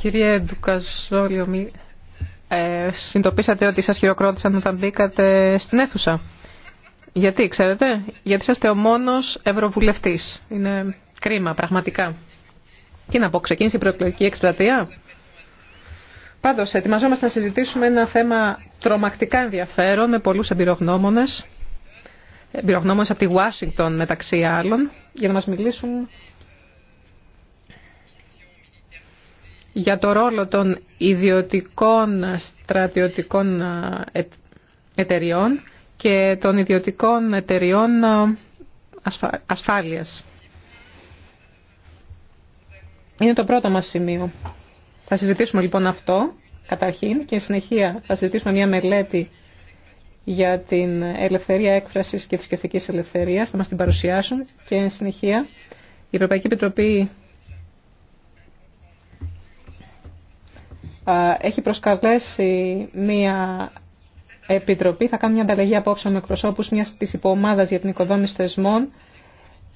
Κύριε Ντουκαζόλιομι, ε, συνειδητοποίησατε ότι σας χειροκρότησαν όταν μπήκατε στην αίθουσα. Γιατί, ξέρετε, γιατί είστε ο μόνος ευρωβουλευτής. Είναι κρίμα, πραγματικά. Τι να πω, ξεκίνησε η προεκλογική εκστρατεία. Πάντως, ετοιμαζόμαστε να συζητήσουμε ένα θέμα τρομακτικά ενδιαφέρον με πολλούς εμπειρογνώμονες εμπειρογνώμονες από τη Ουάσιγκτον μεταξύ άλλων για να μας μιλήσουν για το ρόλο των ιδιωτικών στρατιωτικών ε, εταιριών και των ιδιωτικών εταιριών ε, ασφάλειας. Είναι το πρώτο μας σημείο. Θα συζητήσουμε λοιπόν αυτό καταρχήν και συνεχεία θα συζητήσουμε μια μελέτη για την ελευθερία έκφρασης και τη σκεφτική ελευθερία. Θα μα την παρουσιάσουν και εν συνεχεία η Ευρωπαϊκή Επιτροπή έχει προσκαλέσει μία επιτροπή. Θα κάνει μια ανταλλαγή απόψε με εκπροσώπους μιας της υποομάδας για την οικοδόμηση θεσμών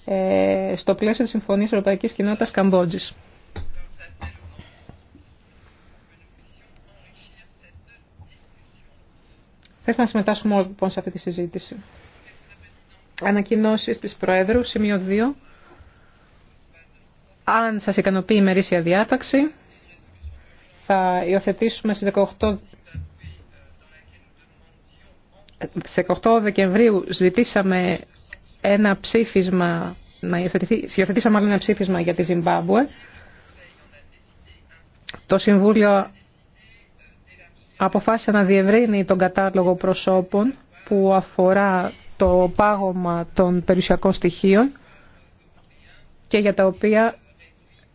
ε, στο πλαίσιο της Συμφωνίας Ευρωπαϊκής Κοινότητας Καμπότζης. ήθελα να συμμετάσχουμε όλοι λοιπόν σε αυτή τη συζήτηση. Ανακοινώσει τη Προέδρου, σημείο 2. Αν σα ικανοποιεί η μερίσια διάταξη, θα υιοθετήσουμε στι 18 σε 8 Δεκεμβρίου ζητήσαμε ένα ψήφισμα να υιοθετηθεί, υιοθετήσαμε άλλο ένα ψήφισμα για τη Ζιμπάμπουε. Το Συμβούλιο αποφάσισε να διευρύνει τον κατάλογο προσώπων που αφορά το πάγωμα των περιουσιακών στοιχείων και για τα οποία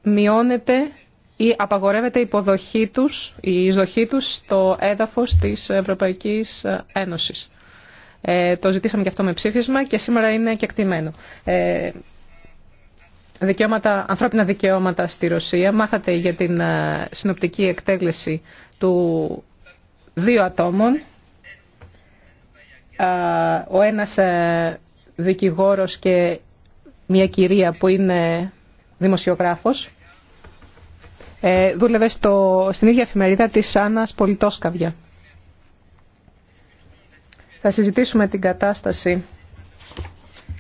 μειώνεται ή απαγορεύεται η υποδοχή τους, η εισδοχή τους στο έδαφος της Ευρωπαϊκής Ένωσης. Ε, το ζητήσαμε και αυτό με ψήφισμα και σήμερα είναι και Ε, δικαιώματα, ανθρώπινα δικαιώματα στη Ρωσία. Μάθατε για την ε, συνοπτική εκτέλεση του δύο ατόμων, ο ένας ε, δικηγόρος και μια κυρία που είναι δημοσιογράφος, ε, δούλευε στο, στην ίδια εφημερίδα της Άννας Πολιτόσκαβια. Θα συζητήσουμε την κατάσταση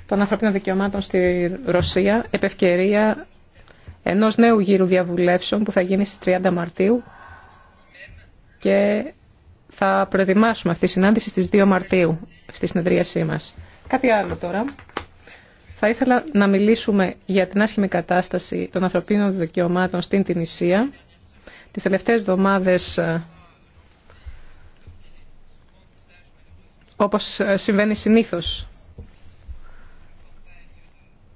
των ανθρωπίνων δικαιωμάτων στη Ρωσία επευκαιρία ενός νέου γύρου διαβουλεύσεων που θα γίνει στις 30 Μαρτίου και θα προετοιμάσουμε αυτή τη συνάντηση στις 2 Μαρτίου στη συνεδρίασή μας. Κάτι άλλο τώρα. Θα ήθελα να μιλήσουμε για την άσχημη κατάσταση των ανθρωπίνων δικαιωμάτων στην Τινησία. Τις τελευταίες εβδομάδες, ε, όπως ε, συμβαίνει συνήθως,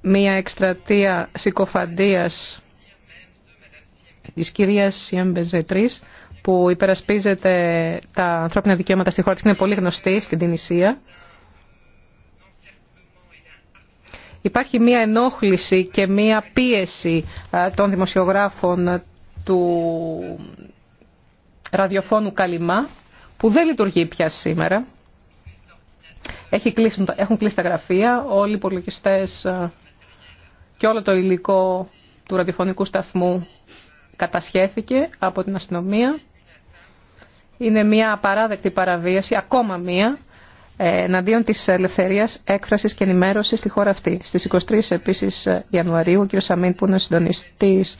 μία εκστρατεία συκοφαντίας της κυρίας Σιέμπεζετρής που υπερασπίζεται τα ανθρώπινα δικαιώματα στη χώρα της είναι πολύ γνωστή στην Τινησία. Υπάρχει μία ενόχληση και μία πίεση των δημοσιογράφων του ραδιοφώνου Καλιμά που δεν λειτουργεί πια σήμερα. έχουν κλείσει τα γραφεία, όλοι οι υπολογιστέ και όλο το υλικό του ραδιοφωνικού σταθμού κατασχέθηκε από την αστυνομία είναι μια απαράδεκτη παραβίαση, ακόμα μία, ε, εναντίον της ελευθερίας έκφρασης και ενημέρωσης στη χώρα αυτή. Στις 23 επίσης ε, Ιανουαρίου, ο κ. Σαμίν που είναι συντονιστής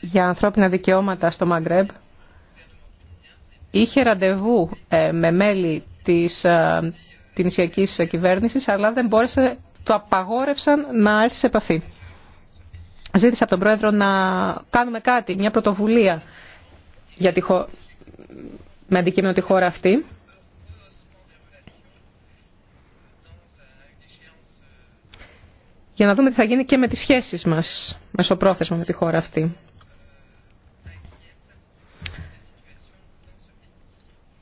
για ανθρώπινα δικαιώματα στο Μαγκρέμπ, είχε ραντεβού ε, με μέλη της την ισιακής κυβέρνησης, αλλά δεν μπόρεσε, το απαγόρευσαν να έρθει σε επαφή. Ζήτησε από τον Πρόεδρο να κάνουμε κάτι, μια πρωτοβουλία για τη χώρα με αντικείμενο τη χώρα αυτή. για να δούμε τι θα γίνει και με τις σχέσεις μας μεσοπρόθεσμα με τη χώρα αυτή.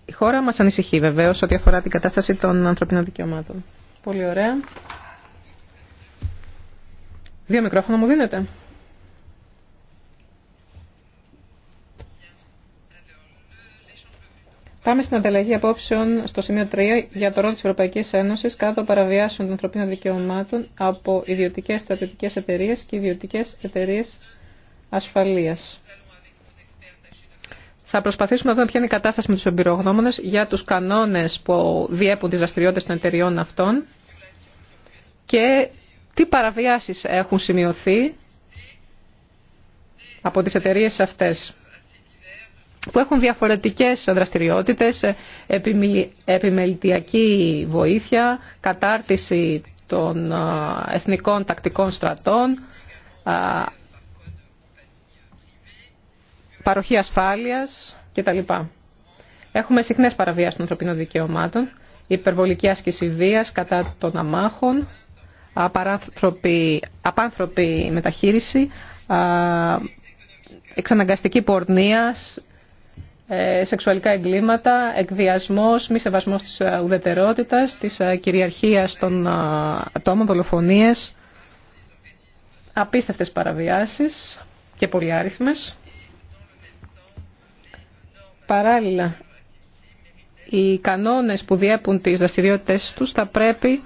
Η χώρα μας ανησυχεί βεβαίως ό,τι αφορά την κατάσταση των ανθρωπίνων δικαιωμάτων. Πολύ ωραία. Δύο μικρόφωνα μου δίνετε. Πάμε στην ανταλλαγή απόψεων στο σημείο 3 για το ρόλο τη Ευρωπαϊκή Ένωση κάτω παραβιάσεων των ανθρωπίνων δικαιωμάτων από ιδιωτικέ στρατιωτικέ εταιρείε και ιδιωτικέ εταιρείε ασφαλεία. Θα προσπαθήσουμε να δούμε ποια είναι η κατάσταση με του εμπειρογνώμονε για του κανόνε που διέπουν τι δραστηριότητε των εταιριών αυτών και τι παραβιάσει έχουν σημειωθεί από τι εταιρείε αυτέ που έχουν διαφορετικές δραστηριότητες, επιμελητιακή βοήθεια, κατάρτιση των εθνικών τακτικών στρατών, παροχή ασφάλειας κτλ. Έχουμε συχνές παραβίασεις των ανθρωπίνων δικαιωμάτων, υπερβολική άσκηση βίας κατά των αμάχων, απάνθρωπη μεταχείριση, εξαναγκαστική πορνεία, ε, σεξουαλικά εγκλήματα, εκβιασμός, μη σεβασμός της ε, ουδετερότητας, της ε, κυριαρχίας των ατόμων, δολοφονίες, απίστευτες παραβιάσεις και πολυάριθμες. Παράλληλα, οι κανόνες που διέπουν τις δραστηριότητε τους θα πρέπει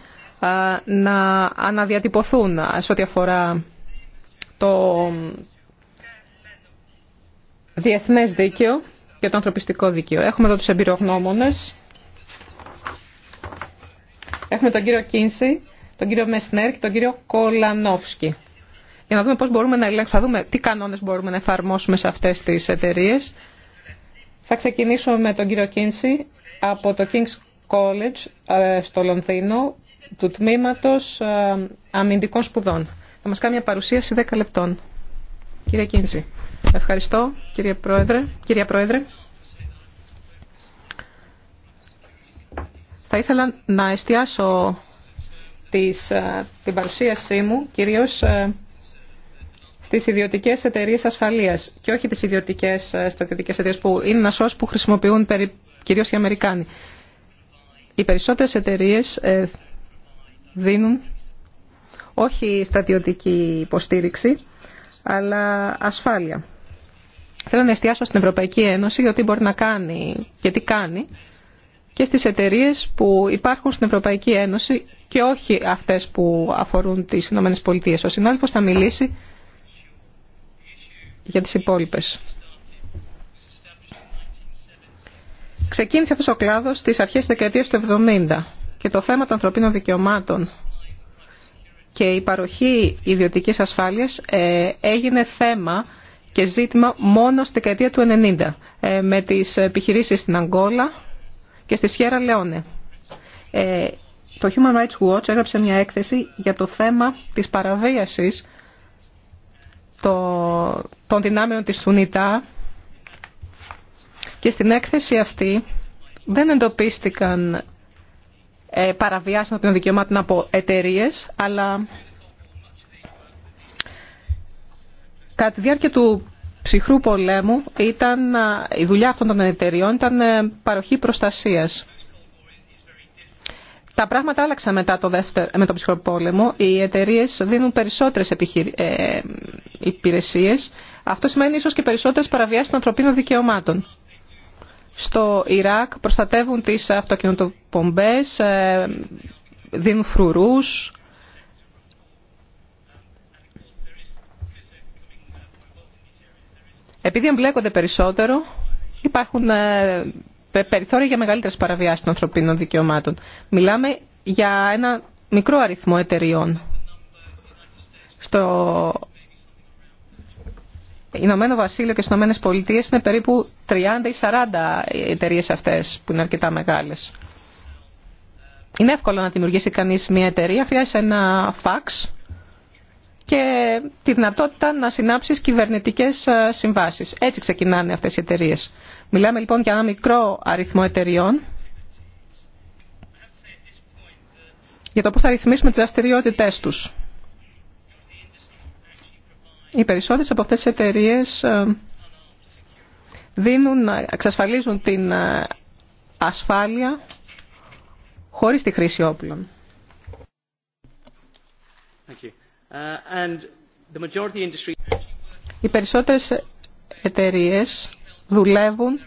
να αναδιατυπωθούν σε ό,τι αφορά το διεθνές δίκαιο και το ανθρωπιστικό δίκαιο. Έχουμε εδώ τους εμπειρογνώμονες. Έχουμε τον κύριο Κίνση, τον κύριο Μεσνέρ και τον κύριο Κολανόφσκι. Για να δούμε πώς μπορούμε να ελέγξουμε, θα δούμε τι κανόνες μπορούμε να εφαρμόσουμε σε αυτές τις εταιρείε. Θα ξεκινήσουμε με τον κύριο Κίνση από το King's College ε, στο Λονδίνο του Τμήματος ε, Αμυντικών Σπουδών. Θα μας κάνει μια παρουσίαση 10 λεπτών. Κύριε Κίνση. Ευχαριστώ, κύριε Πρόεδρε. Κυρία Πρόεδρε. Θα ήθελα να εστιάσω τις, ε, την παρουσίασή μου κυρίως ε, στις ιδιωτικές εταιρείες ασφαλείας και όχι τις ιδιωτικές ε, στρατιωτικές εταιρείες που είναι ένα σώος που χρησιμοποιούν περι, κυρίως οι Αμερικάνοι. Οι περισσότερες εταιρείες δίνουν όχι στρατιωτική υποστήριξη αλλά ασφάλεια. Θέλω να εστιάσω στην Ευρωπαϊκή Ένωση για τι μπορεί να κάνει και τι κάνει και στις εταιρείε που υπάρχουν στην Ευρωπαϊκή Ένωση και όχι αυτές που αφορούν τις Ηνωμένες Πολιτείες. Ο συνάδελφος θα μιλήσει για τις υπόλοιπες. Ξεκίνησε αυτός ο κλάδος στις αρχές της δεκαετίας του 70 και το θέμα των ανθρωπίνων δικαιωμάτων και η παροχή ιδιωτικής ασφάλειας ε, έγινε θέμα και ζήτημα μόνο στη δεκαετία του 1990 ε, με τις επιχειρήσεις στην Αγκόλα και στη Σιέρα Λεόνε. Ε, το Human Rights Watch έγραψε μια έκθεση για το θέμα της παραβίασης των δυνάμεων της Σουνιτά και στην έκθεση αυτή δεν εντοπίστηκαν ε, παραβιάσεις των δικαιωμάτων από εταιρείε, αλλά Κατά τη διάρκεια του ψυχρού πολέμου ήταν, η δουλειά αυτών των εταιριών ήταν ε, παροχή προστασίας. Τα πράγματα άλλαξαν μετά το δεύτερο, με τον ψυχρό πόλεμο. Οι εταιρείε δίνουν περισσότερες υπηρεσίε, υπηρεσίες. Αυτό σημαίνει ίσως και περισσότερες παραβιάσεις των ανθρωπίνων δικαιωμάτων. Στο Ιράκ προστατεύουν τις αυτοκινητοπομπές, ε, δίνουν φρουρούς, Επειδή εμπλέκονται περισσότερο, υπάρχουν ε, περιθώρια για μεγαλύτερε παραβιάσεις των ανθρωπίνων δικαιωμάτων. Μιλάμε για ένα μικρό αριθμό εταιριών. Στο Ηνωμένο Βασίλειο και στι Ηνωμένε Πολιτείε είναι περίπου 30 ή 40 εταιρείε αυτέ που είναι αρκετά μεγάλε. Είναι εύκολο να δημιουργήσει κανεί μια εταιρεία. Χρειάζεται ένα φαξ και τη δυνατότητα να συνάψεις κυβερνητικές ε, συμβάσεις. Έτσι ξεκινάνε αυτές οι εταιρείε. Μιλάμε λοιπόν για ένα μικρό αριθμό εταιριών για το πώς θα ρυθμίσουμε τις δραστηριότητε τους. Οι περισσότερες από αυτές τις εταιρείε ε, δίνουν, εξασφαλίζουν την ε, ασφάλεια χωρίς τη χρήση όπλων. Uh, Οι περισσότερες εταιρείε δουλεύουν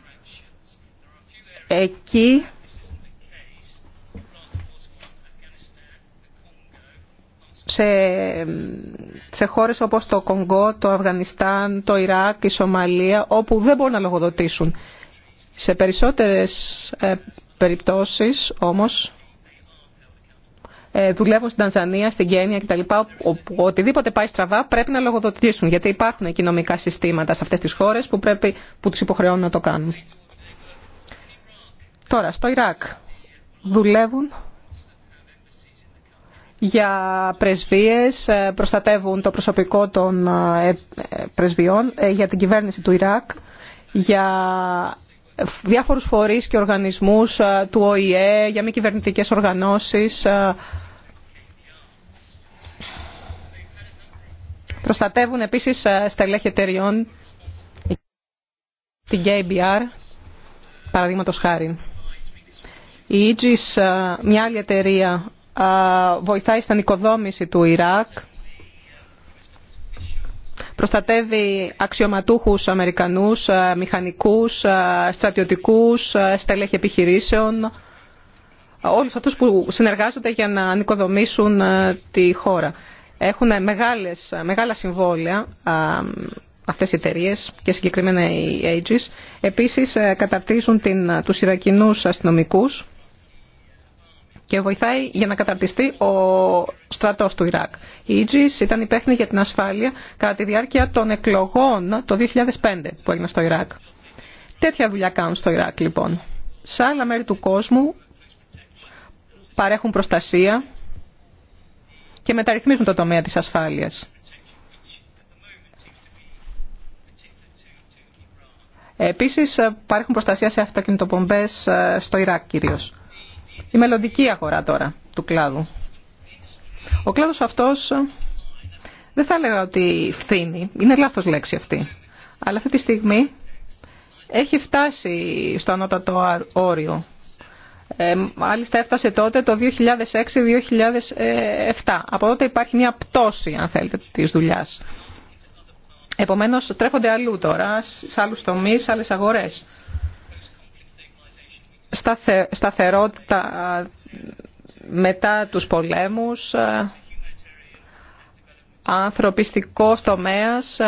εκεί σε, σε χώρες όπως το Κονγκό, το Αφγανιστάν, το Ιράκ, η Σομαλία, όπου δεν μπορούν να λογοδοτήσουν. Σε περισσότερες ε, περιπτώσεις όμως ε, δουλεύουν στην Τανζανία, στην Κένια κτλ. οτιδήποτε πάει στραβά πρέπει να λογοδοτήσουν. Γιατί υπάρχουν κοινωνικά συστήματα σε αυτέ τι χώρε που, πρέπει, που του υποχρεώνουν να το κάνουν. Τώρα, στο Ιράκ δουλεύουν για πρεσβείες, ε, προστατεύουν το προσωπικό των ε, πρεσβειών, για την κυβέρνηση του Ιράκ, για διάφορους φορείς και οργανισμούς του ΟΗΕ, για μη κυβερνητικές οργανώσεις, Προστατεύουν επίσης ε, στελέχη εταιριών, την KBR, παραδείγματο χάρη. Η Aegis, ε, μια άλλη εταιρεία, ε, βοηθάει στην οικοδόμηση του Ιράκ, προστατεύει αξιωματούχους Αμερικανούς, μηχανικούς, στρατιωτικούς, στελέχη επιχειρήσεων, όλους αυτούς που συνεργάζονται για να ανοικοδομήσουν τη χώρα. Έχουν μεγάλες, μεγάλα συμβόλαια αυτές οι εταιρείε και συγκεκριμένα οι Aegis. Επίσης ε, καταρτίζουν την, τους Ιρακινούς αστυνομικούς και βοηθάει για να καταρτιστεί ο στρατός του Ιράκ. Η Aegis ήταν υπεύθυνη για την ασφάλεια κατά τη διάρκεια των εκλογών το 2005 που έγινε στο Ιράκ. Τέτοια δουλειά κάνουν στο Ιράκ λοιπόν. Σε άλλα μέρη του κόσμου παρέχουν προστασία και μεταρρυθμίζουν το τομέα της ασφάλειας. Επίσης, υπάρχουν προστασία σε αυτοκινητοπομπές ε, στο Ιράκ κυρίως. Η μελλοντική αγορά τώρα του κλάδου. Ο κλάδος αυτός ε, δεν θα λέω ότι φθήνει, είναι λάθος λέξη αυτή. Αλλά αυτή τη στιγμή έχει φτάσει στο ανώτατο όριο ε, μάλιστα έφτασε τότε το 2006-2007. Από τότε υπάρχει μια πτώση, αν θέλετε, της δουλειάς. Επομένως, τρέφονται αλλού τώρα, σε άλλους τομείς, σε άλλες αγορές. Σταθε, σταθερότητα ε, μετά τους πολέμους, ε, ανθρωπιστικός τομέας, ε,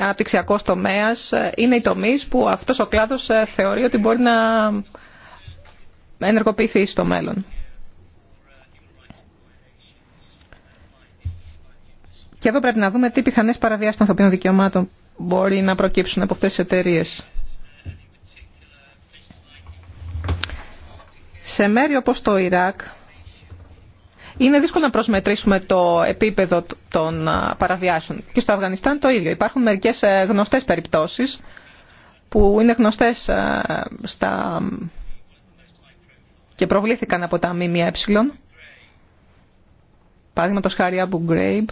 αναπτυξιακός τομέας, είναι οι τομείς που αυτός ο κλάδος θεωρεί ότι μπορεί να ενεργοποιηθεί στο μέλλον. Και εδώ πρέπει να δούμε τι πιθανές παραβιάσεις των ανθρωπίνων δικαιωμάτων μπορεί να προκύψουν από αυτές τις εταιρείε. Σε μέρη όπως το Ιράκ, είναι δύσκολο να προσμετρήσουμε το επίπεδο των παραβιάσεων. Και στο Αφγανιστάν το ίδιο. Υπάρχουν μερικές ε, γνωστές περιπτώσεις που είναι γνωστές ε, στα και προβλήθηκαν από τα ΜΜΕ, Παραδείγματο χάρη Abu Ghraib.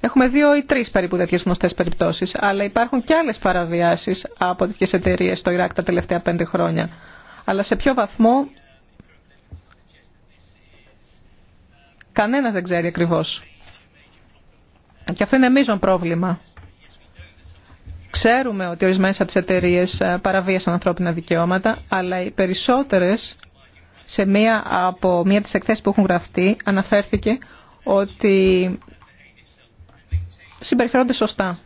Έχουμε δύο ή τρει περίπου τέτοιε γνωστέ περιπτώσει, αλλά υπάρχουν και άλλε παραβιάσει από τέτοιε εταιρείε στο Ιράκ τα τελευταία πέντε χρόνια. Αλλά σε ποιο βαθμό κανένας δεν ξέρει ακριβώς. Και αυτό είναι μείζον πρόβλημα Ξέρουμε ότι ορισμένε από τι εταιρείε ε, παραβίασαν ανθρώπινα δικαιώματα, αλλά οι περισσότερε, σε μία από μία τις εκθέσεις που έχουν γραφτεί αναφέρθηκε ότι συμπεριφέρονται σωστά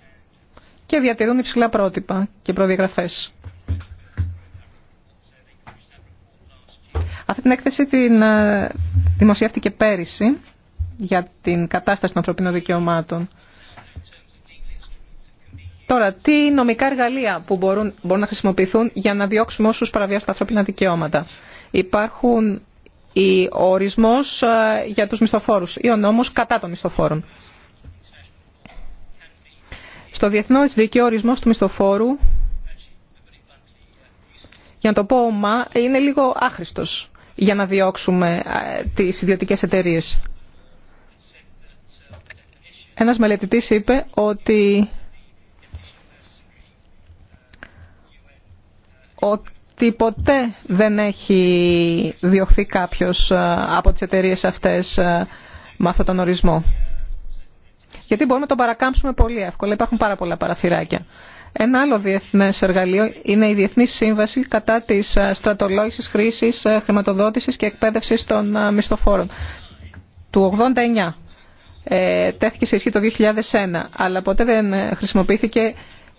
και διατηρούν υψηλά πρότυπα και προδιαγραφές. Αυτή την έκθεση την ε, δημοσιεύτηκε πέρυσι για την κατάσταση των ανθρωπίνων δικαιωμάτων. Τώρα, τι νομικά εργαλεία που μπορούν, μπορούν να χρησιμοποιηθούν για να διώξουμε όσους παραβιάσουν τα ανθρώπινα δικαιώματα. Υπάρχουν οι, ο ορισμός ε, για τους μισθοφόρους ή ο νόμος κατά των μισθοφόρων. Στο διεθνό δίκαιο ορισμός του μισθοφόρου, για να το πω ομά, είναι λίγο άχρηστος για να διώξουμε ε, τις ιδιωτικές εταιρείες. Ένα μελετητής είπε ότι ότι ποτέ δεν έχει διωχθεί κάποιος ε, από τις εταιρείε αυτές ε, με αυτόν τον ορισμό. Γιατί μπορούμε να τον παρακάμψουμε πολύ εύκολα. Υπάρχουν πάρα πολλά παραθυράκια. Ένα άλλο διεθνέ εργαλείο είναι η Διεθνή Σύμβαση κατά τη ε, στρατολόγηση, χρήση, χρηματοδότηση και εκπαίδευση των μισθοφόρων. Του 89. Ε, τέθηκε σε ισχύ το 2001, αλλά ποτέ δεν χρησιμοποιήθηκε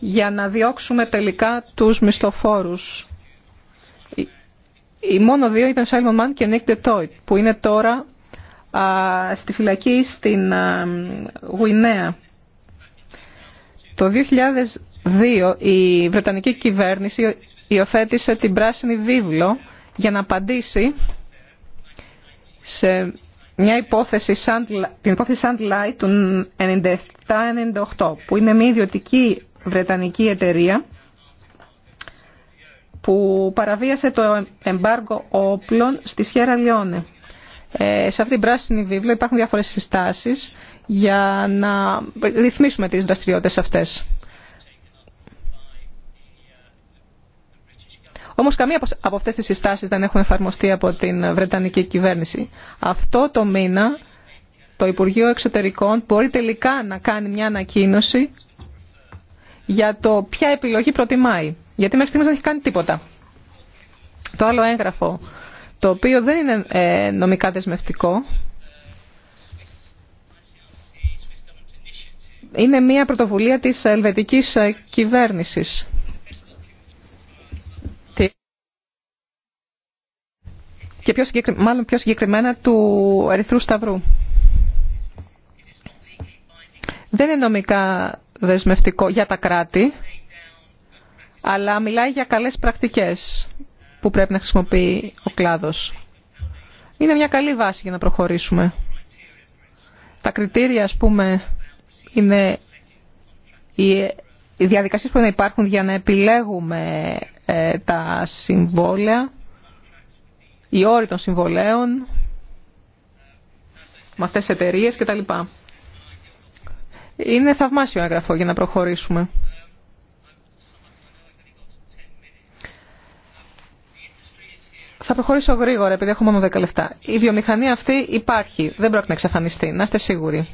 για να διώξουμε τελικά τους μισθοφόρους. Οι μόνο δύο ήταν Σάιμον Μαν και Νίκ Ντετόιτ, που είναι τώρα στη φυλακή στην Γουινέα. Το 2002 η Βρετανική κυβέρνηση υιοθέτησε την πράσινη βίβλο για να απαντήσει σε μια υπόθεση την υπόθεση Sandlight του 97-98, που είναι μια ιδιωτική βρετανική εταιρεία που παραβίασε το εμπάργκο όπλων στη Σιέρα Λιόνε. Ε, σε αυτή την πράσινη βίβλο υπάρχουν διάφορες συστάσεις για να ρυθμίσουμε τις δραστηριότητες αυτές. Όμως καμία από αυτές τις συστάσεις δεν έχουν εφαρμοστεί από την Βρετανική κυβέρνηση. Αυτό το μήνα το Υπουργείο Εξωτερικών μπορεί τελικά να κάνει μια ανακοίνωση για το ποια επιλογή προτιμάει. Γιατί μέχρι στιγμής δεν έχει κάνει τίποτα. Το άλλο έγγραφο, το οποίο δεν είναι ε, νομικά δεσμευτικό, είναι μια πρωτοβουλία της ελβετικής ε, κυβέρνησης. Και πιο μάλλον πιο συγκεκριμένα του Ερυθρού Σταυρού. Δεν είναι νομικά δεσμευτικό για τα κράτη, αλλά μιλάει για καλές πρακτικές που πρέπει να χρησιμοποιεί ο κλάδος. Είναι μια καλή βάση για να προχωρήσουμε. Τα κριτήρια, ας πούμε, είναι οι διαδικασίες που να υπάρχουν για να επιλέγουμε ε, τα συμβόλαια, οι όροι των συμβολέων, με αυτές τις εταιρείες κτλ. Είναι θαυμάσιο έγγραφο για να προχωρήσουμε. Θα προχωρήσω γρήγορα επειδή έχω μόνο 10 λεπτά. Η βιομηχανία αυτή υπάρχει, δεν πρόκειται να εξαφανιστεί, να είστε σίγουροι.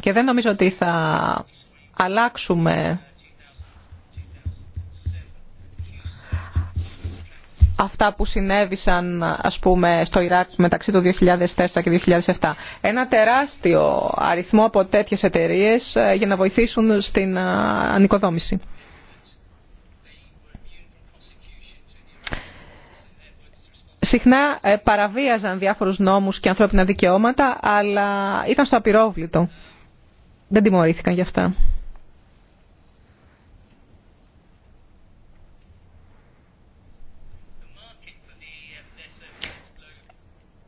Και δεν νομίζω ότι θα αλλάξουμε αυτά που συνέβησαν ας πούμε στο Ιράκ μεταξύ του 2004 και 2007. Ένα τεράστιο αριθμό από τέτοιες εταιρείες ε, για να βοηθήσουν στην ε, ανοικοδόμηση. Συχνά ε, παραβίαζαν διάφορους νόμους και ανθρώπινα δικαιώματα, αλλά ήταν στο απειρόβλητο. Δεν τιμωρήθηκαν γι' αυτά.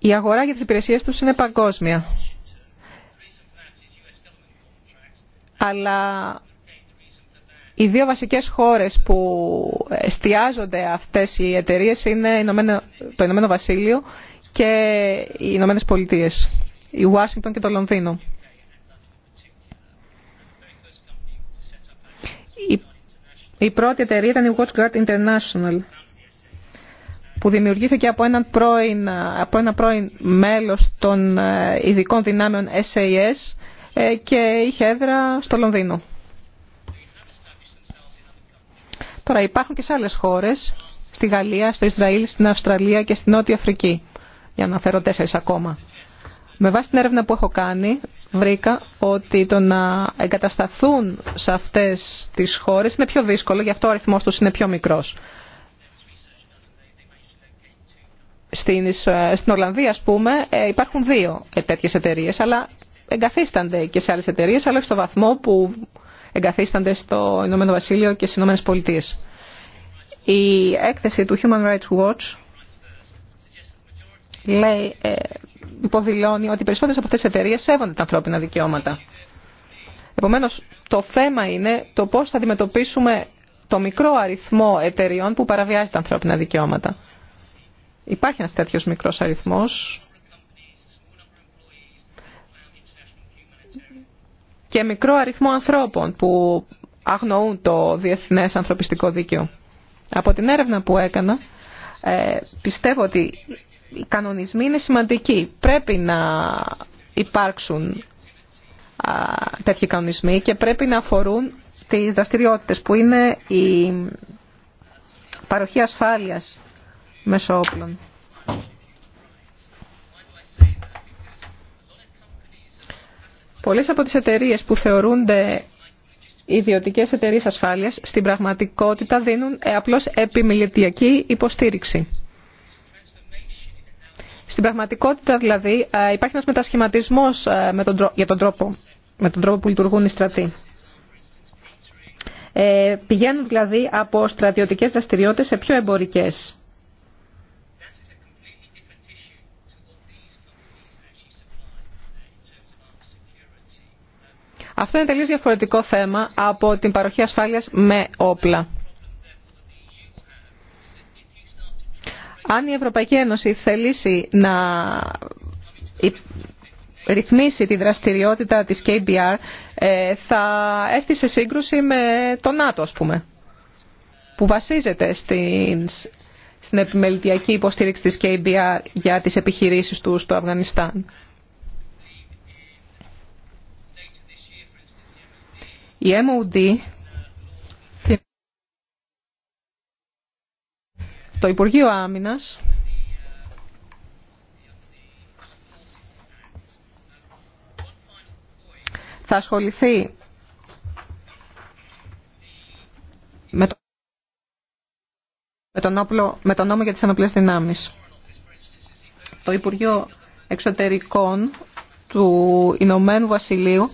Η αγορά για τις υπηρεσίες τους είναι παγκόσμια. Αλλά οι δύο βασικές χώρες που εστιάζονται αυτές οι εταιρείες είναι το Ηνωμένο Βασίλειο και οι Ηνωμένε Πολιτείε, η Ουάσιγκτον και το Λονδίνο. Η πρώτη εταιρεία ήταν η WatchGuard International που δημιουργήθηκε από, ένα πρώην, από ένα πρώην μέλος των ε, ειδικών δυνάμεων SAS ε, και είχε έδρα στο Λονδίνο. Τώρα υπάρχουν και σε άλλες χώρες, στη Γαλλία, στο Ισραήλ, στην Αυστραλία και στην Νότια Αφρική, για να φέρω τέσσερις ακόμα. Με βάση την έρευνα που έχω κάνει, βρήκα ότι το να εγκατασταθούν σε αυτές τις χώρες είναι πιο δύσκολο, γι' αυτό ο αριθμός τους είναι πιο μικρός. Στην, στην Ολλανδία, ας πούμε, ε, υπάρχουν δύο τέτοιε εταιρείε, αλλά εγκαθίστανται και σε άλλε εταιρείε, αλλά στο βαθμό που εγκαθίστανται στο Ηνωμένο Βασίλειο και στι Ηνωμένε Πολιτείε. Η έκθεση του Human Rights Watch λέει, ε, υποδηλώνει ότι οι περισσότερες από αυτές τι εταιρείε σέβονται τα ανθρώπινα δικαιώματα. Επομένω, το θέμα είναι το πώ θα αντιμετωπίσουμε το μικρό αριθμό εταιριών που παραβιάζει τα ανθρώπινα δικαιώματα. Υπάρχει ένας τέτοιος μικρός αριθμός και μικρό αριθμό ανθρώπων που αγνοούν το διεθνές ανθρωπιστικό δίκαιο. Από την έρευνα που έκανα, ε, πιστεύω ότι οι κανονισμοί είναι σημαντικοί. Πρέπει να υπάρξουν τέτοιοι κανονισμοί και πρέπει να αφορούν τις δραστηριότητες που είναι η παροχή ασφάλειας μέσω όπλων. Πολλές από τις εταιρείες που θεωρούνται ιδιωτικές εταιρείες ασφάλειας στην πραγματικότητα δίνουν ε, απλώς επιμελητιακή υποστήριξη. Στην πραγματικότητα δηλαδή ε, υπάρχει ένας μετασχηματισμός ε, με τον, για τον τρόπο, με τον τρόπο που λειτουργούν οι στρατοί. Ε, πηγαίνουν δηλαδή από στρατιωτικές δραστηριότητες σε πιο εμπορικές Αυτό είναι τελείως διαφορετικό θέμα από την παροχή ασφάλειας με όπλα. Αν η Ευρωπαϊκή Ένωση θελήσει να ρυθμίσει τη δραστηριότητα της KBR, ε, θα έρθει σε σύγκρουση με το ΝΑΤΟ, ας πούμε, που βασίζεται στην, στην επιμελητιακή υποστήριξη της KBR για τις επιχειρήσεις του στο Αφγανιστάν. Η MOD, το Υπουργείο Άμυνας, θα ασχοληθεί με, το... τον, με τον νόμο για τις ανοπλές δυνάμεις. Το Υπουργείο Εξωτερικών του Ηνωμένου Βασιλείου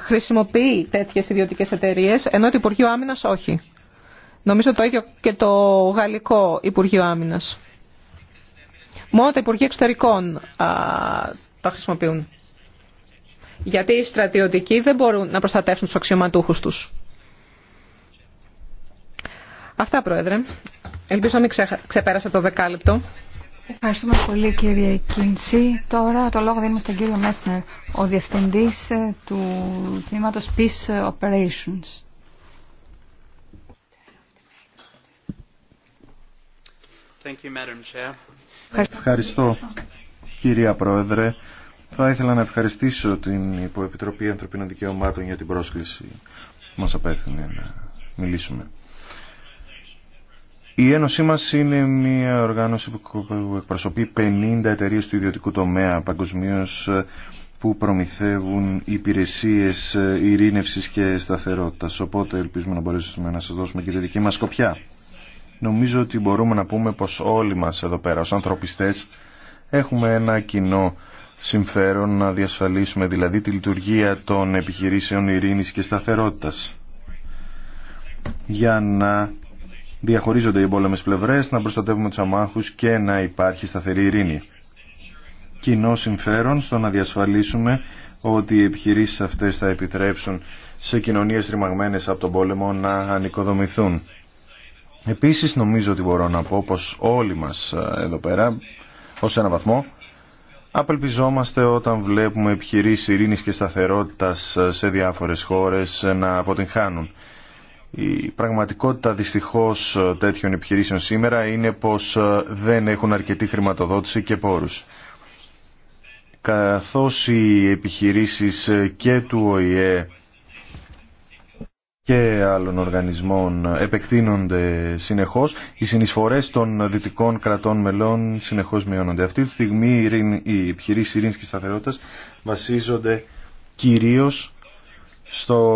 χρησιμοποιεί τέτοιε ιδιωτικέ εταιρείες, ενώ το Υπουργείο Άμυνα όχι. Νομίζω το ίδιο και το Γαλλικό Υπουργείο Άμυνα. Μόνο τα Υπουργεία Εξωτερικών τα χρησιμοποιούν. Γιατί οι στρατιωτικοί δεν μπορούν να προστατεύσουν τους αξιωματούχους τους. Αυτά, Πρόεδρε. Ελπίζω να μην ξεπέρασα το δεκάλεπτο. Ευχαριστούμε πολύ κύριε Κίνση. Τώρα το λόγο δίνουμε στον κύριο Μέσνερ, ο διευθυντής ε, του τμήματος Peace Operations. Ευχαριστώ κυρία Πρόεδρε. Θα ήθελα να ευχαριστήσω την Υποεπιτροπή Ανθρωπίνων Δικαιωμάτων για την πρόσκληση που μας απέθυνε να μιλήσουμε. Η Ένωσή μα είναι μια οργάνωση που εκπροσωπεί 50 εταιρείε του ιδιωτικού τομέα παγκοσμίω που προμηθεύουν υπηρεσίες ειρήνευση και σταθερότητας. Οπότε ελπίζουμε να μπορέσουμε να σας δώσουμε και τη δική μας σκοπιά. Νομίζω ότι μπορούμε να πούμε πως όλοι μας εδώ πέρα ω ανθρωπιστέ έχουμε ένα κοινό συμφέρον να διασφαλίσουμε δηλαδή τη λειτουργία των επιχειρήσεων ειρήνης και σταθερότητας για να διαχωρίζονται οι εμπόλεμες πλευρές, να προστατεύουμε τους αμάχους και να υπάρχει σταθερή ειρήνη. Κοινό συμφέρον στο να διασφαλίσουμε ότι οι επιχειρήσεις αυτές θα επιτρέψουν σε κοινωνίες ρημαγμένες από τον πόλεμο να ανοικοδομηθούν. Επίσης νομίζω ότι μπορώ να πω πως όλοι μας εδώ πέρα, ως ένα βαθμό, απελπιζόμαστε όταν βλέπουμε επιχειρήσεις ειρήνης και σταθερότητας σε διάφορες χώρες να αποτυγχάνουν. Η πραγματικότητα δυστυχώς τέτοιων επιχειρήσεων σήμερα είναι πως ε, δεν έχουν αρκετή χρηματοδότηση και πόρους. Καθώς οι επιχειρήσεις ε, και του ΟΗΕ και άλλων οργανισμών επεκτείνονται συνεχώς. Οι συνεισφορές των δυτικών κρατών μελών συνεχώς μειώνονται. Αυτή τη στιγμή οι επιχειρήσεις ειρήνης και σταθερότητας βασίζονται κυρίως στο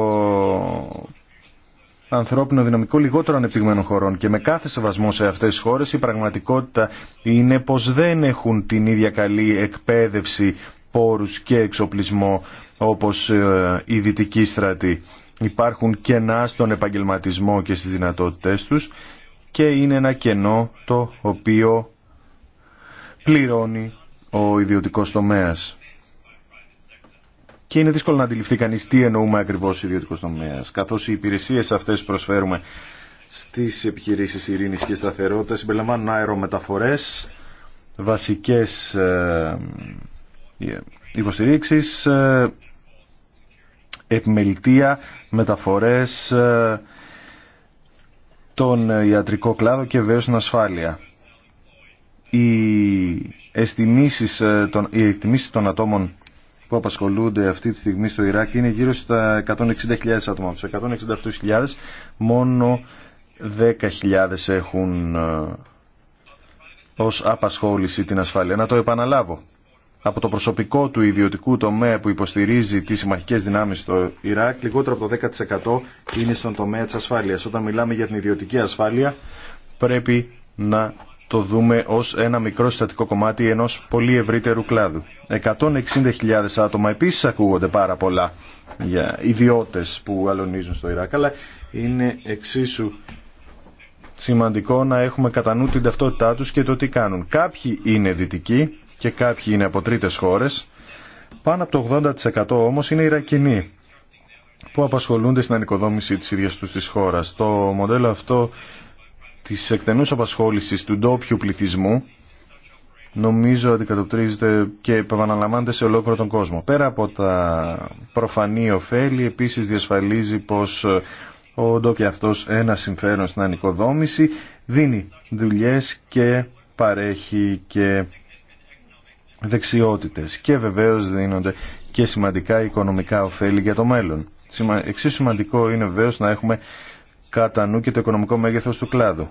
ανθρώπινο δυναμικό λιγότερο ανεπτυγμένων χωρών και με κάθε σεβασμό σε αυτές τις χώρες η πραγματικότητα είναι πως δεν έχουν την ίδια καλή εκπαίδευση, πόρους και εξοπλισμό όπως οι ε, δυτικοί στρατοί. Υπάρχουν κενά στον επαγγελματισμό και στις δυνατότητές τους και είναι ένα κενό το οποίο πληρώνει ο ιδιωτικός τομέας και είναι δύσκολο να αντιληφθεί κανείς τι εννοούμε ακριβώς ιδιωτικό τομέα. καθώς οι υπηρεσίες αυτές προσφέρουμε στις επιχειρήσεις ειρήνης και σταθερότητας συμπεριλαμβάνουν αερομεταφορές, βασικές ε, ε υποστηρίξεις, ε, επιμελητεία, μεταφορές, ε, τον ιατρικό κλάδο και βέβαια την ασφάλεια. Οι εκτιμήσεις ε, των ατόμων που απασχολούνται αυτή τη στιγμή στο Ιράκ είναι γύρω στα 160.000 άτομα. Στους 168.000 μόνο 10.000 έχουν ε, ως απασχόληση την ασφάλεια. Να το επαναλάβω. Από το προσωπικό του ιδιωτικού τομέα που υποστηρίζει τις συμμαχικές δυνάμεις στο Ιράκ, λιγότερο από το 10% είναι στον τομέα της ασφάλειας. Όταν μιλάμε για την ιδιωτική ασφάλεια, πρέπει να το δούμε ως ένα μικρό συστατικό κομμάτι ενός πολύ ευρύτερου κλάδου. 160.000 άτομα επίσης ακούγονται πάρα πολλά για ιδιώτες που αλωνίζουν στο Ιράκ, αλλά είναι εξίσου σημαντικό να έχουμε κατά νου την ταυτότητά τους και το τι κάνουν. Κάποιοι είναι δυτικοί και κάποιοι είναι από τρίτες χώρες, πάνω από το 80% όμως είναι Ιρακινοί που απασχολούνται στην ανοικοδόμηση της ίδιας τους της χώρας. Το μοντέλο αυτό της εκτενούς απασχόλησης του ντόπιου πληθυσμού νομίζω αντικατοπτρίζεται και επαναλαμβάνεται σε ολόκληρο τον κόσμο. Πέρα από τα προφανή ωφέλη, επίσης διασφαλίζει πως ο ντόπι αυτός ένα συμφέρον στην ανοικοδόμηση, δίνει δουλειές και παρέχει και δεξιότητες και βεβαίως δίνονται και σημαντικά οικονομικά ωφέλη για το μέλλον. Εξίσου σημαντικό είναι βεβαίως να έχουμε κατά νου και το οικονομικό μέγεθος του κλάδου.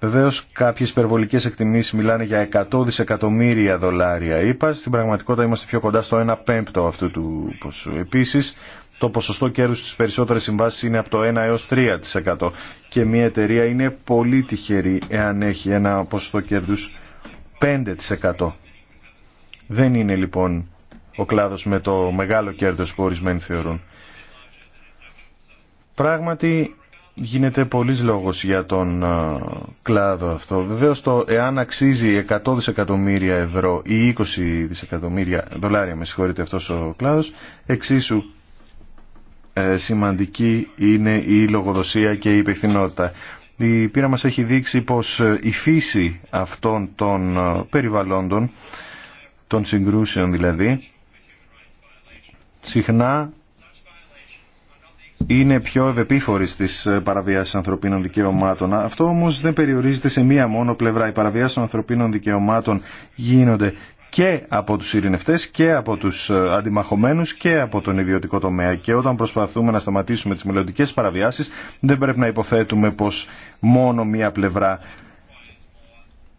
Βεβαίως κάποιες υπερβολικές εκτιμήσεις μιλάνε για 100 δισεκατομμύρια δολάρια είπα, στην πραγματικότητα είμαστε πιο κοντά στο 1 πέμπτο αυτού του ποσού. Επίσης το ποσοστό κέρδους στις περισσότερες συμβάσεις είναι από το 1 έως 3% και μια εταιρεία είναι πολύ τυχερή εάν έχει ένα ποσοστό κέρδους 5%. Δεν είναι λοιπόν ο κλάδος με το μεγάλο κέρδος που ορισμένοι θεωρούν. Πράγματι γίνεται πολλής λόγος για τον ε, κλάδο αυτό. Βεβαίως το εάν αξίζει 100 δισεκατομμύρια ευρώ ή 20 δισεκατομμύρια δολάρια, με συγχωρείτε αυτός ο κλάδος, εξίσου ε, σημαντική είναι η 20 δισεκατομμυρια δολαρια με συγχωρειτε αυτος ο κλαδος εξισου σημαντικη ειναι η λογοδοσια και η υπευθυνότητα. Η πείρα μας έχει δείξει πως ε, η φύση αυτών των ε, περιβαλλόντων, των συγκρούσεων δηλαδή, συχνά είναι πιο ευεπίφορη στις ε, παραβιάσεις ανθρωπίνων δικαιωμάτων. Αυτό όμως δεν περιορίζεται σε μία μόνο πλευρά. Οι παραβιάσει των ανθρωπίνων δικαιωμάτων γίνονται και από τους ειρηνευτές και από τους ε, αντιμαχωμένου και από τον ιδιωτικό τομέα και όταν προσπαθούμε να σταματήσουμε τις μελλοντικέ παραβιάσεις δεν πρέπει να υποθέτουμε πως μόνο μία πλευρά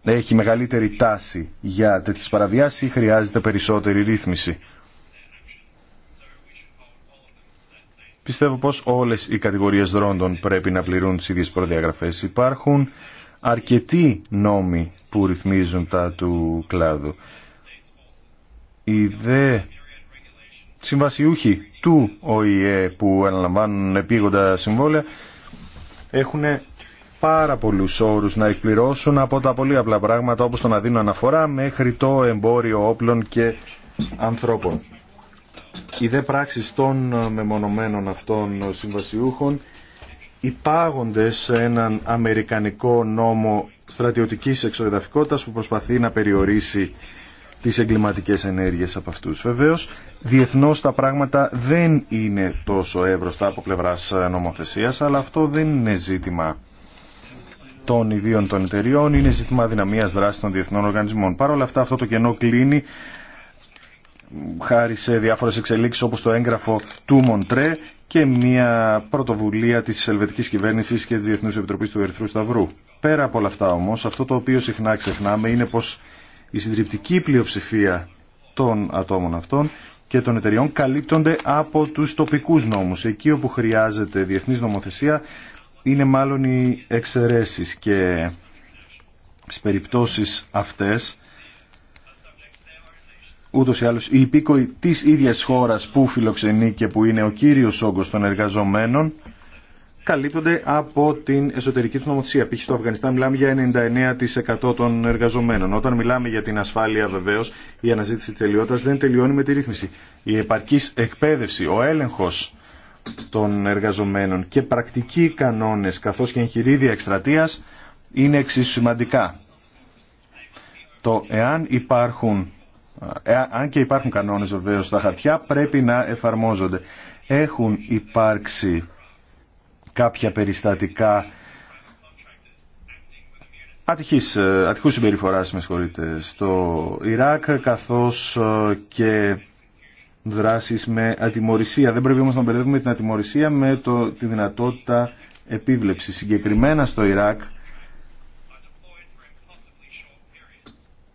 έχει μεγαλύτερη τάση για τέτοιες παραβιάσεις ή χρειάζεται περισσότερη ρύθμιση. Πιστεύω πως όλες οι κατηγορίες δρόντων πρέπει να πληρούν τις ίδιες προδιαγραφές. Υπάρχουν αρκετοί νόμοι που ρυθμίζουν τα του κλάδου. Οι δε συμβασιούχοι του ΟΗΕ που αναλαμβάνουν επίγοντα συμβόλαια έχουν πάρα πολλού όρου να εκπληρώσουν από τα πολύ απλά πράγματα όπως το να δίνουν αναφορά μέχρι το εμπόριο όπλων και ανθρώπων οι δε πράξεις των μεμονωμένων αυτών συμβασιούχων υπάγονται σε έναν αμερικανικό νόμο στρατιωτικής εξοδεδαφικότητας που προσπαθεί να περιορίσει τις εγκληματικές ενέργειες από αυτούς. Βεβαίως, διεθνώς τα πράγματα δεν είναι τόσο εύρωστα από πλευράς νομοθεσίας, αλλά αυτό δεν είναι ζήτημα των ιδίων των εταιριών, είναι ζήτημα δυναμίας δράσης των διεθνών οργανισμών. Παρ' όλα αυτά αυτό το κενό κλείνει χάρη σε διάφορες εξελίξεις όπως το έγγραφο του Μοντρέ και μια πρωτοβουλία της Ελβετικής Κυβέρνησης και της Διεθνούς Επιτροπής του Ερυθρού Σταυρού. Πέρα από όλα αυτά όμως, αυτό το οποίο συχνά ξεχνάμε είναι πως η συντριπτική πλειοψηφία των ατόμων αυτών και των εταιριών καλύπτονται από τους τοπικούς νόμους. Εκεί όπου χρειάζεται διεθνής νομοθεσία είναι μάλλον οι εξαιρεσει και στις περιπτώσεις αυτές ούτως ή άλλως οι υπήκοοι της ίδιας χώρας που φιλοξενεί και που είναι ο κύριος όγκος των εργαζομένων καλύπτονται από την εσωτερική του νομοθεσία. Π.χ. στο Αφγανιστάν μιλάμε για 99% των εργαζομένων. Όταν μιλάμε για την ασφάλεια βεβαίως η αναζήτηση τελειότητας δεν τελειώνει με τη ρύθμιση. Η επαρκής εκπαίδευση, ο έλεγχος των εργαζομένων και πρακτικοί κανόνες καθώς και εγχειρίδια εκστρατείας είναι εξίσου σημαντικά. Το εάν υπάρχουν ε, αν και υπάρχουν κανόνες βεβαίως στα χαρτιά, πρέπει να εφαρμόζονται. Έχουν υπάρξει κάποια περιστατικά ατυχής, ε, ατυχούς συμπεριφοράς, με συγχωρείτε, στο Ιράκ, καθώς ε, και δράσεις με ατιμορρησία. Δεν πρέπει όμως να μπερδεύουμε την ατιμορρησία με το, τη δυνατότητα επίβλεψης. Συγκεκριμένα στο Ιράκ,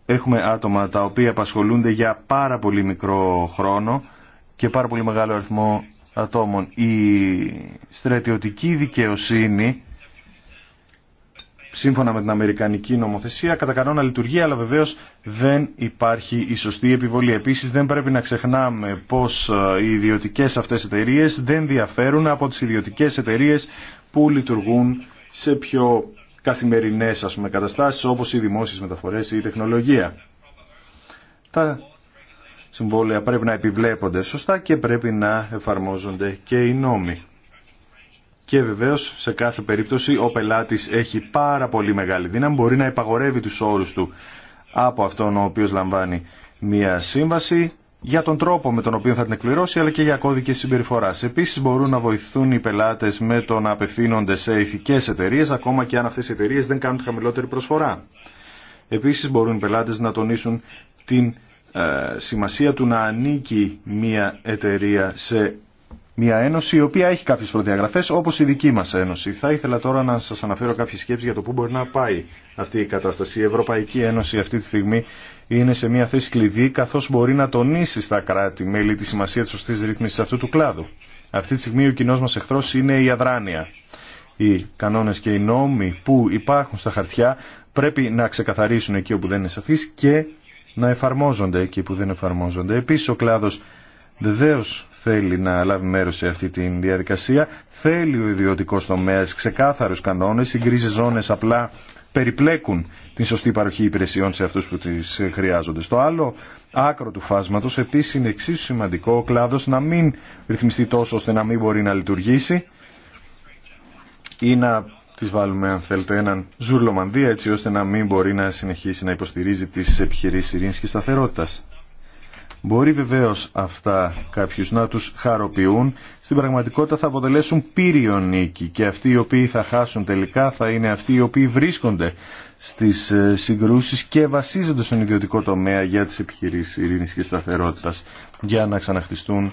έχουμε άτομα τα οποία απασχολούνται για πάρα πολύ μικρό χρόνο και πάρα πολύ μεγάλο αριθμό ατόμων. Η στρατιωτική δικαιοσύνη, σύμφωνα με την Αμερικανική νομοθεσία, κατά κανόνα λειτουργεί, αλλά βεβαίως δεν υπάρχει η σωστή επιβολή. Επίσης δεν πρέπει να ξεχνάμε πως ε, οι ιδιωτικές αυτές εταιρείες δεν διαφέρουν από τις ιδιωτικές εταιρείες που λειτουργούν σε πιο καθημερινές ας πούμε, καταστάσεις όπως οι δημόσιες μεταφορές ή η τεχνολογία. Τα συμβόλαια πρέπει να επιβλέπονται σωστά και πρέπει να εφαρμόζονται και οι νόμοι. Και βεβαίως σε κάθε περίπτωση ο πελάτης έχει πάρα πολύ μεγάλη δύναμη, μπορεί να υπαγορεύει τους όρους του από αυτόν ο οποίος λαμβάνει μία σύμβαση για τον τρόπο με τον οποίο θα την εκπληρώσει αλλά και για κώδικε συμπεριφορά. Επίση μπορούν να βοηθούν οι πελάτε με το να απευθύνονται σε ηθικέ εταιρείε, ακόμα και αν αυτέ οι εταιρείε δεν κάνουν χαμηλότερη προσφορά. Επίση μπορούν οι πελάτε να τονίσουν την ε, σημασία του να ανήκει μια εταιρεία σε μια ένωση η οποία έχει κάποιε προδιαγραφέ όπω η δική μα ένωση. Θα ήθελα τώρα να σα αναφέρω κάποιε σκέψει για το πού μπορεί να πάει αυτή η κατάσταση. Η Ευρωπαϊκή Ένωση αυτή τη στιγμή είναι σε μια θέση κλειδί καθώς μπορεί να τονίσει στα κράτη μέλη τη σημασία της σωστής ρύθμισης αυτού του κλάδου. Αυτή τη στιγμή ο κοινό μας εχθρός είναι η αδράνεια. Οι κανόνες και οι νόμοι που υπάρχουν στα χαρτιά πρέπει να ξεκαθαρίσουν εκεί όπου δεν είναι σαφείς και να εφαρμόζονται εκεί που δεν εφαρμόζονται. Επίσης ο κλάδος Βεβαίω θέλει να λάβει μέρος σε αυτή τη διαδικασία. Θέλει ο ιδιωτικό τομέα ξεκάθαρου κανόνε. συγκρίζει ζώνες απλά περιπλέκουν την σωστή παροχή υπηρεσιών σε αυτούς που τις χρειάζονται. Στο άλλο άκρο του φάσματος επίσης είναι εξίσου σημαντικό ο κλάδος να μην ρυθμιστεί τόσο ώστε να μην μπορεί να λειτουργήσει ή να τις βάλουμε αν θέλετε έναν ζουρλομανδία έτσι ώστε να μην μπορεί να συνεχίσει να υποστηρίζει τις επιχειρήσεις ειρήνης και σταθερότητας. Μπορεί βεβαίω αυτά κάποιου να τους χαροποιούν, στην πραγματικότητα θα αποτελέσουν πύριο νίκη και αυτοί οι οποίοι θα χάσουν τελικά θα είναι αυτοί οι οποίοι βρίσκονται στι ε, συγκρούσει και βασίζονται στον ιδιωτικό τομέα για τι επιχειρήσει ειρήνη και σταθερότητα για να ξαναχτιστούν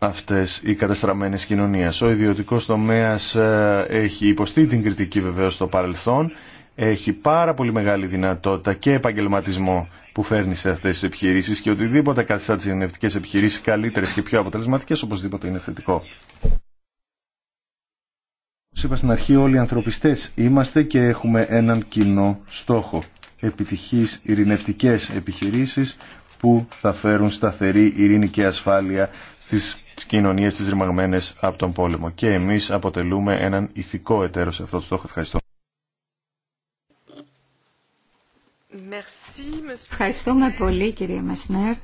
αυτές οι καταστραμμένες κοινωνίες. Ο ιδιωτικός τομέας ε, έχει υποστεί την κριτική βεβαίως στο παρελθόν, έχει πάρα πολύ μεγάλη δυνατότητα και επαγγελματισμό που φέρνει σε αυτέ τι επιχειρήσει και οτιδήποτε καθιστά τι ειρηνευτικές επιχειρήσει καλύτερε και πιο αποτελεσματικέ οπωσδήποτε είναι θετικό. Όπω είπα στην αρχή όλοι οι ανθρωπιστέ είμαστε και έχουμε έναν κοινό στόχο. Επιτυχεί ειρηνευτικέ επιχειρήσει που θα φέρουν σταθερή ειρήνη και ασφάλεια στις κοινωνίες τις ρημαγμένες από τον πόλεμο. Και εμείς αποτελούμε έναν ηθικό εταίρο σε αυτό το στόχο. Ευχαριστώ. Ευχαριστούμε πολύ κυρία Μεσνέρ.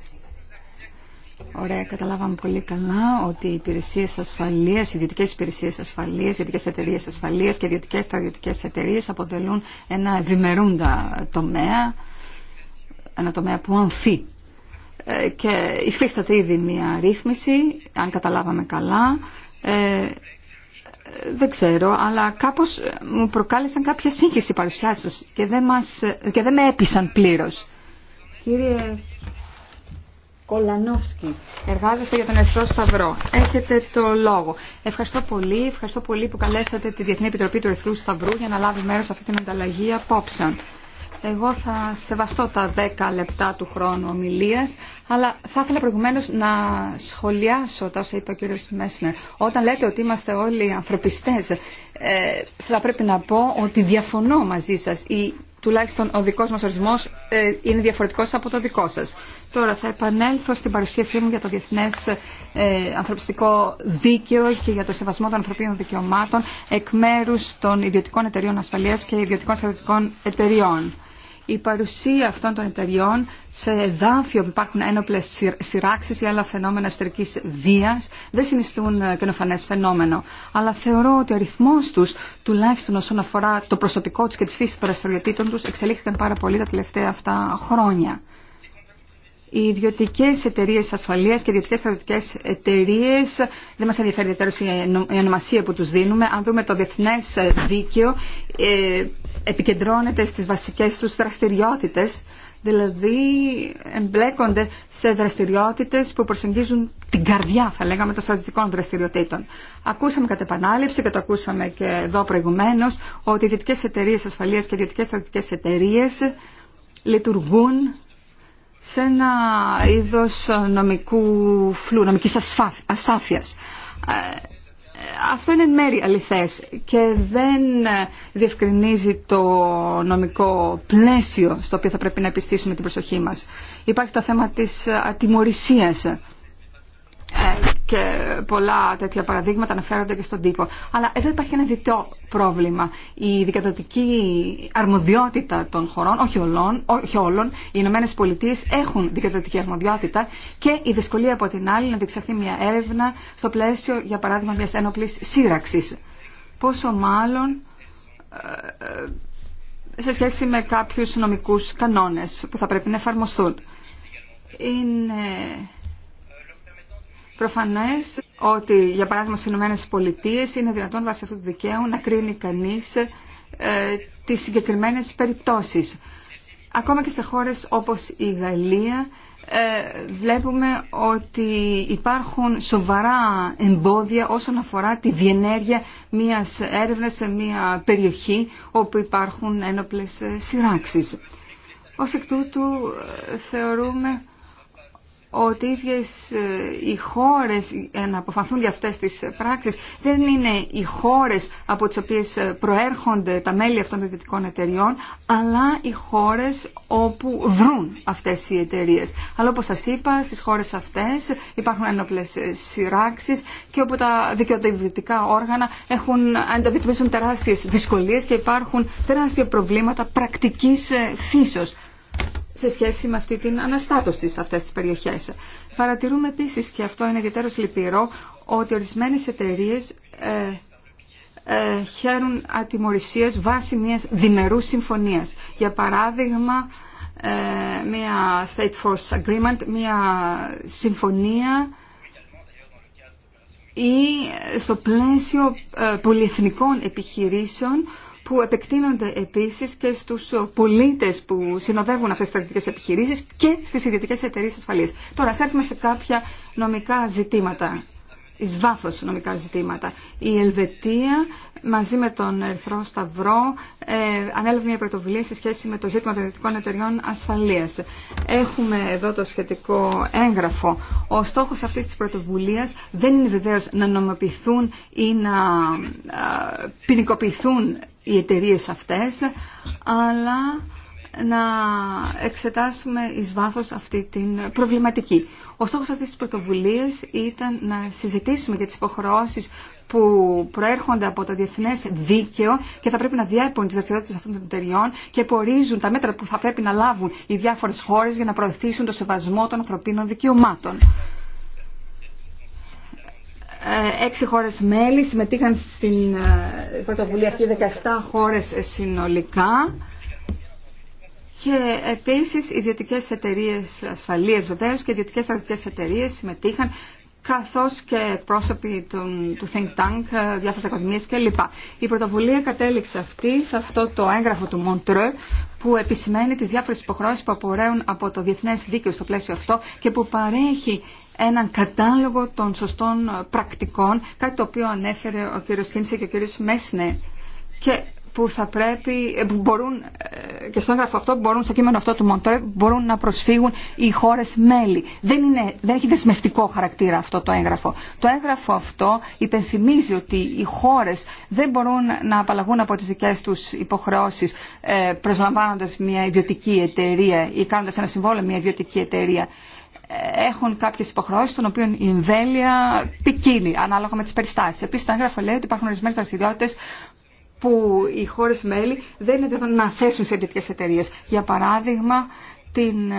Ωραία, καταλάβαμε πολύ καλά ότι οι υπηρεσίε ασφαλεία, οι ιδιωτικέ υπηρεσίε ασφαλεία, οι ιδιωτικέ εταιρείε ασφαλεία και ιδιωτικέ στρατιωτικέ εταιρείε αποτελούν ένα ευημερούντα τομέα, ένα τομέα που ανθεί. Ε, και υφίσταται ήδη μια ρύθμιση, αν καταλάβαμε καλά ε, δεν ξέρω, αλλά κάπως ε, μου προκάλεσαν κάποια σύγχυση παρουσιάσεις και δεν, μας, ε, και δεν με έπεισαν πλήρως. Κύριε Κολανόφσκι, εργάζεστε για τον Ερθρό Σταυρό. Έχετε το λόγο. Ευχαριστώ πολύ, ευχαριστώ πολύ που καλέσατε τη Διεθνή Επιτροπή του Ερθρού Σταυρού για να λάβει μέρος σε αυτή την ανταλλαγή απόψεων. Εγώ θα σεβαστώ τα 10 λεπτά του χρόνου ομιλία, αλλά θα ήθελα προηγουμένω να σχολιάσω τα όσα είπε ο κ. Μέσνερ. Όταν λέτε ότι είμαστε όλοι ανθρωπιστές, ε, θα πρέπει να πω ότι διαφωνώ μαζί σα Ή τουλάχιστον ο δικός μας ορισμός ε, είναι διαφορετικό από το δικό σα. Τώρα θα επανέλθω στην παρουσίασή μου για το Διεθνές ε, Ανθρωπιστικό Δίκαιο και για το Σεβασμό των Ανθρωπίνων Δικαιωμάτων εκ μέρου των ιδιωτικών εταιρείων ασφαλεία και ιδιωτικών στρατιωτικών εταιριών η παρουσία αυτών των εταιριών σε δάφιο που υπάρχουν ένοπλε σειράξει ή άλλα φαινόμενα εσωτερική βία, δεν συνιστούν ε, καινοφανέ φαινόμενο. Αλλά θεωρώ ότι ο αριθμό του, τουλάχιστον όσον αφορά το προσωπικό τους και τις των δραστηριοτήτων του, εξελίχθηκαν πάρα πολύ τα τελευταία αυτά χρόνια. Οι ιδιωτικέ εταιρείε ασφαλεία και ιδιωτικέ στρατιωτικέ εταιρείε δεν μα ενδιαφέρει ιδιαίτερω η ονομασία που του δίνουμε. Αν δούμε το διεθνέ ε, δίκαιο, ε, επικεντρώνεται στις βασικές τους δραστηριότητες, δηλαδή εμπλέκονται σε δραστηριότητες που προσεγγίζουν την καρδιά, θα λέγαμε, των στρατιωτικών δραστηριοτήτων. Ακούσαμε κατά επανάληψη και το ακούσαμε και εδώ προηγουμένω ότι οι εταιρίες εταιρείες ασφαλείας και οι δυτικές στρατιωτικές λειτουργούν σε ένα είδος νομικού φλού, νομικής ασάφειας. Ε, αυτό είναι εν μέρη αληθές και δεν διευκρινίζει το νομικό πλαίσιο στο οποίο θα πρέπει να επιστήσουμε την προσοχή μας. Υπάρχει το θέμα της ατιμορρησίας ε, και πολλά τέτοια παραδείγματα αναφέρονται και στον τύπο. Αλλά εδώ υπάρχει ένα διτό πρόβλημα. Η δικαιοδοτική αρμοδιότητα των χωρών, όχι, όλων, όχι όλων, οι Ηνωμένε Πολιτείε έχουν δικαιοδοτική αρμοδιότητα και η δυσκολία από την άλλη να διεξαχθεί μια έρευνα στο πλαίσιο, για παράδειγμα, μια ένοπλη σύραξη. Πόσο μάλλον ε, ε, σε σχέση με κάποιους νομικούς κανόνες που θα πρέπει να εφαρμοστούν. Είναι Προφανές ότι, για παράδειγμα, στι Ηνωμένε Πολιτείε είναι δυνατόν βάσει αυτού του δικαίου να κρίνει κανείς ε, τις συγκεκριμένες περιπτώσεις. Ακόμα και σε χώρες όπως η Γαλλία ε, βλέπουμε ότι υπάρχουν σοβαρά εμπόδια όσον αφορά τη διενέργεια μιας έρευνας σε μια περιοχή όπου υπάρχουν ένοπλες ε, σειράξει. Ως εκ τούτου θεωρούμε ότι οι ίδιες ε, οι χώρες ε, να αποφανθούν για αυτές τις ε, πράξεις δεν είναι οι χώρες από τις οποίες προέρχονται τα μέλη αυτών των ιδιωτικών εταιριών αλλά οι χώρες όπου δρούν αυτές οι εταιρείες. Αλλά όπως σας είπα στις χώρες αυτές υπάρχουν ένοπλες σειράξεις και όπου τα δικαιοδοτικά όργανα έχουν αντιμετωπίζουν τεράστιες δυσκολίες και υπάρχουν τεράστια προβλήματα πρακτικής φύσεως σε σχέση με αυτή την αναστάτωση σε αυτές τις περιοχές. Παρατηρούμε επίσης, και αυτό είναι ιδιαίτερος λυπηρό, ότι ορισμένες εταιρείε ε, ε, χαίρουν ατιμορρησίες βάσει μιας διμερούς συμφωνίας. Για παράδειγμα, ε, μια State Force Agreement, μια συμφωνία ή στο πλαίσιο ε, πολυεθνικών επιχειρήσεων που επεκτείνονται επίσης και στους πολίτες που συνοδεύουν αυτές τις στρατιωτικές επιχειρήσεις και στις ιδιωτικές εταιρείες ασφαλείας. Τώρα, ας έρθουμε σε κάποια νομικά ζητήματα εις βάθος νομικά ζητήματα. Η Ελβετία μαζί με τον Ερθρό Σταυρό ε, ανέλαβε μια πρωτοβουλία σε σχέση με το ζήτημα των ιδιωτικών εταιριών ασφαλείας. Έχουμε εδώ το σχετικό έγγραφο. Ο στόχος αυτής της πρωτοβουλίας δεν είναι βεβαίως να νομοποιηθούν ή να ποινικοποιηθούν οι εταιρείε αυτές, αλλά να εξετάσουμε εις βάθος αυτή την προβληματική. Ο στόχος αυτής της πρωτοβουλίας ήταν να συζητήσουμε για τις υποχρεώσεις που προέρχονται από το διεθνές δίκαιο και θα πρέπει να διέπουν τις δραστηριότητε αυτών των εταιριών και που ορίζουν τα μέτρα που θα πρέπει να λάβουν οι διάφορες χώρες για να προωθήσουν το σεβασμό των ανθρωπίνων δικαιωμάτων. Ε, έξι χώρες μέλη συμμετείχαν στην ε, πρωτοβουλία αυτή, 17 χώρες συνολικά. Και επίσης ιδιωτικές εταιρείες ασφαλείας βεβαίως και ιδιωτικές αρνητικές εταιρείες συμμετείχαν καθώς και πρόσωποι του, Think Tank, ε, διάφορες ακαδημίες κλπ. Η πρωτοβουλία κατέληξε αυτή σε αυτό το έγγραφο του Μοντρέ που επισημαίνει τις διάφορες υποχρεώσεις που απορρέουν από το διεθνές δίκαιο στο πλαίσιο αυτό και που παρέχει έναν κατάλογο των σωστών ε, πρακτικών, κάτι το οποίο ανέφερε ο κ. Κίνησε και ο κ. Μέσνε και που θα πρέπει, ε, μπορούν ε, και στο έγγραφο αυτό, μπορούν στο κείμενο αυτό του Μοντρέ, μπορούν να προσφύγουν οι χώρες μέλη. Δεν, είναι, δεν έχει δεσμευτικό χαρακτήρα αυτό το έγγραφο. Το έγγραφο αυτό υπενθυμίζει ότι οι χώρες δεν μπορούν να απαλλαγούν από τις δικές τους υποχρεώσεις προσλαμβάνοντας μια ιδιωτική εταιρεία ή κάνοντας ένα συμβόλαιο μια ιδιωτική εταιρεία έχουν κάποιες υποχρεώσεις των οποίων η εμβέλεια ποικίλει ανάλογα με τις περιστάσεις. Επίσης, το έγγραφο λέει ότι υπάρχουν ορισμένες δραστηριότητες που οι χώρες μέλη δεν είναι δυνατόν να θέσουν σε τέτοιε εταιρείε. Για παράδειγμα, την ε,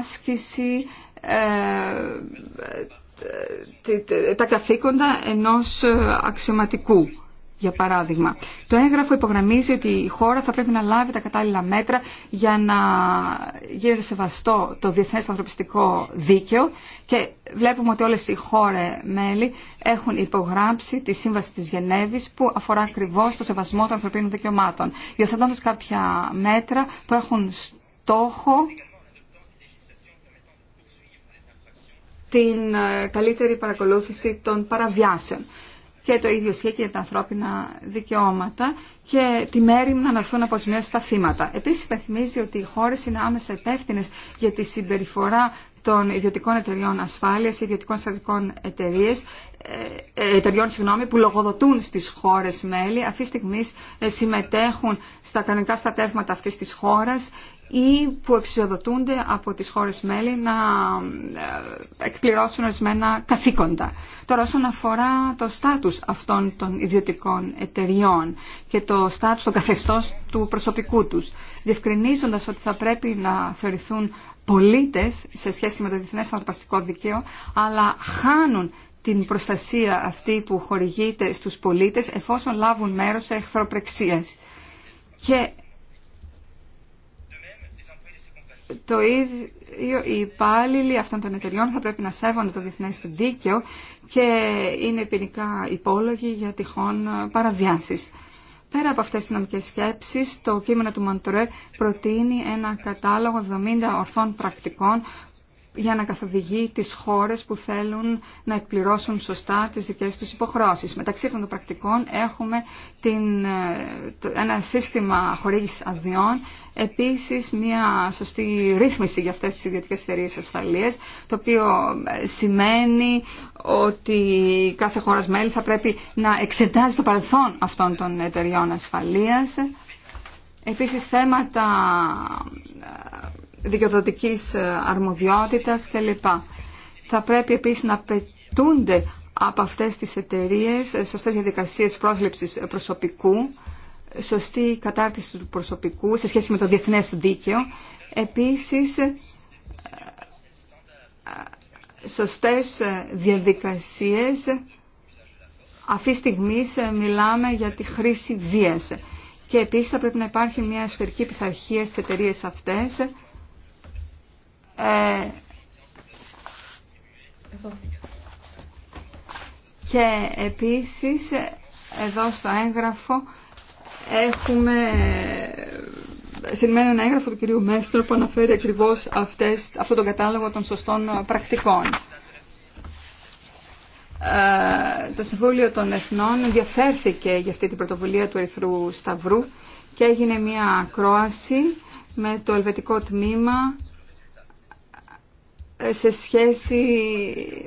άσκηση ε, ε, τα καθήκοντα ενός αξιωματικού για παράδειγμα. Το έγγραφο υπογραμμίζει ότι η χώρα θα πρέπει να λάβει τα κατάλληλα μέτρα για να γίνεται σεβαστό το διεθνές ανθρωπιστικό δίκαιο και βλέπουμε ότι όλες οι χώρες μέλη έχουν υπογράψει τη Σύμβαση της Γενέβης που αφορά ακριβώς το σεβασμό των ανθρωπίνων δικαιωμάτων, υιοθετώντα κάποια μέτρα που έχουν στόχο την ε, καλύτερη παρακολούθηση των παραβιάσεων και το ίδιο ισχύει και για τα ανθρώπινα δικαιώματα και τη μέρη να αναρθούν αποζημιώσει στα θύματα. Επίση, υπενθυμίζει ότι οι χώρε είναι άμεσα υπεύθυνε για τη συμπεριφορά των ιδιωτικών εταιριών ασφάλειας, ιδιωτικών στρατικών εταιρείες, ε, ε, εταιριών συγγνώμη, που λογοδοτούν στις χώρες μέλη, αυτή τη στιγμή ε, συμμετέχουν στα κανονικά στατεύματα αυτής της χώρας ή που εξοδοτούνται από τις χώρες μέλη να εκπληρώσουν ορισμένα καθήκοντα. Τώρα όσον αφορά το στάτους αυτών των ιδιωτικών εταιριών και το στάτους, το καθεστώς του προσωπικού τους, διευκρινίζοντας ότι θα πρέπει να θεωρηθούν πολίτες σε σχέση με το διεθνές ανθρωπαστικό δικαίο, αλλά χάνουν την προστασία αυτή που χορηγείται στους πολίτες εφόσον λάβουν μέρος σε εχθροπρεξίες. Και το ίδιο οι υπάλληλοι αυτών των εταιριών θα πρέπει να σέβονται το διεθνές δίκαιο και είναι ποινικά υπόλογοι για τυχόν παραβιάσεις. Πέρα από αυτές τις νομικές σκέψεις, το κείμενο του Μαντρέ προτείνει ένα κατάλογο 70 ορθών πρακτικών για να καθοδηγεί τις χώρες που θέλουν να εκπληρώσουν σωστά τις δικές τους υποχρώσεις. Μεταξύ αυτών των πρακτικών έχουμε την, ε, ένα σύστημα χορήγησης αδειών Επίσης μια σωστή ρύθμιση για αυτές τις ιδιωτικές εταιρείε ασφαλείας, το οποίο ε, σημαίνει ότι κάθε χώρας μέλη θα πρέπει να εξετάζει το παρελθόν αυτών των εταιριών ασφαλείας. Επίσης θέματα ε, δικαιοδοτικής ε, αρμοδιότητας κλπ. Θα πρέπει επίσης να πετούνται από αυτές τις εταιρείες σωστές διαδικασίες πρόσληψης προσωπικού σωστή κατάρτιση του προσωπικού σε σχέση με το διεθνές δίκαιο. Επίσης, ε, σωστές ε, διαδικασίες. Αυτή τη στιγμή ε, μιλάμε για τη χρήση βίας. Και επίσης θα πρέπει να υπάρχει μια εσωτερική πειθαρχία στις εταιρείε αυτές. και επίσης εδώ στο έγγραφο έχουμε συνημένο ένα έγγραφο του κυρίου Μέστρο που αναφέρει ακριβώς αυτές, αυτό τον κατάλογο των σωστών πρακτικών. Ε, το Συμβούλιο των Εθνών διαφέρθηκε για αυτή την πρωτοβουλία του Ερυθρού Σταυρού και έγινε μια ακρόαση με το ελβετικό τμήμα ε, σε σχέση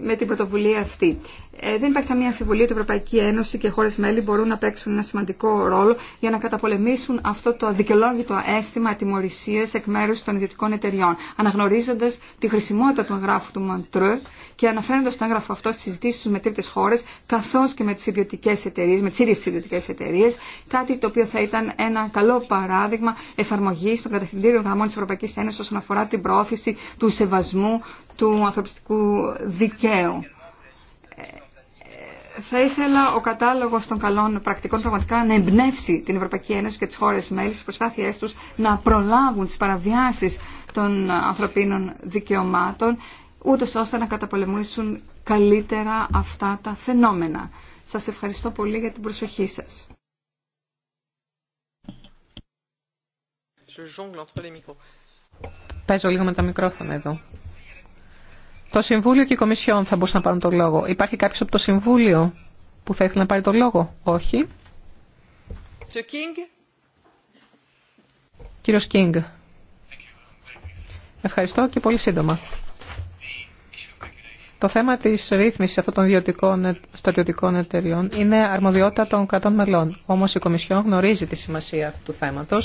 με την πρωτοβουλία αυτή. Ε, δεν υπάρχει καμία αμφιβολία ότι η Ευρωπαϊκή Ένωση και οι χώρε μέλη μπορούν να παίξουν ένα σημαντικό ρόλο για να καταπολεμήσουν αυτό το αδικαιολόγητο αίσθημα ατιμορρησία εκ μέρου των ιδιωτικών εταιριών. Αναγνωρίζοντα τη χρησιμότητα του εγγράφου του Μαντρέ και αναφέροντα το έγγραφο αυτό στι συζητήσει του με τρίτε χώρε, καθώ και με τι ιδιωτικέ εταιρείε, με τι ίδιε ιδιωτικέ εταιρείε, κάτι το οποίο θα ήταν ένα καλό παράδειγμα εφαρμογή των κατευθυντήριων γραμμών τη Ευρωπαϊκή Ένωση όσον αφορά την πρόθεση του σεβασμού του ανθρωπιστικού δικαίου θα ήθελα ο κατάλογο των καλών πρακτικών πραγματικά να εμπνεύσει την Ευρωπαϊκή Ένωση και τι χώρε μέλη στι προσπάθειέ του να προλάβουν τι παραβιάσει των ανθρωπίνων δικαιωμάτων, ούτω ώστε να καταπολεμήσουν καλύτερα αυτά τα φαινόμενα. Σα ευχαριστώ πολύ για την προσοχή σα. Παίζω λίγο με τα μικρόφωνα το Συμβούλιο και η Κομισιόν θα μπορούσαν να πάρουν το λόγο. Υπάρχει κάποιο από το Συμβούλιο που θα ήθελε να πάρει το λόγο. Όχι. Κύριο Κύριος Κίνγκ. Ευχαριστώ και πολύ σύντομα. Το θέμα της ρύθμιση αυτών των ιδιωτικών στρατιωτικών εταιριών είναι αρμοδιότητα των κρατών μελών. Όμως η Κομισιόν γνωρίζει τη σημασία αυτού του θέματο.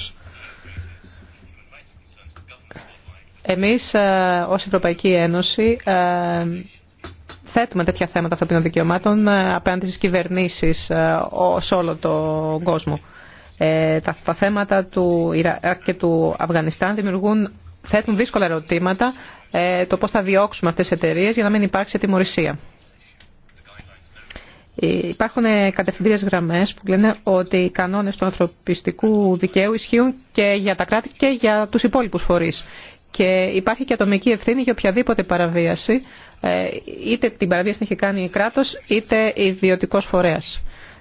Εμείς ε, ως Ευρωπαϊκή Ένωση ε, θέτουμε τέτοια θέματα ανθρωπίνων δικαιωμάτων ε, απέναντι στις κυβερνήσεις σε όλο τον κόσμο. Τα θέματα του Ιράκ και του Αφγανιστάν δημιουργούν, θέτουν δύσκολα ερωτήματα το πώς θα διώξουμε αυτές τις εταιρείες για να μην υπάρξει ατιμορρησία. Υπάρχουν κατευθυντήριες γραμμές που λένε ότι οι κανόνες του ανθρωπιστικού δικαίου ισχύουν και για τα κράτη και για τους υπόλοιπους φορείς και υπάρχει και ατομική ευθύνη για οποιαδήποτε παραβίαση, ε, είτε την παραβίαση την έχει κάνει η κράτο, είτε ιδιωτικό φορέα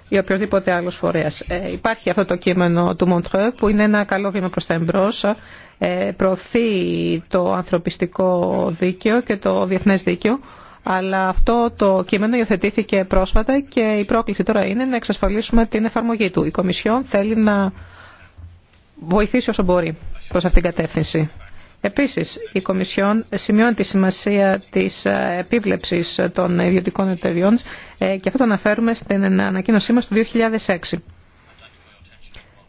ή οποιοδήποτε άλλο φορέα. Ε, υπάρχει αυτό το κείμενο του Μοντρέ που είναι ένα καλό βήμα προ τα εμπρό. Ε, προωθεί το ανθρωπιστικό δίκαιο και το διεθνέ δίκαιο, αλλά αυτό το κείμενο υιοθετήθηκε πρόσφατα και η πρόκληση τώρα είναι να εξασφαλίσουμε την εφαρμογή του. Η Κομισιόν θέλει να βοηθήσει όσο μπορεί προς αυτήν την κατεύθυνση. Επίσης, η Κομισιόν σημειώνει τη σημασία της ε, επίβλεψης των ιδιωτικών εταιριών ε, και αυτό το αναφέρουμε στην ανακοίνωσή μας του 2006.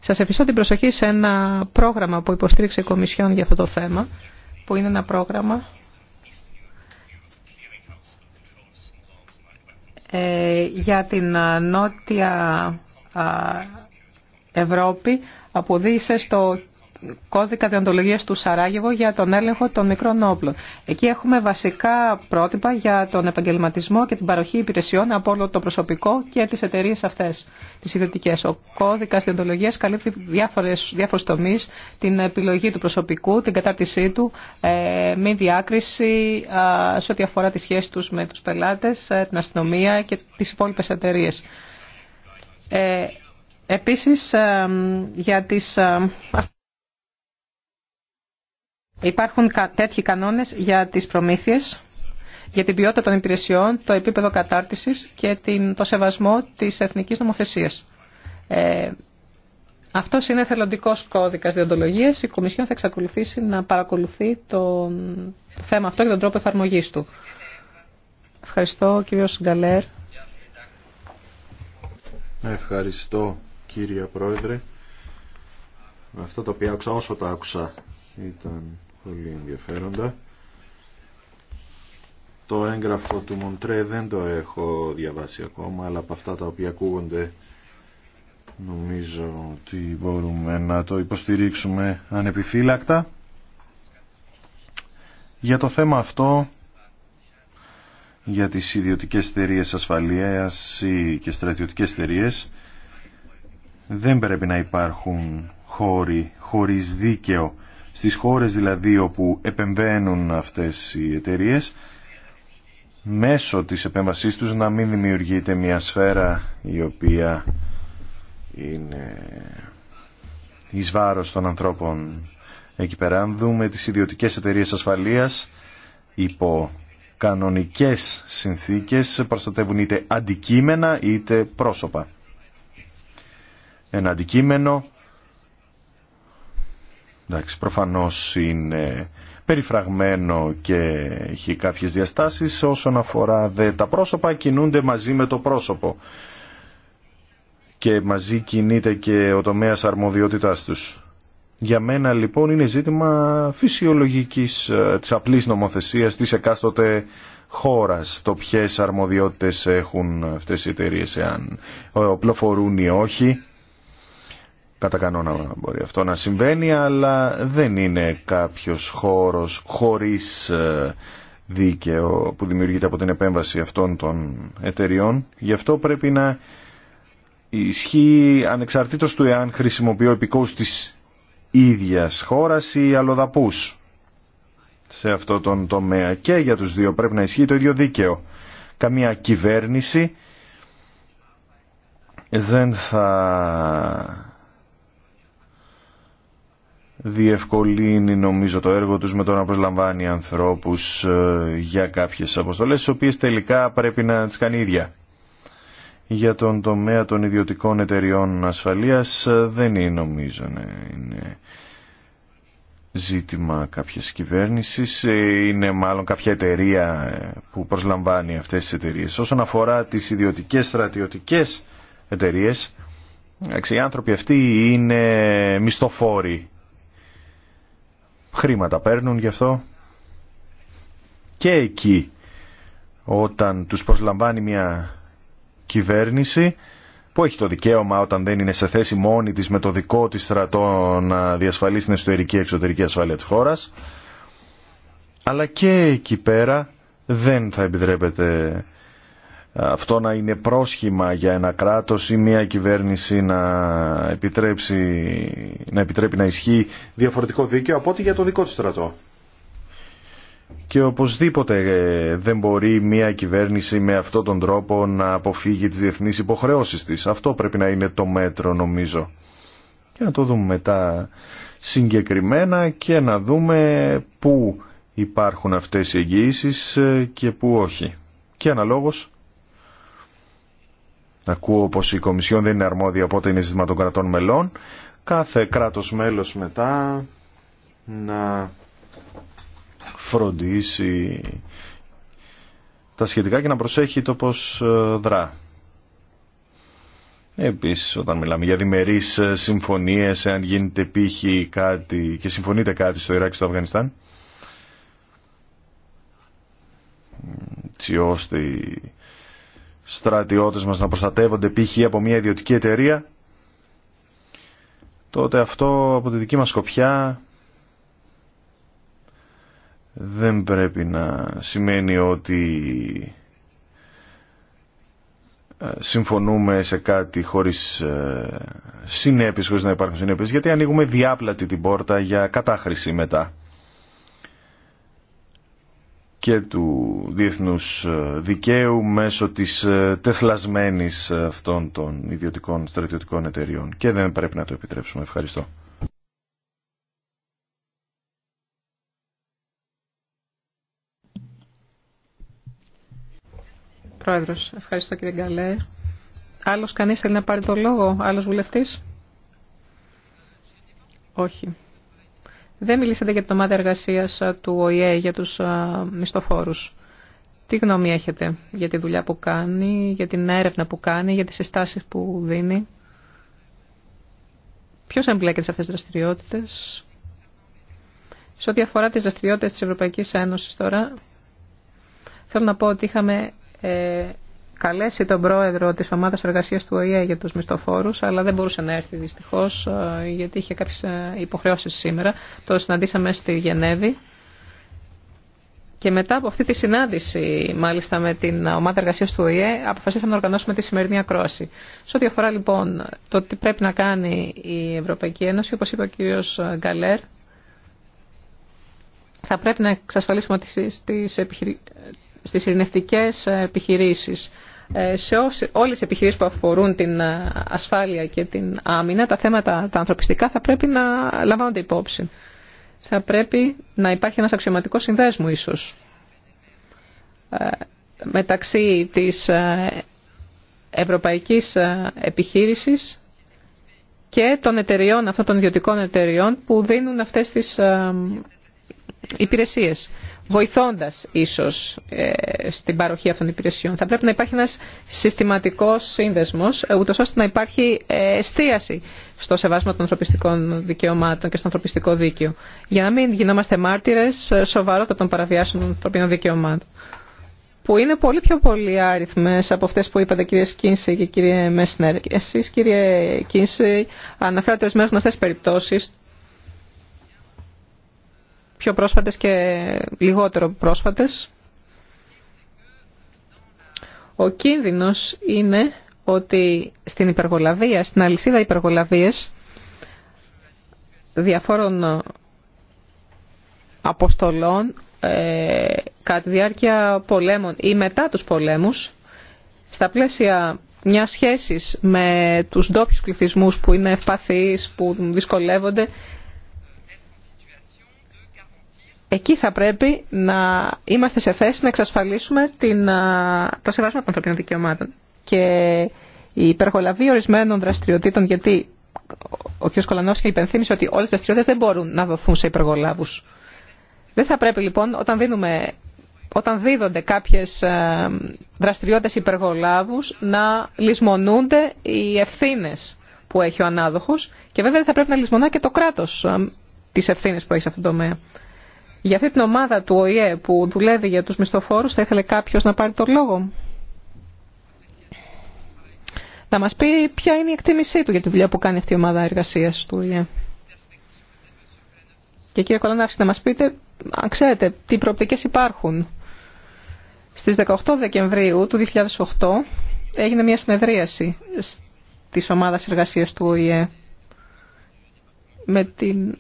Σας ευχαριστώ την προσοχή σε ένα πρόγραμμα που υποστήριξε η Κομισιόν για αυτό το θέμα, που είναι ένα πρόγραμμα ε, για την Νότια Ευρώπη, που οδήγησε στο κώδικα διοντολογίας του Σαράγεβο για τον έλεγχο των μικρών όπλων. Εκεί έχουμε βασικά πρότυπα για τον επαγγελματισμό και την παροχή υπηρεσιών από όλο το προσωπικό και τις εταιρείε αυτές, τις ιδιωτικές. Ο κώδικας διοντολογίας καλύπτει διάφορες, διάφορες τομείς, την επιλογή του προσωπικού, την κατάρτισή του, ε, μη διάκριση σε ό,τι αφορά τις σχέσεις τους με τους πελάτες, ε, την αστυνομία και τις υπόλοιπε εταιρείε. Ε, Επίσης, ε, για τις ε, Υπάρχουν τέτοιοι κανόνες για τις προμήθειες, για την ποιότητα των υπηρεσιών, το επίπεδο κατάρτισης και το σεβασμό της εθνικής νομοθεσίας. Ε, αυτός είναι θελοντικός κώδικας διοντολογία. Η Κομισιόν θα εξακολουθήσει να παρακολουθεί το θέμα αυτό και τον τρόπο εφαρμογή του. Ευχαριστώ κύριο Γκαλέρ. Ευχαριστώ κύριε Πρόεδρε. Αυτό το οποίο άκουσα όσο το άκουσα ήταν πολύ ενδιαφέροντα. Το έγγραφο του Μοντρέ δεν το έχω διαβάσει ακόμα, αλλά από αυτά τα οποία ακούγονται νομίζω ότι μπορούμε να το υποστηρίξουμε ανεπιφύλακτα. Για το θέμα αυτό, για τις ιδιωτικές εταιρείε ασφαλείας και στρατιωτικές εταιρείε δεν πρέπει να υπάρχουν χώροι χωρίς δίκαιο στις χώρες δηλαδή όπου επεμβαίνουν αυτές οι εταιρείες μέσω της επέμβασής τους να μην δημιουργείται μια σφαίρα η οποία είναι εις βάρος των ανθρώπων εκεί πέρα. Αν δούμε τις ιδιωτικές εταιρείες ασφαλείας υπό κανονικές συνθήκες προστατεύουν είτε αντικείμενα είτε πρόσωπα. Ένα αντικείμενο Εντάξει, προφανώς είναι περιφραγμένο και έχει κάποιες διαστάσεις όσον αφορά δε τα πρόσωπα κινούνται μαζί με το πρόσωπο και μαζί κινείται και ο τομέας αρμοδιότητάς τους. Για μένα λοιπόν είναι ζήτημα φυσιολογικής ε, της απλής νομοθεσίας της εκάστοτε χώρας το ποιες αρμοδιότητες έχουν αυτές οι εταιρείε εάν ε, οπλοφορούν ή όχι κατά κανόνα μπορεί αυτό να συμβαίνει, αλλά δεν είναι κάποιος χώρος χωρίς ε, δίκαιο που δημιουργείται από την επέμβαση αυτών των εταιριών. Γι' αυτό πρέπει να ισχύει ανεξαρτήτως του εάν χρησιμοποιώ επικούς της ίδιας χώρας ή αλλοδαπούς σε αυτό τον τομέα. Και για τους δύο πρέπει να ισχύει το ίδιο δίκαιο. Καμία κυβέρνηση δεν θα διευκολύνει νομίζω το έργο τους με το να προσλαμβάνει ανθρώπους ε, για κάποιες αποστολές τις οποίες τελικά πρέπει να τις κάνει ίδια. Για τον τομέα των ιδιωτικών εταιριών ασφαλείας ε, δεν είναι νομίζω ναι, είναι ζήτημα κάποιες κυβέρνησης, ε, είναι μάλλον κάποια εταιρεία που προσλαμβάνει αυτές τις εταιρείες. Όσον αφορά τις ιδιωτικές στρατιωτικές εταιρείες, οι άνθρωποι αυτοί είναι μισθοφόροι χρήματα παίρνουν γι' αυτό και εκεί όταν τους προσλαμβάνει μια κυβέρνηση που έχει το δικαίωμα όταν δεν είναι σε θέση μόνη της με το δικό της στρατό να διασφαλίσει την εσωτερική και εξωτερική ασφάλεια της χώρας αλλά και εκεί πέρα δεν θα επιτρέπεται αυτό να είναι πρόσχημα για ένα κράτος ή μια κυβέρνηση να, επιτρέψει, να επιτρέπει να ισχύει διαφορετικό δίκαιο από ό,τι για το δικό του στρατό. Και οπωσδήποτε ε, δεν μπορεί μια κυβέρνηση με αυτόν τον τρόπο να αποφύγει τις διεθνείς υποχρεώσεις της. Αυτό πρέπει να είναι το μέτρο νομίζω. Και να το δούμε μετά συγκεκριμένα και να δούμε πού υπάρχουν αυτές οι εγγυήσεις ε, και πού όχι. Και αναλόγως να ακούω πω η Κομισιόν δεν είναι αρμόδια οπότε είναι ζήτημα των κρατών μελών κάθε κράτος μέλος μετά να φροντίσει τα σχετικά και να προσέχει το πως ε, δρά. Επίσης όταν μιλάμε για διμερείς ε, συμφωνίες, αν γίνεται πύχη κάτι και συμφωνείτε κάτι στο Ιράκ και στο Αφγανιστάν, έτσι ώστε στρατιώτες μας να προστατεύονται π.χ. από μια ιδιωτική εταιρεία, τότε αυτό από τη δική μας σκοπιά δεν πρέπει να σημαίνει ότι ε, συμφωνούμε σε κάτι χωρίς ε, συνέπειες, χωρίς να υπάρχουν συνέπειες, γιατί ανοίγουμε διάπλατη την πόρτα για κατάχρηση μετά και του διεθνούς ε, δικαίου μέσω της ε, τεθλασμένης ε, αυτών των ιδιωτικών στρατιωτικών εταιριών και δεν πρέπει να το επιτρέψουμε. Ευχαριστώ. Πρόεδρος, ευχαριστώ κύριε Γκαλέ. Άλλος κανείς θέλει να πάρει το λόγο, άλλος βουλευτής. Όχι. Δεν μιλήσατε για την ομάδα εργασία του ΟΗΕ για του μισθοφόρου. Τι γνώμη έχετε για τη δουλειά που κάνει, για την έρευνα που κάνει, για τις συστάσεις που δίνει. Ποιο εμπλέκεται σε αυτές τι δραστηριότητε, Σε ό,τι αφορά τις δραστηριότητες τη Ευρωπαϊκής Ένωσης τώρα, θέλω να πω ότι είχαμε ε, καλέσει τον πρόεδρο τη ομάδα εργασία του ΟΗΕ για του μισθοφόρου, αλλά δεν μπορούσε να έρθει δυστυχώ ε, γιατί είχε κάποιε υποχρεώσει σήμερα. Το συναντήσαμε στη Γενέβη. Και μετά από αυτή τη συνάντηση, μάλιστα με την ομάδα εργασία του ΟΗΕ, αποφασίσαμε να οργανώσουμε τη σημερινή ακρόαση. Σε ό,τι αφορά λοιπόν το τι πρέπει να κάνει η Ευρωπαϊκή Ένωση, όπω είπε ο κύριο Γκαλέρ, θα πρέπει να εξασφαλίσουμε ότι στις, επιχειρη... στις ειρηνευτικές επιχειρήσεις ε, σε όλες τις επιχειρήσεις που αφορούν την ε, ασφάλεια και την άμυνα, τα θέματα τα ανθρωπιστικά θα πρέπει να λαμβάνονται υπόψη. Θα πρέπει να υπάρχει ένας αξιωματικός συνδέσμο ίσως ε, μεταξύ της ευρωπαϊκής επιχείρησης και των εταιριών, αυτών των ιδιωτικών εταιριών που δίνουν αυτές τις υπηρεσίες βοηθώντας ίσως ε, στην παροχή αυτών των υπηρεσιών. Θα πρέπει να υπάρχει ένας συστηματικός σύνδεσμος, ε, ούτως ώστε να υπάρχει ε, εστίαση στο σεβάσμα των ανθρωπιστικών δικαιωμάτων και στο ανθρωπιστικό δίκαιο, για να μην γινόμαστε μάρτυρες σοβαρότητα των παραβιάσεων των ανθρωπίνων δικαιωμάτων που είναι πολύ πιο πολλοί άριθμες από αυτές που είπατε κύριε Κίνση και κύριε Μέσνερ. Εσείς κύριε Κίνση αναφέρατε μέρος γνωστές περιπτώσει πιο πρόσφατες και λιγότερο πρόσφατες. Ο κίνδυνος είναι ότι στην υπεργολαβία, στην αλυσίδα υπεργολαβίες διαφόρων αποστολών ε, κατά τη διάρκεια πολέμων ή μετά τους πολέμους στα πλαίσια μια σχέσης με τους ντόπιου πληθυσμού που είναι ευπαθείς, που δυσκολεύονται εκεί θα πρέπει να είμαστε σε θέση να εξασφαλίσουμε την, το σεβασμό των ανθρωπίνων δικαιωμάτων. Και η υπεργολαβή ορισμένων δραστηριοτήτων, γιατί ο κ. Κολανόφσκι υπενθύμησε ότι όλε οι δραστηριότητε δεν μπορούν να δοθούν σε υπεργολάβου. Δεν θα πρέπει λοιπόν όταν, δίνουμε, όταν δίδονται κάποιε δραστηριότητε υπεργολάβου να λησμονούνται οι ευθύνε που έχει ο ανάδοχο και βέβαια θα πρέπει να λησμονά και το κράτο ε, τι ευθύνε που έχει σε αυτόν τον τομέα. Για αυτή την ομάδα του ΟΗΕ που δουλεύει για τους μισθοφόρους θα ήθελε κάποιος να πάρει τον λόγο. Να μας πει ποια είναι η εκτίμησή του για τη δουλειά που κάνει αυτή η ομάδα εργασίας του ΟΗΕ. Και κύριε Κολονάφη, να μας πείτε, αν ξέρετε, τι προοπτικές υπάρχουν. Στις 18 Δεκεμβρίου του 2008 έγινε μια συνεδρίαση της ομάδας εργασίας του ΟΗΕ με την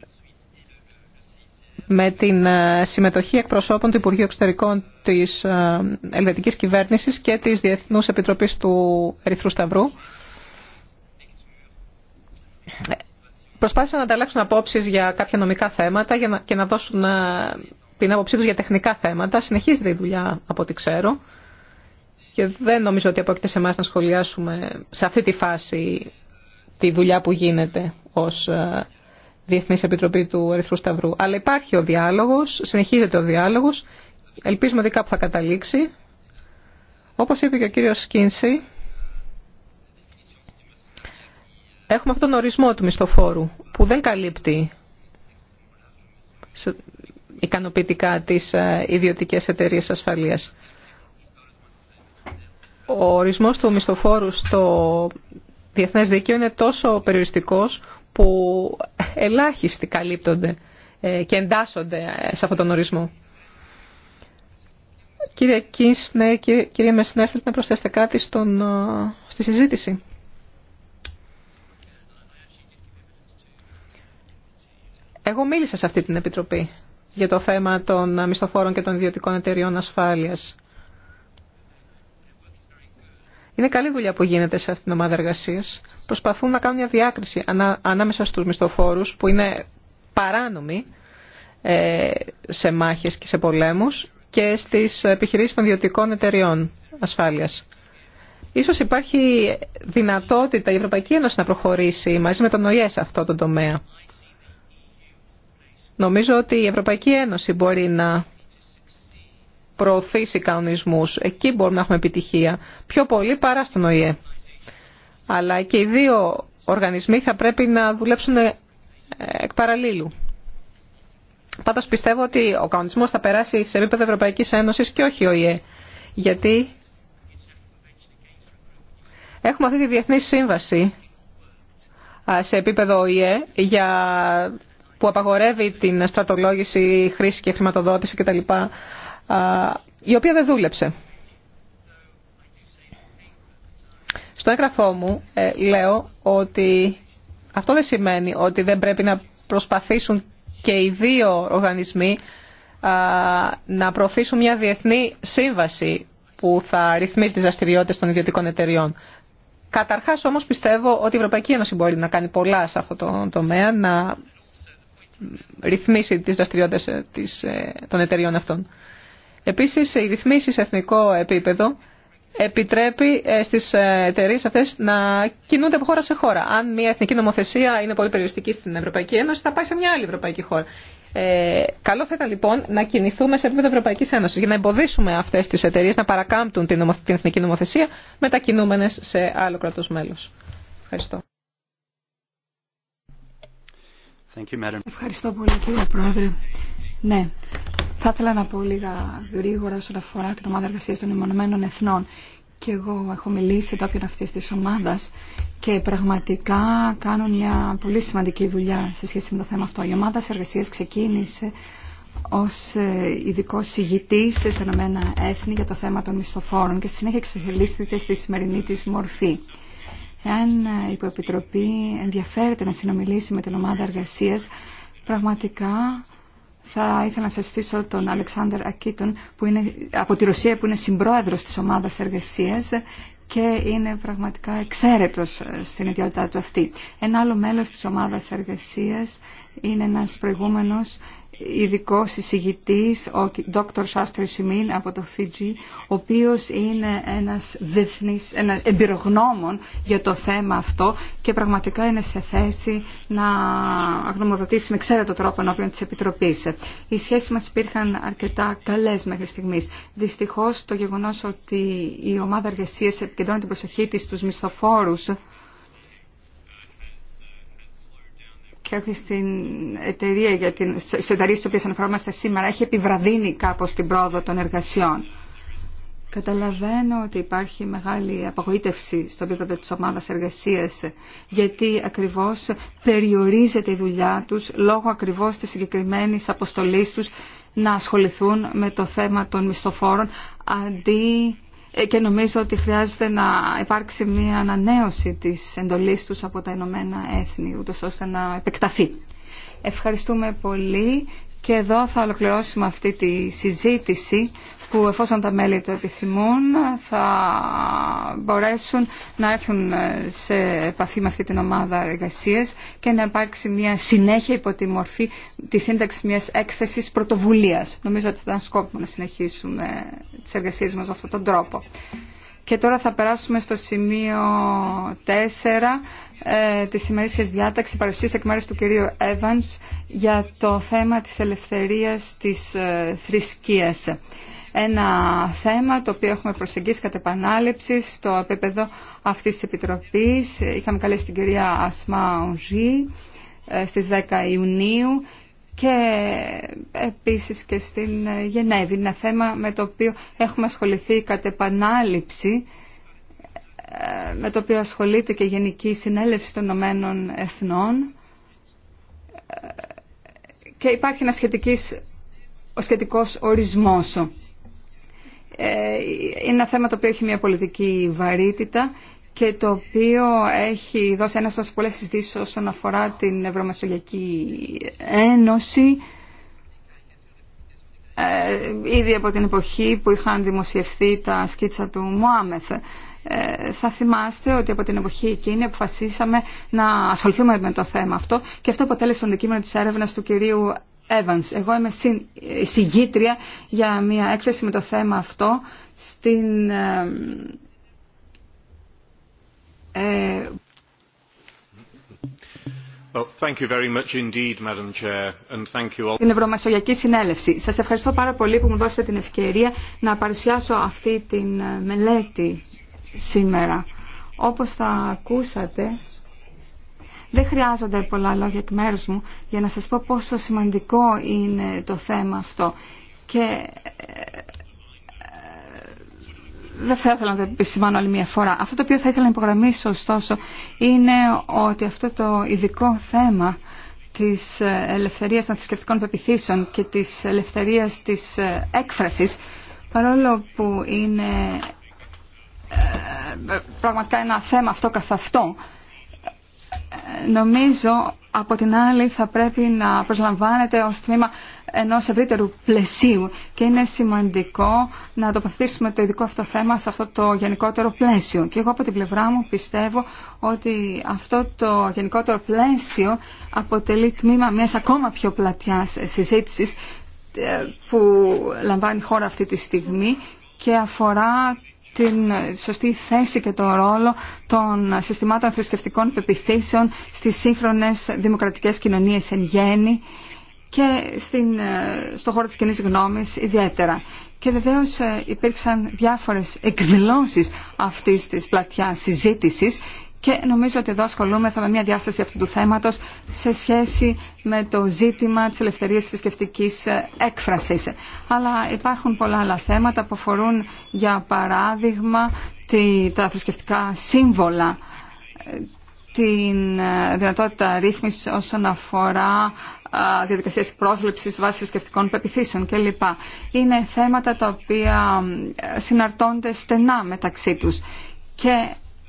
με την ε, συμμετοχή εκπροσώπων του Υπουργείου Εξωτερικών της ε, Ελβετικής Κυβέρνησης και της Διεθνούς Επιτροπής του Ερυθρού Σταυρού. Προσπάθησαν να ανταλλάξουν απόψεις για κάποια νομικά θέματα και να δώσουν ε, την άποψή τους για τεχνικά θέματα. Συνεχίζεται η δουλειά από ό,τι ξέρω και δεν νομίζω ότι απόκειται σε εμά να σχολιάσουμε σε αυτή τη φάση τη δουλειά που γίνεται ως Διεθνή Επιτροπή του Ερυθρού Σταυρού. Αλλά υπάρχει ο διάλογο. συνεχίζεται ο διάλογο. Ελπίζουμε ότι κάπου θα καταλήξει. Όπω είπε και ο κύριο Σκίνση, έχουμε αυτόν τον ορισμό του μισθοφόρου που δεν καλύπτει ικανοποιητικά τι ε, ιδιωτικέ εταιρείε ασφαλείας. Ο ορισμός του μισθοφόρου στο διεθνές δίκαιο είναι τόσο περιοριστικός που ελάχιστοι καλύπτονται ε, και εντάσσονται ε, σε αυτόν τον ορισμό. Κύριε Κίνσνε, ναι, κύριε, κύριε να προσθέσετε κάτι στον, ε, στη συζήτηση. Εγώ μίλησα σε αυτή την Επιτροπή για το θέμα των μισθοφόρων και των ιδιωτικών εταιριών ασφάλειας. Είναι καλή δουλειά που γίνεται σε αυτήν την ομάδα εργασία. Προσπαθούν να κάνουν μια διάκριση ανάμεσα στου μισθοφόρου που είναι παράνομοι ε, σε μάχες και σε πολέμους και στις επιχειρήσεις των ιδιωτικών εταιριών ασφάλειας. Ίσως υπάρχει δυνατότητα η Ευρωπαϊκή Ένωση να προχωρήσει μαζί με τον ΟΗΕ σε αυτό το τομέα. Νομίζω ότι η Ευρωπαϊκή Ένωση μπορεί να προωθήσει κανονισμού. Εκεί μπορούμε να έχουμε επιτυχία. Πιο πολύ παρά στον ΟΗΕ. Αλλά και οι δύο οργανισμοί θα πρέπει να δουλέψουν ε, εκ παραλίλου. Πάντως πιστεύω ότι ο κανονισμός θα περάσει σε επίπεδο Ευρωπαϊκής Ένωσης και όχι ΟΗΕ. Γιατί έχουμε αυτή τη διεθνή σύμβαση σε επίπεδο ΟΗΕ για που απαγορεύει την στρατολόγηση, χρήση και χρηματοδότηση κτλ η οποία δεν δούλεψε. Στο έγγραφό μου ε, λέω ότι αυτό δεν σημαίνει ότι δεν πρέπει να προσπαθήσουν και οι δύο οργανισμοί να προωθήσουν μια διεθνή σύμβαση που θα ρυθμίσει τις δραστηριότητε των ιδιωτικών εταιριών. Καταρχάς όμως πιστεύω ότι η Ευρωπαϊκή Ένωση μπορεί να κάνει πολλά σε αυτό το τομέα, να ρυθμίσει τις δραστηριότητες ε, ε, των εταιριών αυτών. Επίσης, οι ρυθμίσεις σε εθνικό επίπεδο επιτρέπει ε, στις ε, εταιρείε αυτές να κινούνται από χώρα σε χώρα. Αν μια εθνική νομοθεσία είναι πολύ περιοριστική στην Ευρωπαϊκή Ένωση, θα πάει σε μια άλλη Ευρωπαϊκή χώρα. Ε, καλό θα ήταν λοιπόν να κινηθούμε σε επίπεδο Ευρωπαϊκή Ένωση για να εμποδίσουμε αυτέ τι εταιρείε να παρακάμπτουν την, νομοθε... την εθνική νομοθεσία μετακινούμενε σε άλλο κράτο μέλο. Ευχαριστώ. Thank you, Ευχαριστώ πολύ κύριε Πρόεδρε. Ναι, θα ήθελα να πω λίγα γρήγορα όσον αφορά την ομάδα εργασία των Ηνωμένων Εθνών. Και εγώ έχω μιλήσει εντόπιον αυτή τη ομάδα και πραγματικά κάνουν μια πολύ σημαντική δουλειά σε σχέση με το θέμα αυτό. Η ομάδα εργασία ξεκίνησε ω ε, ειδικό συγητή σε Ηνωμένα Έθνη για το θέμα των μισθοφόρων και στη συνέχεια εξελίσσεται στη σημερινή τη μορφή. Εάν ε, η Υποεπιτροπή ενδιαφέρεται να συνομιλήσει με την ομάδα εργασία, πραγματικά θα ήθελα να σας στήσω τον Αλεξάνδρ Ακίτον που είναι, από τη Ρωσία που είναι συμπρόεδρος της ομάδας εργασίας και είναι πραγματικά εξαίρετος ε, στην ιδιότητά του αυτή. Ένα άλλο μέλος της ομάδας εργασίας είναι ένας προηγούμενος ειδικό εισηγητής, ο Dr. Σάστρη Σιμίν από το Φίτζι, ο οποίος είναι ένας, διεθνή, ένας εμπειρογνώμων για το θέμα αυτό και πραγματικά είναι σε θέση να γνωμοδοτήσει με ξέρετο τρόπο ενώπιον τη επιτροπή. Οι σχέσει μας υπήρχαν αρκετά καλές μέχρι στιγμή. Δυστυχώ, το γεγονός ότι η ομάδα εργασία επικεντρώνει την προσοχή τη στου μισθοφόρου. και όχι στην εταιρεία για την, στις εταιρείες στις οποίες αναφερόμαστε σήμερα έχει επιβραδύνει κάπως την πρόοδο των εργασιών. Καταλαβαίνω ότι υπάρχει μεγάλη απογοήτευση στον επίπεδο της ομάδας εργασίας γιατί ακριβώς περιορίζεται η δουλειά τους λόγω ακριβώς της συγκεκριμένης αποστολής τους να ασχοληθούν με το θέμα των μισθοφόρων αντί ε, και νομίζω ότι χρειάζεται να υπάρξει μια ανανέωση της εντολής τους από τα Ηνωμένα Έθνη, ούτως ώστε να επεκταθεί. Ευχαριστούμε πολύ και εδώ θα ολοκληρώσουμε αυτή τη συζήτηση που εφόσον τα μέλη το επιθυμούν θα μπορέσουν να έρθουν ε, σε επαφή με αυτή την ομάδα εργασίας και να υπάρξει μια συνέχεια υπό τη μορφή της σύνταξη μιας έκθεσης πρωτοβουλία. Νομίζω ότι θα ήταν σκόπιμο να συνεχίσουμε ε, τις εργασίες μας με αυτόν τον τρόπο. Και τώρα θα περάσουμε στο σημείο 4 ε, της ημερήσιας διάταξης παρουσίας εκ μέρους του κυρίου Evans για το θέμα της ελευθερία της ε, θρησκείας ένα θέμα το οποίο έχουμε προσεγγίσει κατά επανάληψη στο επίπεδο αυτής της Επιτροπής. Είχαμε καλέσει την κυρία Ασμά Ονζή ε, στις 10 Ιουνίου και επίσης και στην ε, Γενέβη. Είναι ένα θέμα με το οποίο έχουμε ασχοληθεί κατά επανάληψη ε, με το οποίο ασχολείται και η Γενική Συνέλευση των Ηνωμένων Εθνών και υπάρχει ένα σχετικής, ο σχετικός ε, είναι ένα θέμα το οποίο έχει μια πολιτική βαρύτητα και το οποίο έχει δώσει ένα τόσο πολλές συζητήσεις όσον αφορά την Ευρωμεσογειακή Ένωση ε, ήδη από την εποχή που είχαν δημοσιευθεί τα σκίτσα του Μωάμεθ. Ε, θα θυμάστε ότι από την εποχή εκείνη αποφασίσαμε να ασχοληθούμε με το θέμα αυτό και αυτό αποτέλεσε το αντικείμενο της έρευνας του κυρίου εγώ είμαι συγγήτρια για μια έκθεση με το θέμα αυτό στην... Ε, Ευρωμεσογειακή Συνέλευση. Σας ευχαριστώ πάρα πολύ που μου δώσατε την ευκαιρία να παρουσιάσω αυτή την μελέτη σήμερα. Όπως θα ακούσατε, δεν χρειάζονται πολλά λόγια εκ μέρους μου για να σας πω πόσο σημαντικό είναι το θέμα αυτό. Και ε, ε, δεν θα ήθελα να το επισημάνω άλλη μια φορά. Αυτό το οποίο θα ήθελα να υπογραμμίσω ωστόσο είναι ότι αυτό το ειδικό θέμα της ε, ελευθερίας των θρησκευτικών πεπιθήσεων και της ελευθερίας της έκφρασης παρόλο που είναι πραγματικά ένα θέμα αυτό καθ' αυτό νομίζω από την άλλη θα πρέπει να προσλαμβάνεται ως τμήμα ενός ευρύτερου πλαισίου και είναι σημαντικό να τοποθετήσουμε το ειδικό αυτό θέμα σε αυτό το γενικότερο πλαίσιο. Και εγώ από την πλευρά μου πιστεύω ότι αυτό το γενικότερο πλαίσιο αποτελεί τμήμα μιας ακόμα πιο πλατιάς συζήτησης ε, που λαμβάνει η χώρα αυτή τη στιγμή και αφορά την σωστή θέση και τον ρόλο των συστημάτων θρησκευτικών πεπιθήσεων στις σύγχρονες δημοκρατικές κοινωνίες εν γέννη και στην, ε, στο χώρο της κοινή γνώμης ιδιαίτερα. Και βεβαίω ε, υπήρξαν διάφορες εκδηλώσεις αυτής της πλατιάς συζήτησης και νομίζω ότι εδώ ασχολούμεθα με μια διάσταση αυτού του θέματος σε σχέση με το ζήτημα της ελευθερίας θρησκευτική ε, έκφρασης. Αλλά υπάρχουν πολλά άλλα θέματα που αφορούν για παράδειγμα τα θρησκευτικά σύμβολα, ε, την ε, δυνατότητα ρύθμισης όσον αφορά διαδικασίε πρόσληψη βάσει θρησκευτικών πεπιθήσεων κλπ. Είναι θέματα τα οποία συναρτώνται στενά μεταξύ τους. Και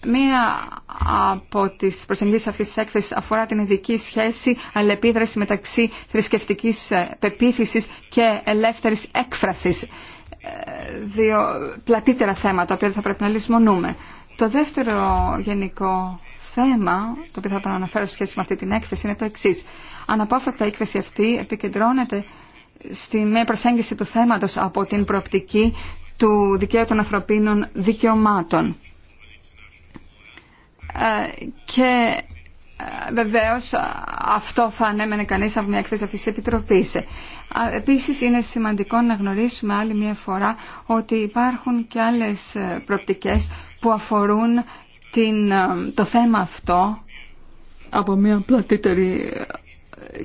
Μία από τι προσεγγίσει αυτή τη έκθεση αφορά την ειδική σχέση αλληλεπίδραση μεταξύ θρησκευτική ε, πεποίθηση και ελεύθερη έκφραση, ε, Δύο πλατύτερα θέματα, τα οποία θα πρέπει να λησμονούμε. Το δεύτερο γενικό θέμα, το οποίο θα πρέπει να αναφέρω σε σχέση με αυτή την έκθεση, είναι το εξή. Αναπόφευκτα η έκθεση αυτή επικεντρώνεται στη μία προσέγγιση του θέματος από την προοπτική του δικαίου των ανθρωπίνων δικαιωμάτων. Ε, και ε, Βεβαίω αυτό θα ανέμενε κανεί από μια έκθεση αυτή τη Επιτροπή. Ε, Επίση είναι σημαντικό να γνωρίσουμε άλλη μια φορά ότι υπάρχουν και άλλες προπτικέ που αφορούν την, το θέμα αυτό από μια πλατύτερη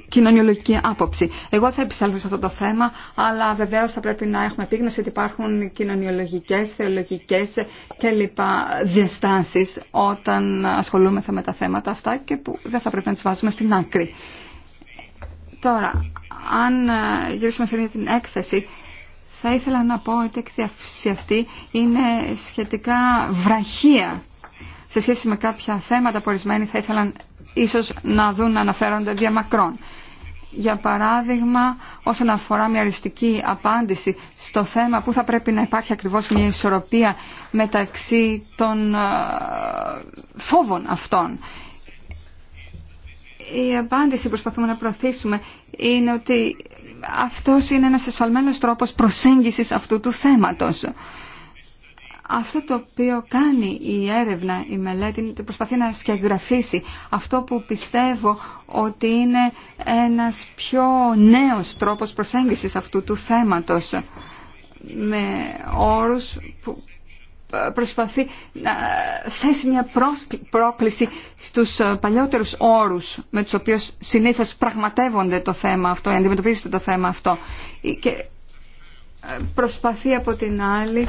κοινωνιολογική άποψη. Εγώ θα επισέλθω σε αυτό το θέμα, αλλά βεβαίως θα πρέπει να έχουμε επίγνωση ότι υπάρχουν κοινωνιολογικές, θεολογικές κλπ. διαστάσεις όταν ασχολούμεθα με τα θέματα αυτά και που δεν θα πρέπει να τις βάζουμε στην άκρη. Τώρα, αν γυρίσουμε σε την έκθεση, θα ήθελα να πω ότι η έκθεση αυτή είναι σχετικά βραχία σε σχέση με κάποια θέματα που ορισμένοι θα ήθελαν ίσως να δουν να αναφέρονται διαμακρών. Για παράδειγμα, όσον αφορά μια αριστική απάντηση στο θέμα που θα πρέπει να υπάρχει ακριβώς μια ισορροπία μεταξύ των ε, φόβων αυτών. Η απάντηση που προσπαθούμε να προωθήσουμε είναι ότι αυτός είναι ένας εσφαλμένος τρόπος προσέγγισης αυτού του θέματος αυτό το οποίο κάνει η έρευνα, η μελέτη, προσπαθεί να σκεγγραφίσει αυτό που πιστεύω ότι είναι ένας πιο νέος τρόπος προσέγγισης αυτού του θέματος με όρους που προσπαθεί να θέσει μια πρόκληση στους ε, παλιότερους όρους με τους οποίους συνήθως πραγματεύονται το θέμα αυτό, αντιμετωπίζεται το θέμα αυτό. Και ε, προσπαθεί από την άλλη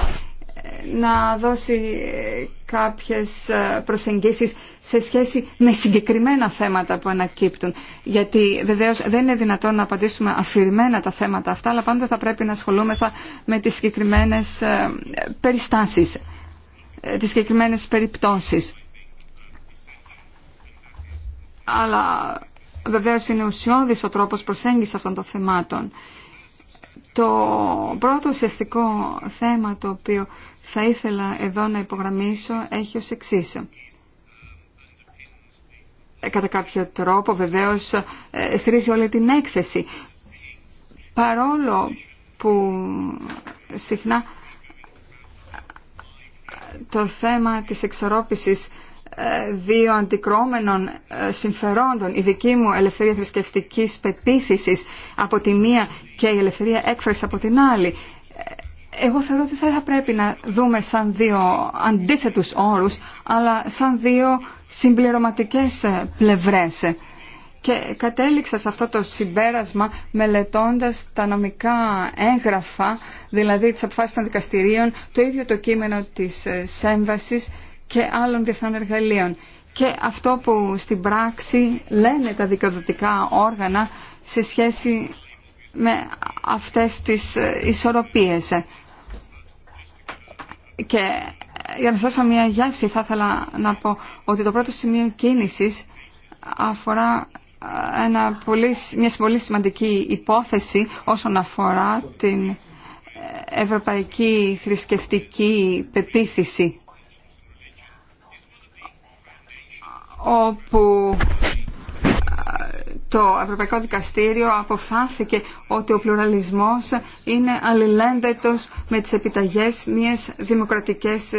να δώσει ε, κάποιες ε, προσεγγίσεις σε σχέση με συγκεκριμένα θέματα που ανακύπτουν. Γιατί βεβαίως δεν είναι δυνατόν να απαντήσουμε αφηρημένα τα θέματα αυτά, αλλά πάντα θα πρέπει να ασχολούμεθα με τις συγκεκριμένες ε, περιστάσεις, τις συγκεκριμένες περιπτώσεις. Αλλά βεβαίως είναι ουσιώδης ο τρόπος προσέγγισης αυτών των θεμάτων. Το πρώτο ουσιαστικό θέμα το οποίο θα ήθελα εδώ να υπογραμμίσω έχει ως εξής. Ε, κατά κάποιο τρόπο βεβαίως ε, στηρίζει όλη την έκθεση. Παρόλο που συχνά το θέμα της εξορρόπησης ε, δύο αντικρώμενων συμφερόντων, η δική μου ελευθερία θρησκευτική πεποίθησης από τη μία και η ελευθερία έκφρασης από την άλλη εγώ θεωρώ ότι θα πρέπει να δούμε σαν δύο αντίθετους όρους, αλλά σαν δύο συμπληρωματικές ε, πλευρές. Και κατέληξα σε αυτό το συμπέρασμα μελετώντας τα νομικά έγγραφα, δηλαδή τις αποφάσεις των δικαστηρίων, το ίδιο το κείμενο της ε, Σέμβασης και άλλων διεθνών εργαλείων. Και αυτό που στην πράξη λένε τα δικαιοδοτικά όργανα σε σχέση με αυτές τις ε, ισορροπίες. Και για να σας δώσω μια γεύση θα ήθελα να πω ότι το πρώτο σημείο κίνησης αφορά ε, ένα μια πολύ σημαντική υπόθεση όσον αφορά την ε, ευρωπαϊκή θρησκευτική πεποίθηση όπου το Ευρωπαϊκό Δικαστήριο αποφάθηκε ότι ο πλουραλισμός είναι αλληλένδετος με τις επιταγές μιας, δημοκρατικής,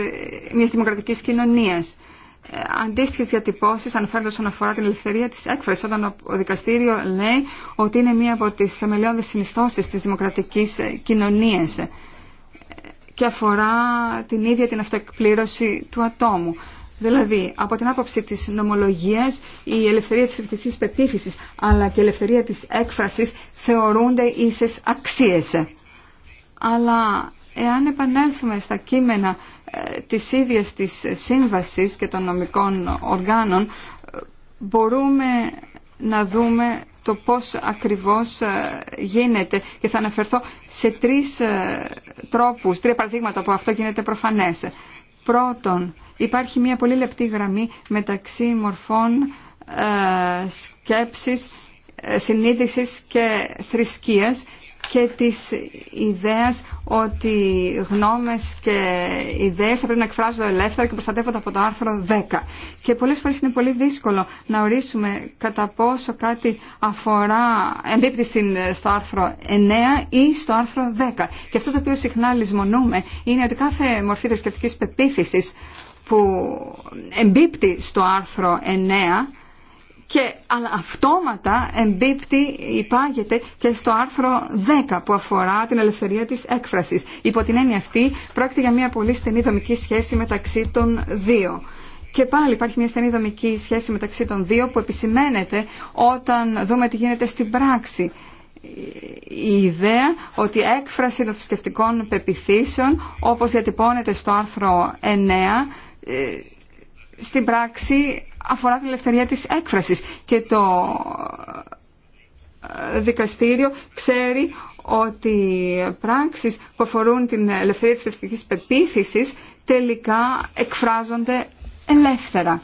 μιας δημοκρατικής κοινωνίας. Αντίστοιχε διατυπώσει αναφέρονται όσον αφορά την ελευθερία τη έκφραση, όταν ο δικαστήριο λέει ότι είναι μία από τι θεμελιώδει συνιστώσει τη δημοκρατική κοινωνία και αφορά την ίδια την αυτοεκπλήρωση του ατόμου. Δηλαδή, από την άποψη της νομολογίας, η ελευθερία της ειδικής πεποίθησης, αλλά και η ελευθερία της έκφρασης θεωρούνται ίσες αξίες. Αλλά εάν επανέλθουμε στα κείμενα ε, της ίδιας της σύμβασης και των νομικών οργάνων, ε, μπορούμε να δούμε το πώς ακριβώς ε, γίνεται και θα αναφερθώ σε τρεις τρόπους, τρία παραδείγματα που αυτό γίνεται προφανές. Πρώτον, υπάρχει μια πολύ λεπτή γραμμή μεταξύ μορφών ε, σκέψης, ε, συνείδησης και θρησκείας και της ιδέας ότι γνώμες και ιδέες θα πρέπει να εκφράζονται ελεύθερα και προστατεύονται από το άρθρο 10. Και πολλές φορές είναι πολύ δύσκολο να ορίσουμε κατά πόσο κάτι αφορά, εμπίπτει στο άρθρο 9 ή στο άρθρο 10. Και αυτό το οποίο συχνά λησμονούμε είναι ότι κάθε μορφή θρησκευτικής πεποίθησης που εμπίπτει στο άρθρο 9 και αλλά αυτόματα εμπίπτει, υπάγεται και στο άρθρο 10 που αφορά την ελευθερία της έκφρασης. Υπό την έννοια αυτή πρόκειται για μια πολύ στενή δομική σχέση μεταξύ των δύο. Και πάλι υπάρχει μια στενή δομική σχέση μεταξύ των δύο που επισημαίνεται όταν δούμε τι γίνεται στην πράξη. Η ιδέα ότι η έκφραση των θρησκευτικών πεπιθήσεων όπως διατυπώνεται στο άρθρο 9 ε, στην πράξη αφορά την ελευθερία της έκφρασης και το ε, δικαστήριο ξέρει ότι πράξεις που αφορούν την ελευθερία της ευθυντικής πεποίθησης τελικά εκφράζονται ελεύθερα.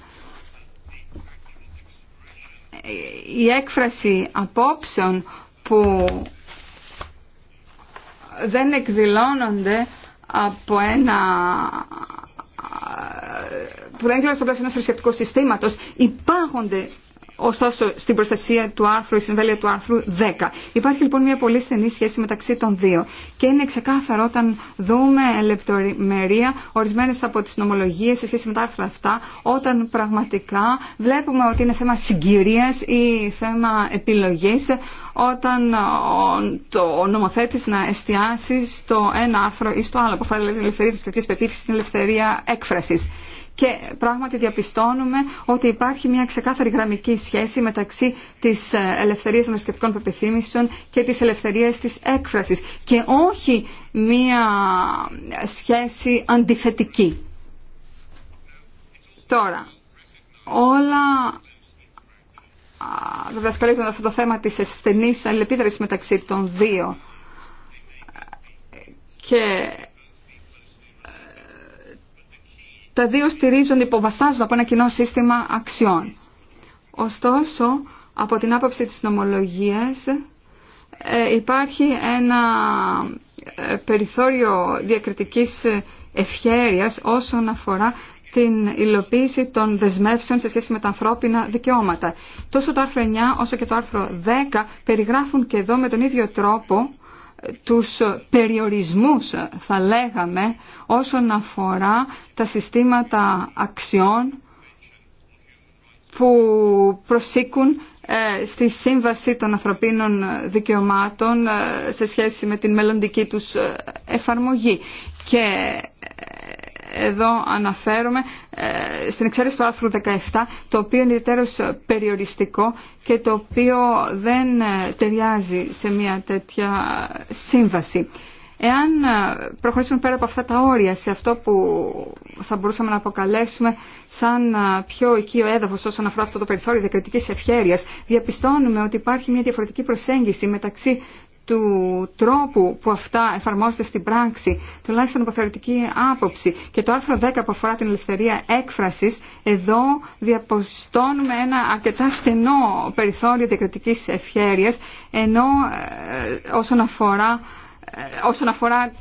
Η έκφραση απόψεων που δεν εκδηλώνονται από ένα που δεν είναι στο πλαίσιο ενός θρησκευτικού συστήματος, υπάρχονται ωστόσο στην προστασία του άρθρου, η συμβέλεια του άρθρου 10. Υπάρχει λοιπόν μια πολύ στενή σχέση μεταξύ των δύο και είναι ξεκάθαρο όταν δούμε λεπτομερία ορισμένες από τις νομολογίες σε σχέση με τα άρθρα αυτά όταν πραγματικά βλέπουμε ότι είναι θέμα συγκυρίας ή θέμα επιλογής όταν το νομοθέτης να εστιάσει στο ένα άρθρο ή στο άλλο που η δηλαδή, την ελευθερία της κρατικής πεποίθησης την ελευθερία έκφρασης και πράγματι διαπιστώνουμε ότι υπάρχει μια ξεκάθαρη γραμμική σχέση μεταξύ της ε, ελευθερίας των σκεπτικών πεπιθύμησεων και της ελευθερίας της έκφρασης και όχι μια σχέση αντιθετική. Τώρα, όλα βέβαια αυτό το θέμα της στενής αλληλεπίδρασης μεταξύ των δύο και τα δύο στηρίζονται, υποβαστάζονται από ένα κοινό σύστημα αξιών. Ωστόσο, από την άποψη της νομολογίας ε, υπάρχει ένα ε, περιθώριο διακριτικής ε, ευχέρειας όσον αφορά την υλοποίηση των δεσμεύσεων σε σχέση με τα ανθρώπινα δικαιώματα. Τόσο το άρθρο 9 όσο και το άρθρο 10 περιγράφουν και εδώ με τον ίδιο τρόπο τους περιορισμούς θα λέγαμε όσον αφορά τα συστήματα αξιών που προσήκουν ε, στη σύμβαση των ανθρωπίνων δικαιωμάτων ε, σε σχέση με την μελλοντική τους ε, εφαρμογή. Και εδώ αναφέρομαι ε, στην εξαίρεση του άρθρου 17, το οποίο είναι ιδιαίτερως περιοριστικό και το οποίο δεν ε, ταιριάζει σε μια τέτοια σύμβαση. Εάν ε, προχωρήσουμε πέρα από αυτά τα όρια σε αυτό που θα μπορούσαμε να αποκαλέσουμε σαν πιο οικείο έδαφος όσον αφορά αυτό το περιθώριο διακριτικής ευχέρειας, διαπιστώνουμε ότι υπάρχει μια διαφορετική προσέγγιση μεταξύ του τρόπου που αυτά εφαρμόζονται στην πράξη, τουλάχιστον από θεωρητική άποψη. Και το άρθρο 10 που αφορά την ελευθερία έκφρασης, εδώ διαποστώνουμε ένα αρκετά στενό περιθώριο διακριτική ευχέρεια, ενώ ε, όσον αφορά, ε, όσον αφορά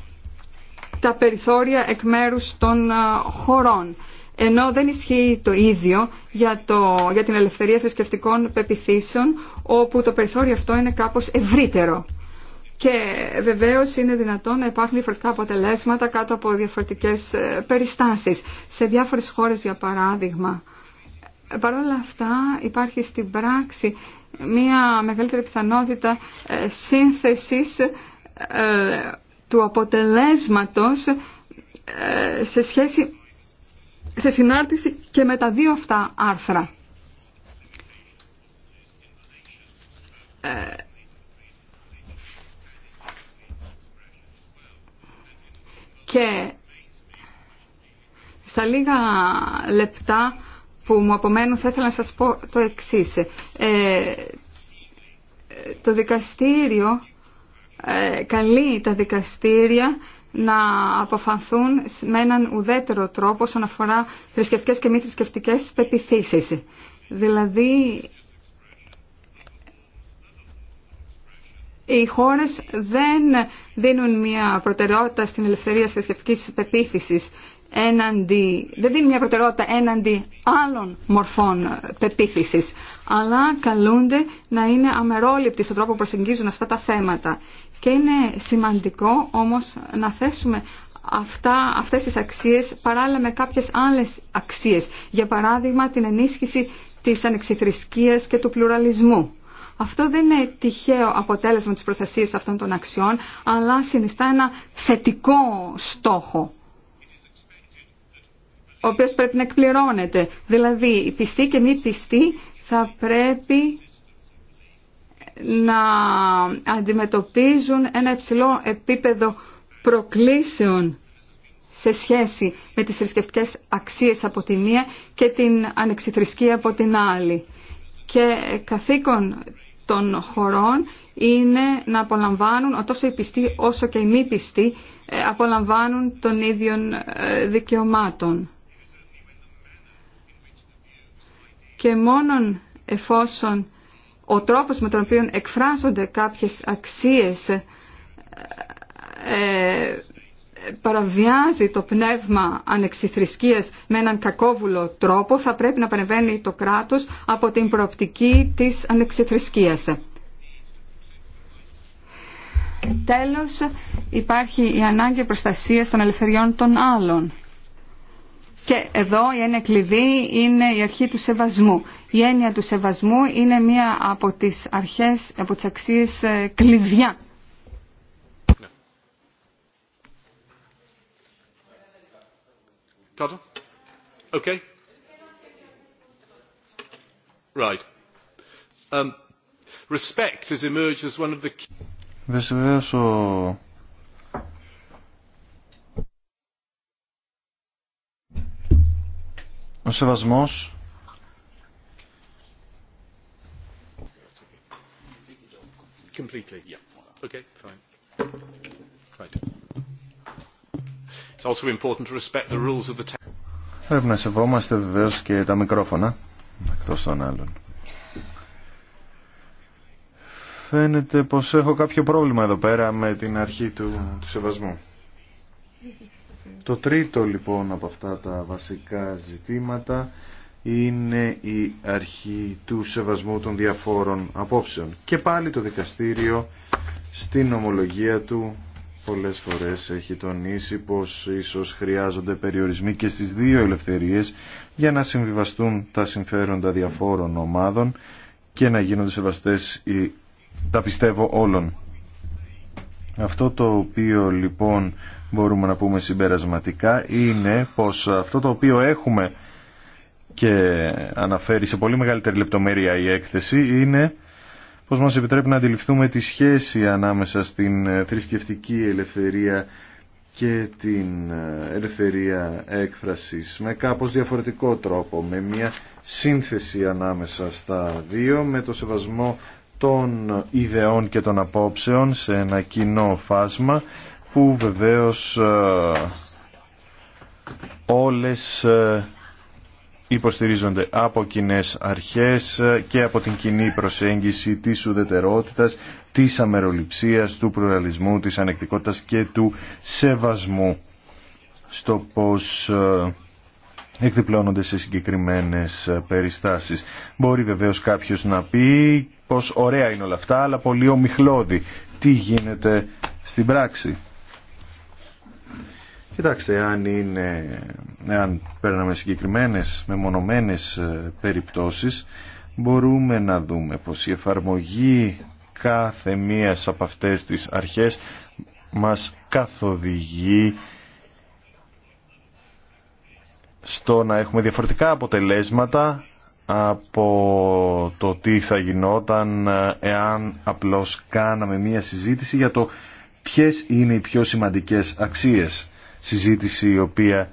τα περιθώρια εκ μέρους των ε, χωρών. Ενώ δεν ισχύει το ίδιο για, το, για την ελευθερία θρησκευτικών πεπιθήσεων, όπου το περιθώριο αυτό είναι κάπως ευρύτερο. Και βεβαίω είναι δυνατόν να υπάρχουν διαφορετικά αποτελέσματα κάτω από διαφορετικές ε, περιστάσεις. Σε διάφορες χώρες, για παράδειγμα, Παρ' όλα αυτά υπάρχει στην πράξη μία μεγαλύτερη πιθανότητα ε, σύνθεσης ε, του αποτελέσματος σε σχέση σε συνάρτηση και με τα δύο αυτά άρθρα. Και στα λίγα λεπτά που μου απομένουν θα ήθελα να σας πω το εξής. Ε, το δικαστήριο ε, καλεί τα δικαστήρια να αποφανθούν με έναν ουδέτερο τρόπο όσον αφορά θρησκευτικές και μη θρησκευτικές πεπιθήσεις. Δηλαδή οι χώρες δεν δίνουν μια προτεραιότητα στην ελευθερία της πεποίθησης έναντι, δεν δίνουν μια προτεραιότητα έναντι άλλων μορφών πεποίθησης, αλλά καλούνται να είναι αμερόληπτοι στον τρόπο που προσεγγίζουν αυτά τα θέματα. Και είναι σημαντικό όμως να θέσουμε αυτά, αυτές τις αξίες παράλληλα με κάποιες άλλες αξίες. Για παράδειγμα την ενίσχυση της ανεξιθρησκείας και του πλουραλισμού. Αυτό δεν είναι τυχαίο αποτέλεσμα της προστασίας αυτών των αξιών, αλλά συνιστά ένα θετικό στόχο ο οποίος πρέπει να εκπληρώνεται. Δηλαδή, οι πιστοί και μη πιστοί θα πρέπει να αντιμετωπίζουν ένα υψηλό επίπεδο προκλήσεων σε σχέση με τις θρησκευτικέ αξίες από τη μία και την ανεξιθρησκεία από την άλλη. Και καθήκον των χωρών είναι να απολαμβάνουν, τόσο οι πιστοί όσο και οι μη πιστοί, ε, απολαμβάνουν των ίδιων ε, δικαιωμάτων. Και μόνον εφόσον ο τρόπος με τον οποίο εκφράζονται κάποιες αξίες ε, παραβιάζει το πνεύμα ανεξιθρησκείας με έναν κακόβουλο τρόπο θα πρέπει να παρεμβαίνει το κράτος από την προοπτική της ανεξιθρησκείας. Τέλος, υπάρχει η ανάγκη προστασίας των ελευθεριών των άλλων. Και εδώ η έννοια κλειδί είναι η αρχή του σεβασμού. Η έννοια του σεβασμού είναι μία από τις αρχές, από τις αξίες ε, κλειδιά Pardon? Okay. Right. Um, respect has emerged as one of the Βεβαίως ο... ο σεβασμός Completely, yeah. Okay, fine. Right. Πρέπει να σεβόμαστε βεβαίω και τα μικρόφωνα, εκτό των άλλων. Φαίνεται πως έχω κάποιο πρόβλημα εδώ πέρα με την αρχή του, του σεβασμού. Το τρίτο λοιπόν από αυτά τα βασικά ζητήματα είναι η αρχή του σεβασμού των διαφόρων απόψεων. Και πάλι το δικαστήριο στην ομολογία του πολλές φορές έχει τονίσει πως ίσως χρειάζονται περιορισμοί και στις δύο ελευθερίες για να συμβιβαστούν τα συμφέροντα διαφόρων ομάδων και να γίνονται σεβαστές οι, τα πιστεύω όλων. Αυτό το οποίο λοιπόν μπορούμε να πούμε συμπερασματικά είναι πως αυτό το οποίο έχουμε και αναφέρει σε πολύ μεγαλύτερη λεπτομέρεια η έκθεση είναι πως μας επιτρέπει να αντιληφθούμε τη σχέση ανάμεσα στην ε, θρησκευτική ελευθερία και την ε, ελευθερία έκφρασης με κάπως διαφορετικό τρόπο, με μια σύνθεση ανάμεσα στα δύο, με το σεβασμό των ιδεών και των απόψεων σε ένα κοινό φάσμα που βεβαίως ε, όλες υποστηρίζονται από κοινέ αρχές και από την κοινή προσέγγιση της ουδετερότητας, της αμεροληψίας, του πλουραλισμού, της ανεκτικότητας και του σεβασμού στο πώς ε, εκδιπλώνονται σε συγκεκριμένες ε, περιστάσεις. Μπορεί βεβαίως κάποιος να πει πως ωραία είναι όλα αυτά, αλλά πολύ ομιχλώδη. Τι γίνεται στην πράξη. Κοιτάξτε, αν, είναι, αν παίρναμε συγκεκριμένες μεμονωμένες ε, περιπτώσεις, μπορούμε να δούμε πως η εφαρμογή κάθε μίας από αυτές τις αρχές μας καθοδηγεί στο να έχουμε διαφορετικά αποτελέσματα από το τι θα γινόταν ε, εάν απλώς κάναμε μία συζήτηση για το ποιες είναι οι πιο σημαντικές αξίες συζήτηση η οποία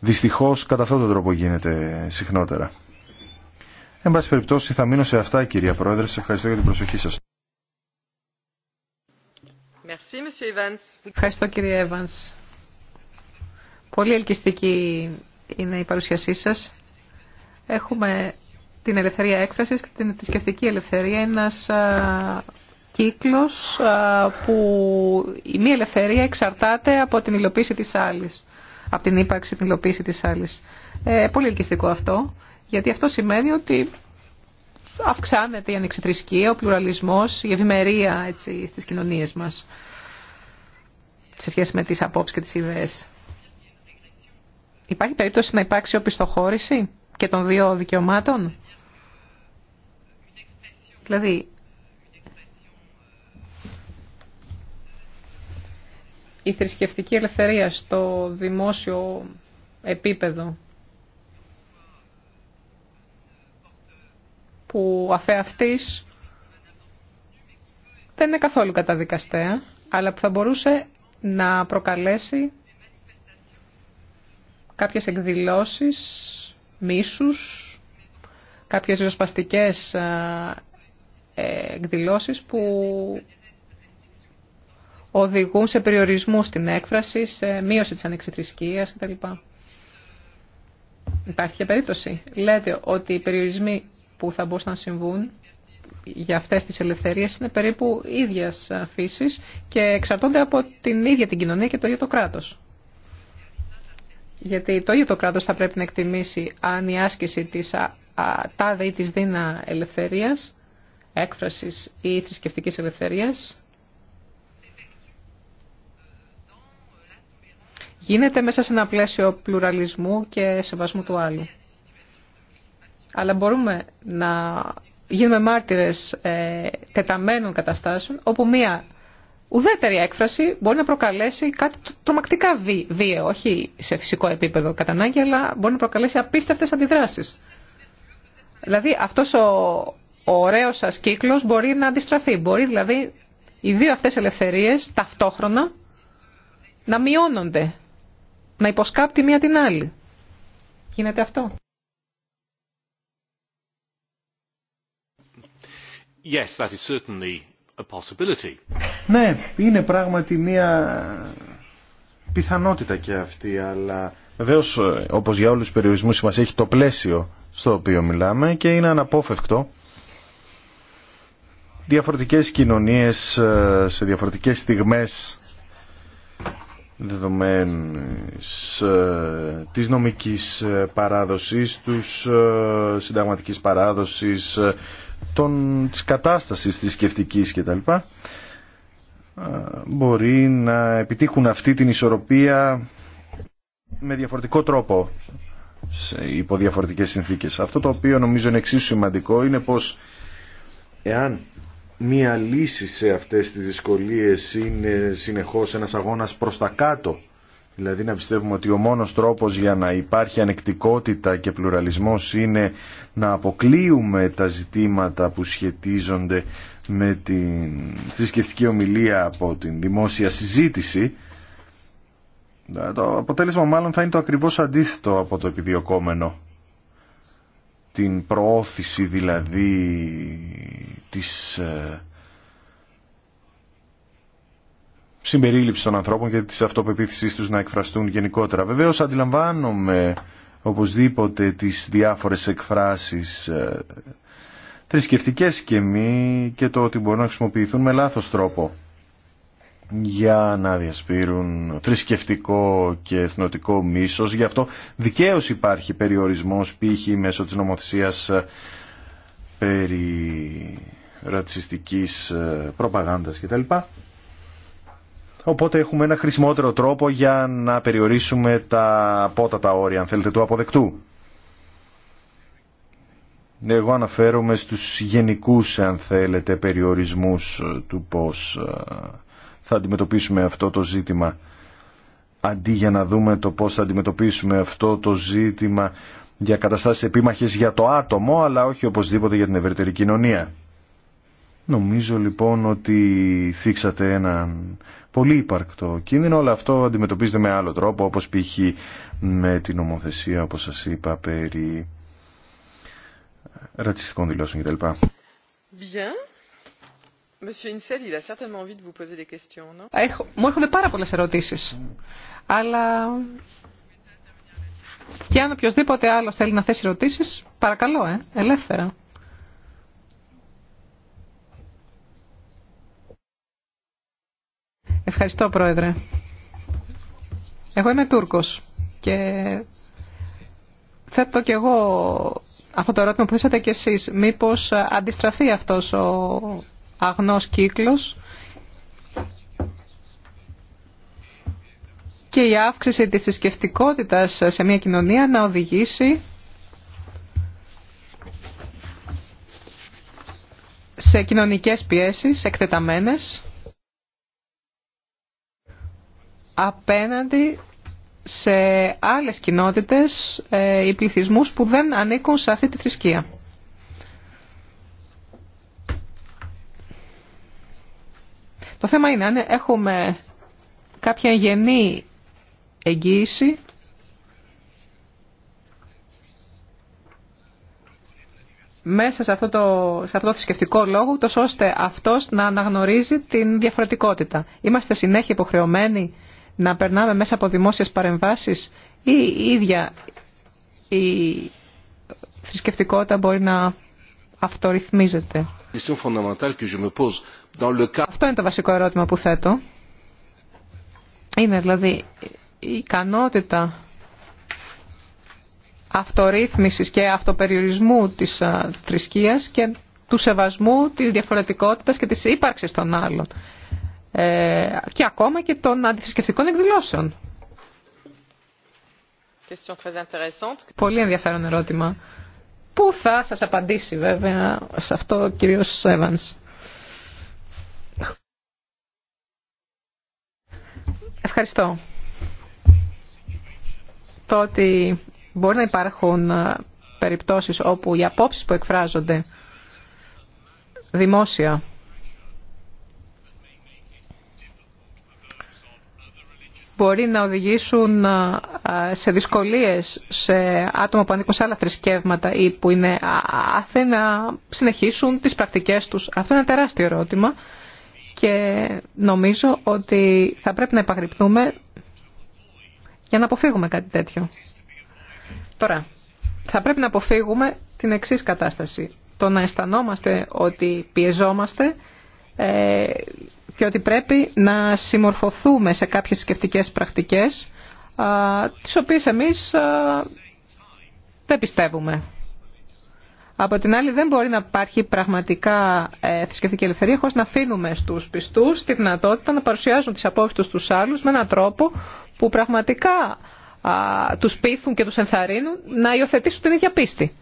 δυστυχώς κατά αυτόν τον τρόπο γίνεται συχνότερα. Εν πάση περιπτώσει θα μείνω σε αυτά κυρία Πρόεδρε. Σας ευχαριστώ για την προσοχή σας. Ευχαριστώ κύριε Εύανς. Πολύ ελκυστική είναι η παρουσίασή σας. Έχουμε την ελευθερία έκφρασης και την θρησκευτική ελευθερία. Ένας κύκλος που η μία ελευθερία εξαρτάται από την υλοποίηση της άλλης, από την ύπαρξη, την υλοποίηση της άλλης. Ε, πολύ ελκυστικό αυτό, γιατί αυτό σημαίνει ότι αυξάνεται η ανεξιθρησκεία, ο πλουραλισμός, η ευημερία έτσι, στις κοινωνίες μας σε σχέση με τις απόψεις και τις ιδέες. Υπάρχει περίπτωση να υπάρξει οπισθοχώρηση και των δύο δικαιωμάτων. Δηλαδή, η θρησκευτική ελευθερία στο δημόσιο επίπεδο που αφεαυτής δεν είναι καθόλου καταδικαστέα, αλλά που θα μπορούσε να προκαλέσει κάποιες εκδηλώσεις, μίσους, κάποιες ριζοσπαστικές ε, εκδηλώσεις που οδηγούν σε περιορισμού στην έκφραση, σε μείωση της ανεξιθρησκείας κτλ. Υπάρχει και περίπτωση. Λέτε ότι οι περιορισμοί που θα μπορούσαν να συμβούν για αυτές τις ελευθερίες είναι περίπου ίδιας φύσης και εξαρτώνται από την ίδια την κοινωνία και το ίδιο το κράτος. Γιατί το ίδιο το κράτος θα πρέπει να εκτιμήσει αν η άσκηση της τάδε ή της δίνα ελευθερίας, έκφρασης ή θρησκευτική ελευθερίας γίνεται μέσα σε ένα πλαίσιο πλουραλισμού και σεβασμού του άλλου. Αλλά μπορούμε να γίνουμε μάρτυρες ε, τεταμένων καταστάσεων, όπου μία ουδέτερη έκφραση μπορεί να προκαλέσει κάτι τρομακτικά βίαιο, όχι σε φυσικό επίπεδο κατά ανάγκη, αλλά μπορεί να προκαλέσει απίστευτες αντιδράσεις. Δηλαδή αυτός ο, ο ωραίος σας κύκλος μπορεί να αντιστραφεί. Μπορεί δηλαδή οι δύο αυτές ελευθερίες ταυτόχρονα να μειώνονται να υποσκάπτει μία την άλλη. Γίνεται αυτό. Yes, that is certainly a possibility. Ναι, είναι πράγματι μία πιθανότητα και αυτή, αλλά βεβαίω ε, όπως για όλους τους περιορισμούς μας έχει το πλαίσιο στο οποίο μιλάμε και είναι αναπόφευκτο διαφορετικές κοινωνίες ε, σε διαφορετικές στιγμές δεδομένου ε, της νομικής ε, παράδοσης τους, ε, συνταγματικής παράδοσης, των, της κατάστασης της σκεφτικής κτλ. Μπορεί να επιτύχουν αυτή την ισορροπία με διαφορετικό τρόπο υπό διαφορετικές συνθήκες. Αυτό το οποίο νομίζω είναι εξίσου σημαντικό είναι πως εάν μία λύση σε αυτές τις δυσκολίες είναι συνεχώς ένας αγώνας προς τα κάτω. Δηλαδή να πιστεύουμε ότι ο μόνος τρόπος για να υπάρχει ανεκτικότητα και πλουραλισμός είναι να αποκλείουμε τα ζητήματα που σχετίζονται με την θρησκευτική ομιλία από την δημόσια συζήτηση. Ε, το αποτέλεσμα μάλλον θα είναι το ακριβώς αντίθετο από το επιδιωκόμενο την προώθηση δηλαδή της ε, συμπερίληψης των ανθρώπων και της αυτοπεποίθησής τους να εκφραστούν γενικότερα. Βεβαίως αντιλαμβάνομαι οπωσδήποτε τις διάφορες εκφράσεις ε, θρησκευτικέ και μη και το ότι μπορούν να χρησιμοποιηθούν με λάθος τρόπο για να διασπείρουν θρησκευτικό και εθνοτικό μίσος. Γι' αυτό δικαίως υπάρχει περιορισμός π.χ. μέσω της νομοθεσίας ε, περί ρατσιστικής ε, προπαγάνδας κτλ. Οπότε έχουμε ένα χρησιμότερο τρόπο για να περιορίσουμε τα απότατα όρια, αν θέλετε, του αποδεκτού. Εγώ αναφέρομαι στους γενικούς, αν θέλετε, περιορισμούς του πώς ε, θα αντιμετωπίσουμε αυτό το ζήτημα αντί για να δούμε το πώς θα αντιμετωπίσουμε αυτό το ζήτημα για καταστάσεις επίμαχες για το άτομο, αλλά όχι οπωσδήποτε για την ευρύτερη κοινωνία. Νομίζω λοιπόν ότι θίξατε έναν πολύ υπαρκτό κίνδυνο, αλλά αυτό αντιμετωπίζεται με άλλο τρόπο, όπως π.χ. με την ομοθεσία, όπως σας είπα, περί ρατσιστικών δηλώσεων κτλ. Μου έρχονται πάρα πολλές ερωτήσεις. Αλλά και αν οποιοδήποτε άλλο θέλει να θέσει ερωτήσεις, παρακαλώ, ε, ελεύθερα. Ευχαριστώ, Πρόεδρε. Εγώ είμαι Τούρκος και θέτω και εγώ αυτό το ερώτημα που θέσατε και εσείς. Μήπως αντιστραφεί αυτός ο αγνός κύκλος και η αύξηση της θρησκευτικότητα σε μια κοινωνία να οδηγήσει σε κοινωνικές πιέσεις εκτεταμένες απέναντι σε άλλες κοινότητες ή ε, πληθυσμούς που δεν ανήκουν σε αυτή τη θρησκεία. Το θέμα είναι αν έχουμε κάποια γενή εγγύηση μέσα σε αυτό, το, αυτό το θρησκευτικό λόγο, τόσο ώστε αυτός να αναγνωρίζει την διαφορετικότητα. Είμαστε συνέχεια υποχρεωμένοι να περνάμε μέσα από δημόσιες παρεμβάσεις ή η ίδια η θρησκευτικότητα μπορεί να αυτορυθμίζεται. Αυτό είναι το βασικό ερώτημα που θέτω. Είναι δηλαδή η ικανότητα αυτορύθμισης και αυτοπεριορισμού της θρησκείας και του σεβασμού της διαφορετικότητας και της ύπαρξης των άλλων ε, και ακόμα και των αντιθρησκευτικών εκδηλώσεων. Πολύ ενδιαφέρον ερώτημα. Πού θα σας απαντήσει βέβαια σε αυτό ο κύριος Σέβανς. Ευχαριστώ. Το ότι μπορεί να υπάρχουν ε, περιπτώσεις όπου οι απόψεις που εκφράζονται δημόσια μπορεί να οδηγήσουν σε δυσκολίες σε άτομα που ανήκουν σε άλλα θρησκεύματα ή που είναι άθε να συνεχίσουν τις πρακτικές τους. Αυτό είναι ένα τεράστιο ερώτημα και νομίζω ότι θα πρέπει να επαγρυπνούμε για να αποφύγουμε κάτι τέτοιο. Τώρα, θα πρέπει να αποφύγουμε την εξής κατάσταση. Το να αισθανόμαστε ότι πιεζόμαστε ε, και ότι πρέπει να συμμορφωθούμε σε κάποιες σκεφτικέ πρακτικές, τις οποίες εμείς δεν πιστεύουμε. Από την άλλη δεν μπορεί να υπάρχει πραγματικά ε, θρησκευτική ελευθερία χωρίς να αφήνουμε στους πιστούς τη δυνατότητα να παρουσιάζουν τις απόψεις τους στους άλλους με έναν τρόπο που πραγματικά τους πείθουν και τους ενθαρρύνουν να υιοθετήσουν την ίδια πίστη.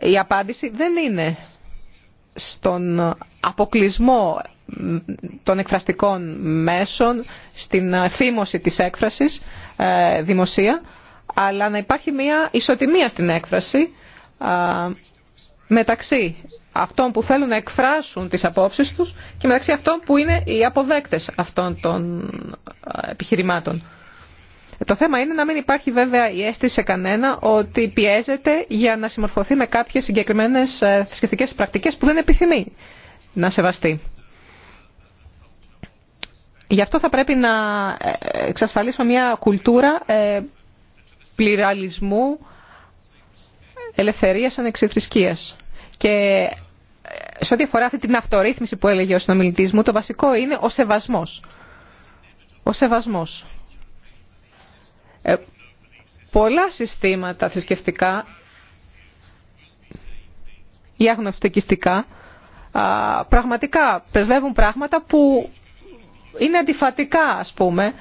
Η απάντηση δεν είναι στον αποκλεισμό των εκφραστικών μέσων, στην ε, θύμωση της έκφρασης ε, δημοσία, αλλά να υπάρχει μια ισοτιμία στην έκφραση ε, μεταξύ αυτών που θέλουν να εκφράσουν τις απόψεις τους και μεταξύ αυτών που είναι οι αποδέκτες αυτών των επιχειρημάτων. Το θέμα είναι να μην υπάρχει βέβαια η αίσθηση σε κανένα ότι πιέζεται για να συμμορφωθεί με κάποιες συγκεκριμένες θρησκευτικές πρακτικές που δεν επιθυμεί να σεβαστεί. Γι' αυτό θα πρέπει να ε, εξασφαλίσουμε μια κουλτούρα ε, πληραλισμού, ελευθερίας ανεξιθρησκείας. Και ε, σε ό,τι αφορά αυτή την αυτορύθμιση που έλεγε ο συνομιλητής μου, το βασικό είναι ο σεβασμός. Ο σεβασμός. Ε, πολλά συστήματα θρησκευτικά ή αγνωστικιστικά πραγματικά πρεσβεύουν πράγματα που είναι αντιφατικά, ας πούμε,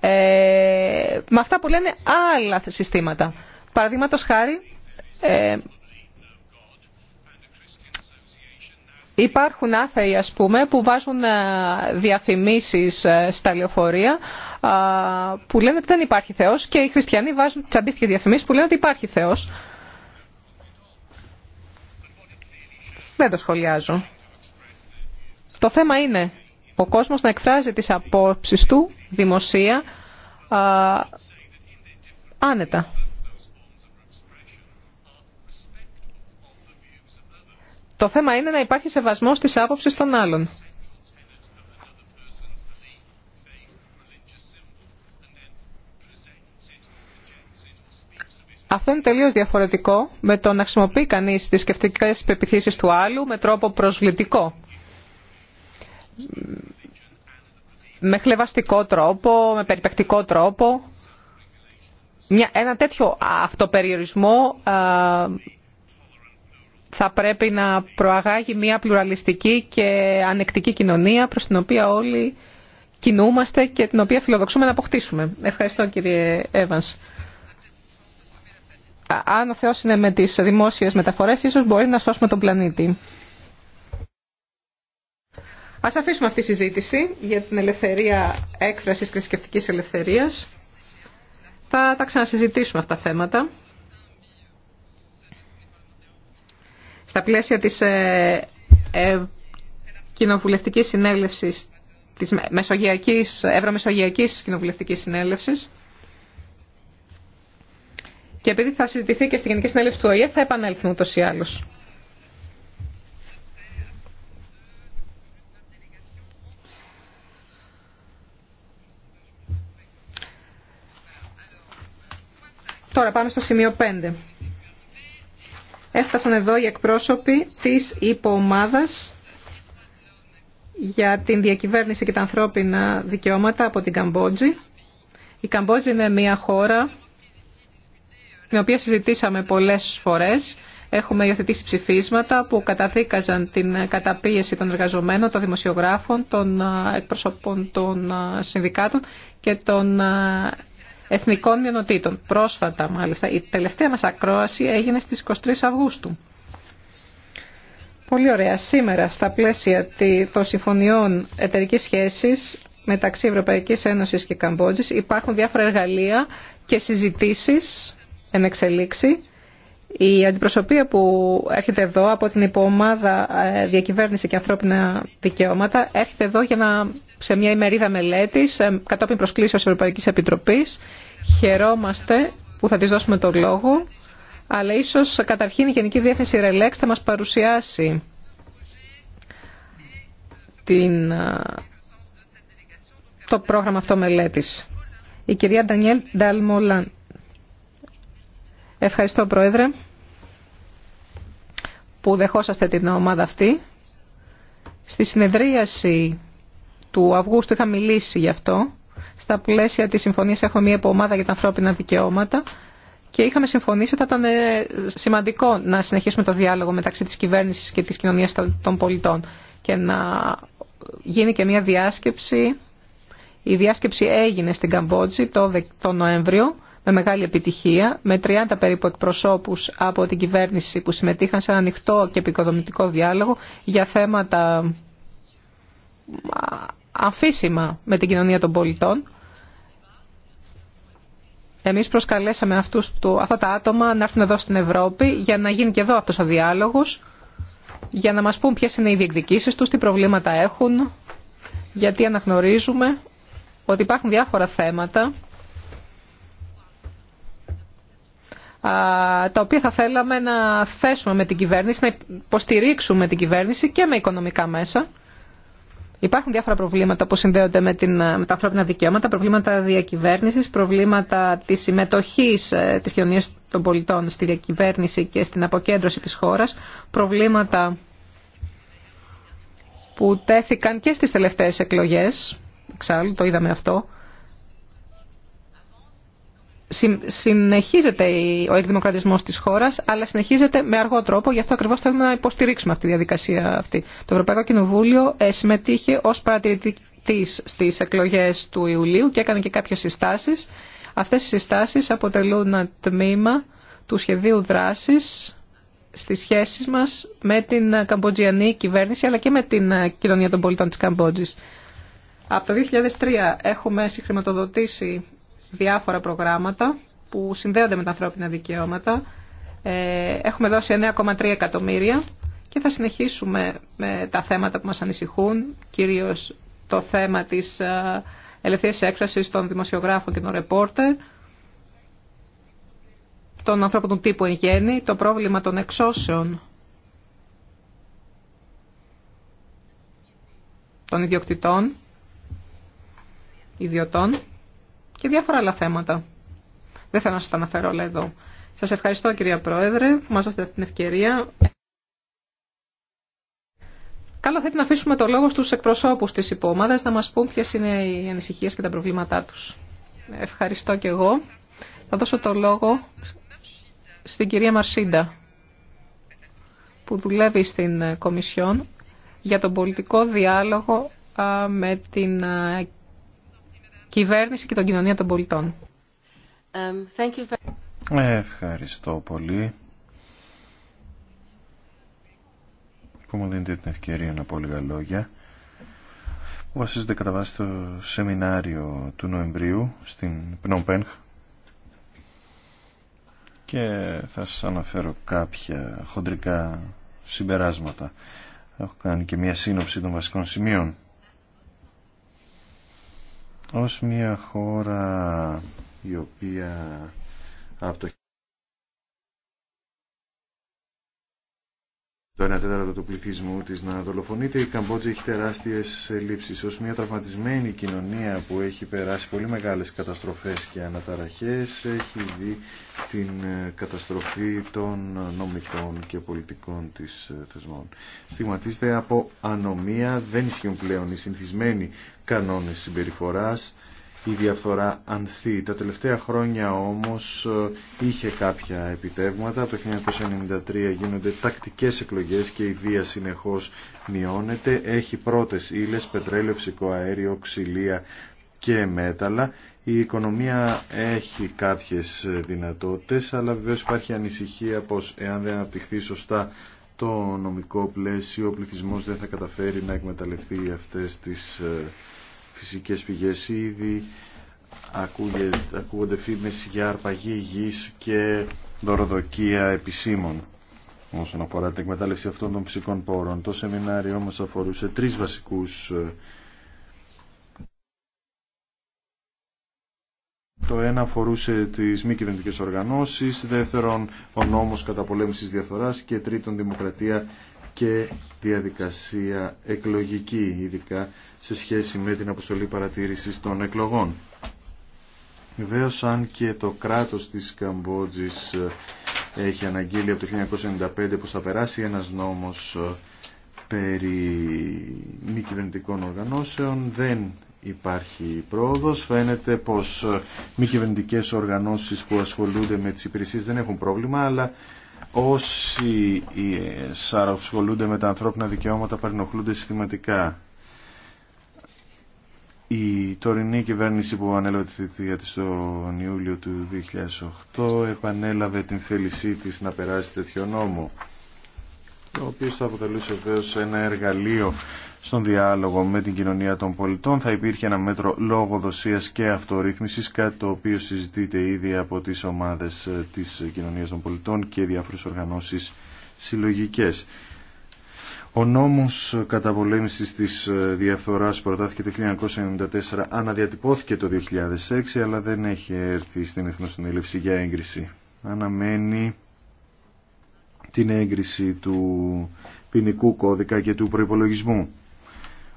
ε, με αυτά που λένε άλλα συστήματα. Παραδείγματος χάρη, ε, υπάρχουν άθεοι, ας πούμε, που βάζουν ε, διαφημίσεις ε, στα λεωφορεία ε, που λένε ότι δεν υπάρχει Θεός και οι χριστιανοί βάζουν τις αντίστοιχες διαφημίσεις που λένε ότι υπάρχει Θεός. Δεν το σχολιάζω. Το θέμα είναι ο κόσμος να εκφράζει τις απόψεις του δημοσία α, άνετα. Το θέμα είναι να υπάρχει σεβασμός της απόψεις των άλλων. Αυτό είναι τελείως διαφορετικό με το να χρησιμοποιεί κανείς τις σκεφτικές πεπιθήσεις του άλλου με τρόπο προσβλητικό με χλεβαστικό τρόπο, με περιπεκτικό τρόπο, μια, ένα τέτοιο αυτοπεριορισμό ε, θα πρέπει να προαγάγει μια πλουραλιστική και ανεκτική κοινωνία προς την οποία όλοι κινούμαστε και την οποία φιλοδοξούμε να αποκτήσουμε. Ευχαριστώ κύριε Εύανς. Αν ο Θεός είναι με τις δημόσιες μεταφορές, ίσως μπορεί να σώσουμε τον πλανήτη. Ας αφήσουμε αυτή τη συζήτηση για την ελευθερία έκφρασης και θρησκευτική ελευθερίας. Θα τα ξανασυζητήσουμε αυτά τα θέματα. Στα πλαίσια της ε, ε, κοινοβουλευτικής συνέλευσης, της μεσογειακής, ευρωμεσογειακής κοινοβουλευτικής συνέλευσης, και επειδή θα συζητηθεί και στη Γενική Συνέλευση του ΟΗΕ, θα επανέλθουμε ούτω ή άλλως. Τώρα πάμε στο σημείο 5. Έφτασαν εδώ οι εκπρόσωποι της υποομάδας για την διακυβέρνηση και τα ανθρώπινα δικαιώματα από την Καμπότζη. Η Καμπότζη είναι μια χώρα την οποία συζητήσαμε πολλές φορές. Έχουμε υιοθετήσει ψηφίσματα που καταδίκαζαν την καταπίεση των εργαζομένων, των δημοσιογράφων, των ε, εκπροσωπών των ε, συνδικάτων και των ε, εθνικών μειονοτήτων. Πρόσφατα, μάλιστα, η τελευταία μας ακρόαση έγινε στις 23 Αυγούστου. Πολύ ωραία. Σήμερα, στα πλαίσια των συμφωνιών εταιρικής σχέσης μεταξύ Ευρωπαϊκής Ένωσης και Καμπότζης, υπάρχουν διάφορα εργαλεία και συζητήσεις εν εξελίξη η αντιπροσωπεία που έρχεται εδώ από την υποομάδα ε, διακυβέρνηση και ανθρώπινα δικαιώματα έρχεται εδώ για να, σε μια ημερίδα μελέτης ε, κατόπιν προσκλήσεως της Ευρωπαϊκής Επιτροπής. Χαιρόμαστε που θα της δώσουμε τον λόγο, αλλά ίσως καταρχήν η Γενική Διεύθυνση Ρελέξ θα μας παρουσιάσει ε, το πρόγραμμα αυτό μελέτης. Η κυρία Ντανιέλ Νταλμολάν. Ευχαριστώ, Πρόεδρε που δεχόσαστε την ομάδα αυτή. Στη συνεδρίαση του Αυγούστου είχα μιλήσει γι' αυτό. Στα πλαίσια της συμφωνίας έχω μία ομάδα για τα ανθρώπινα δικαιώματα και είχαμε συμφωνήσει ότι θα ήταν ε, σημαντικό να συνεχίσουμε το διάλογο μεταξύ της κυβέρνησης και της κοινωνίας των πολιτών και να γίνει και μία διάσκεψη. Η διάσκεψη έγινε στην Καμπότζη το Νοέμβριο με μεγάλη επιτυχία, με 30 περίπου εκπροσώπου από την κυβέρνηση που συμμετείχαν σε ένα ανοιχτό και επικοδομητικό διάλογο για θέματα αφήσιμα με την κοινωνία των πολιτών. Εμείς προσκαλέσαμε αυτούς, αυτά τα άτομα να έρθουν εδώ στην Ευρώπη για να γίνει και εδώ αυτός ο διάλογος, για να μας πούν ποιες είναι οι διεκδικήσεις τους, τι προβλήματα έχουν, γιατί αναγνωρίζουμε ότι υπάρχουν διάφορα θέματα τα οποία θα θέλαμε να θέσουμε με την κυβέρνηση, να υποστηρίξουμε την κυβέρνηση και με οικονομικά μέσα. Υπάρχουν διάφορα προβλήματα που συνδέονται με, την, τα ανθρώπινα δικαιώματα, προβλήματα διακυβέρνηση, προβλήματα της συμμετοχής ε, τη κοινωνία των πολιτών στη διακυβέρνηση και στην αποκέντρωση της χώρας, προβλήματα που τέθηκαν και στις τελευταίες εκλογές, εξάλλου το είδαμε αυτό, συνεχίζεται ο εκδημοκρατισμός της χώρας, αλλά συνεχίζεται με αργό τρόπο. Γι' αυτό ακριβώς θέλουμε να υποστηρίξουμε αυτή τη διαδικασία αυτή. Το Ευρωπαϊκό Κοινοβούλιο ε, συμμετείχε ως παρατηρητής στις εκλογές του Ιουλίου και έκανε και κάποιες συστάσεις. Αυτές οι συστάσεις αποτελούν ένα τμήμα του σχεδίου δράσης στις σχέσεις μας με την καμποτζιανή κυβέρνηση αλλά και με την ε, κοινωνία των πολιτών της Καμπότζης. Από το 2003 έχουμε συγχρηματοδοτήσει διάφορα προγράμματα που συνδέονται με τα ανθρώπινα δικαιώματα. Ε, έχουμε δώσει 9,3 εκατομμύρια και θα συνεχίσουμε με τα θέματα που μας ανησυχούν, κυρίως το θέμα της ε, ελευθερίας έκφρασης των δημοσιογράφων και των ρεπόρτερ, των ανθρώπων του τύπου εν γέννη, το πρόβλημα των εξώσεων των ιδιοκτητών, ιδιωτών και διάφορα άλλα θέματα. Δεν θέλω να σας τα αναφέρω όλα εδώ. Σας ευχαριστώ κυρία Πρόεδρε που μας δώσετε αυτή την ευκαιρία. Καλό θα ήταν να αφήσουμε το λόγο στους εκπροσώπους της υπόμαδα να μας πούν ποιε είναι οι ανησυχίε και τα προβλήματά τους. Ευχαριστώ και εγώ. Θα δώσω το λόγο στην κυρία Μαρσίντα που δουλεύει στην Κομισιόν για τον πολιτικό διάλογο με την κυβέρνηση και τον κοινωνία των πολιτών. Um, Ευχαριστώ πολύ που μου δίνετε την ευκαιρία να πω λίγα λόγια που κατά βάση το σεμινάριο του Νοεμβρίου στην Πνομπένχ και θα σας αναφέρω κάποια χοντρικά συμπεράσματα. Έχω κάνει και μια σύνοψη των βασικών σημείων ως μια χώρα η οποία από το το 1 τέταρτο του πληθυσμού της να δολοφονείται. Η Καμπότζη έχει τεράστιες λήψεις. Ως μια τραυματισμένη κοινωνία που έχει περάσει πολύ μεγάλες καταστροφές και αναταραχές, έχει δει την ε, καταστροφή των ε, νομικών και πολιτικών της ε, θεσμών. Στιγματίζεται από ανομία, δεν ισχύουν πλέον οι συνθισμένοι κανόνες συμπεριφοράς, η διαφορά ανθεί. Τα τελευταία χρόνια όμως ε, είχε κάποια επιτεύγματα. το 1993 γίνονται τακτικές εκλογές και η βία συνεχώς μειώνεται. Έχει πρώτες ύλες, πετρέλαιο, φυσικό αέριο, ξυλία και μέταλλα. Η οικονομία έχει κάποιες δυνατότητες, αλλά βεβαίως υπάρχει ανησυχία πως εάν δεν αναπτυχθεί σωστά το νομικό πλαίσιο, ο πληθυσμός δεν θα καταφέρει να εκμεταλλευτεί αυτές τις ε, φυσικές πηγές ήδη ακούγονται φήμες για αρπαγή γης και δωροδοκία επισήμων όσον αφορά την εκμετάλλευση αυτών των φυσικών πόρων. Το σεμινάριο μας αφορούσε τρεις βασικούς ε, Το ένα αφορούσε τις μη κυβερνητικέ οργανώσεις, δεύτερον ο νόμο κατά διαφθοράς και τρίτον δημοκρατία και διαδικασία εκλογική, ειδικά σε σχέση με την αποστολή παρατήρησης των εκλογών. Βεβαίω αν και το κράτος της Καμπότζης ε, έχει αναγγείλει από το 1995 πως θα περάσει ένας νόμος ε, περί μη κυβερνητικών οργανώσεων, δεν υπάρχει πρόοδος. Φαίνεται πως ε, μη κυβερνητικές οργανώσεις που ασχολούνται με τις υπηρεσίες δεν έχουν πρόβλημα, αλλά όσοι ε, σαρασχολούνται με τα ανθρώπινα δικαιώματα παρενοχλούνται συστηματικά. Η τωρινή κυβέρνηση που ανέλαβε τη θητεία της τον Ιούλιο του 2008 επανέλαβε την θέλησή της να περάσει τέτοιο νόμο ο οποίο θα αποτελούσε βεβαίω ένα εργαλείο στον διάλογο με την κοινωνία των πολιτών. Θα υπήρχε ένα μέτρο λόγοδοσίας και αυτορύθμισης, κάτι το οποίο συζητείται ήδη από τις ομάδες ε, της κοινωνίας των πολιτών και διάφορες οργανώσεις συλλογικές. Ο νόμος καταπολέμησης της ε, διαφθοράς προτάθηκε το 1994, αναδιατυπώθηκε το 2006, αλλά δεν έχει έρθει στην Εθνοσυνέλευση για έγκριση. Αναμένει την έγκριση του ποινικού κώδικα και του προϋπολογισμού.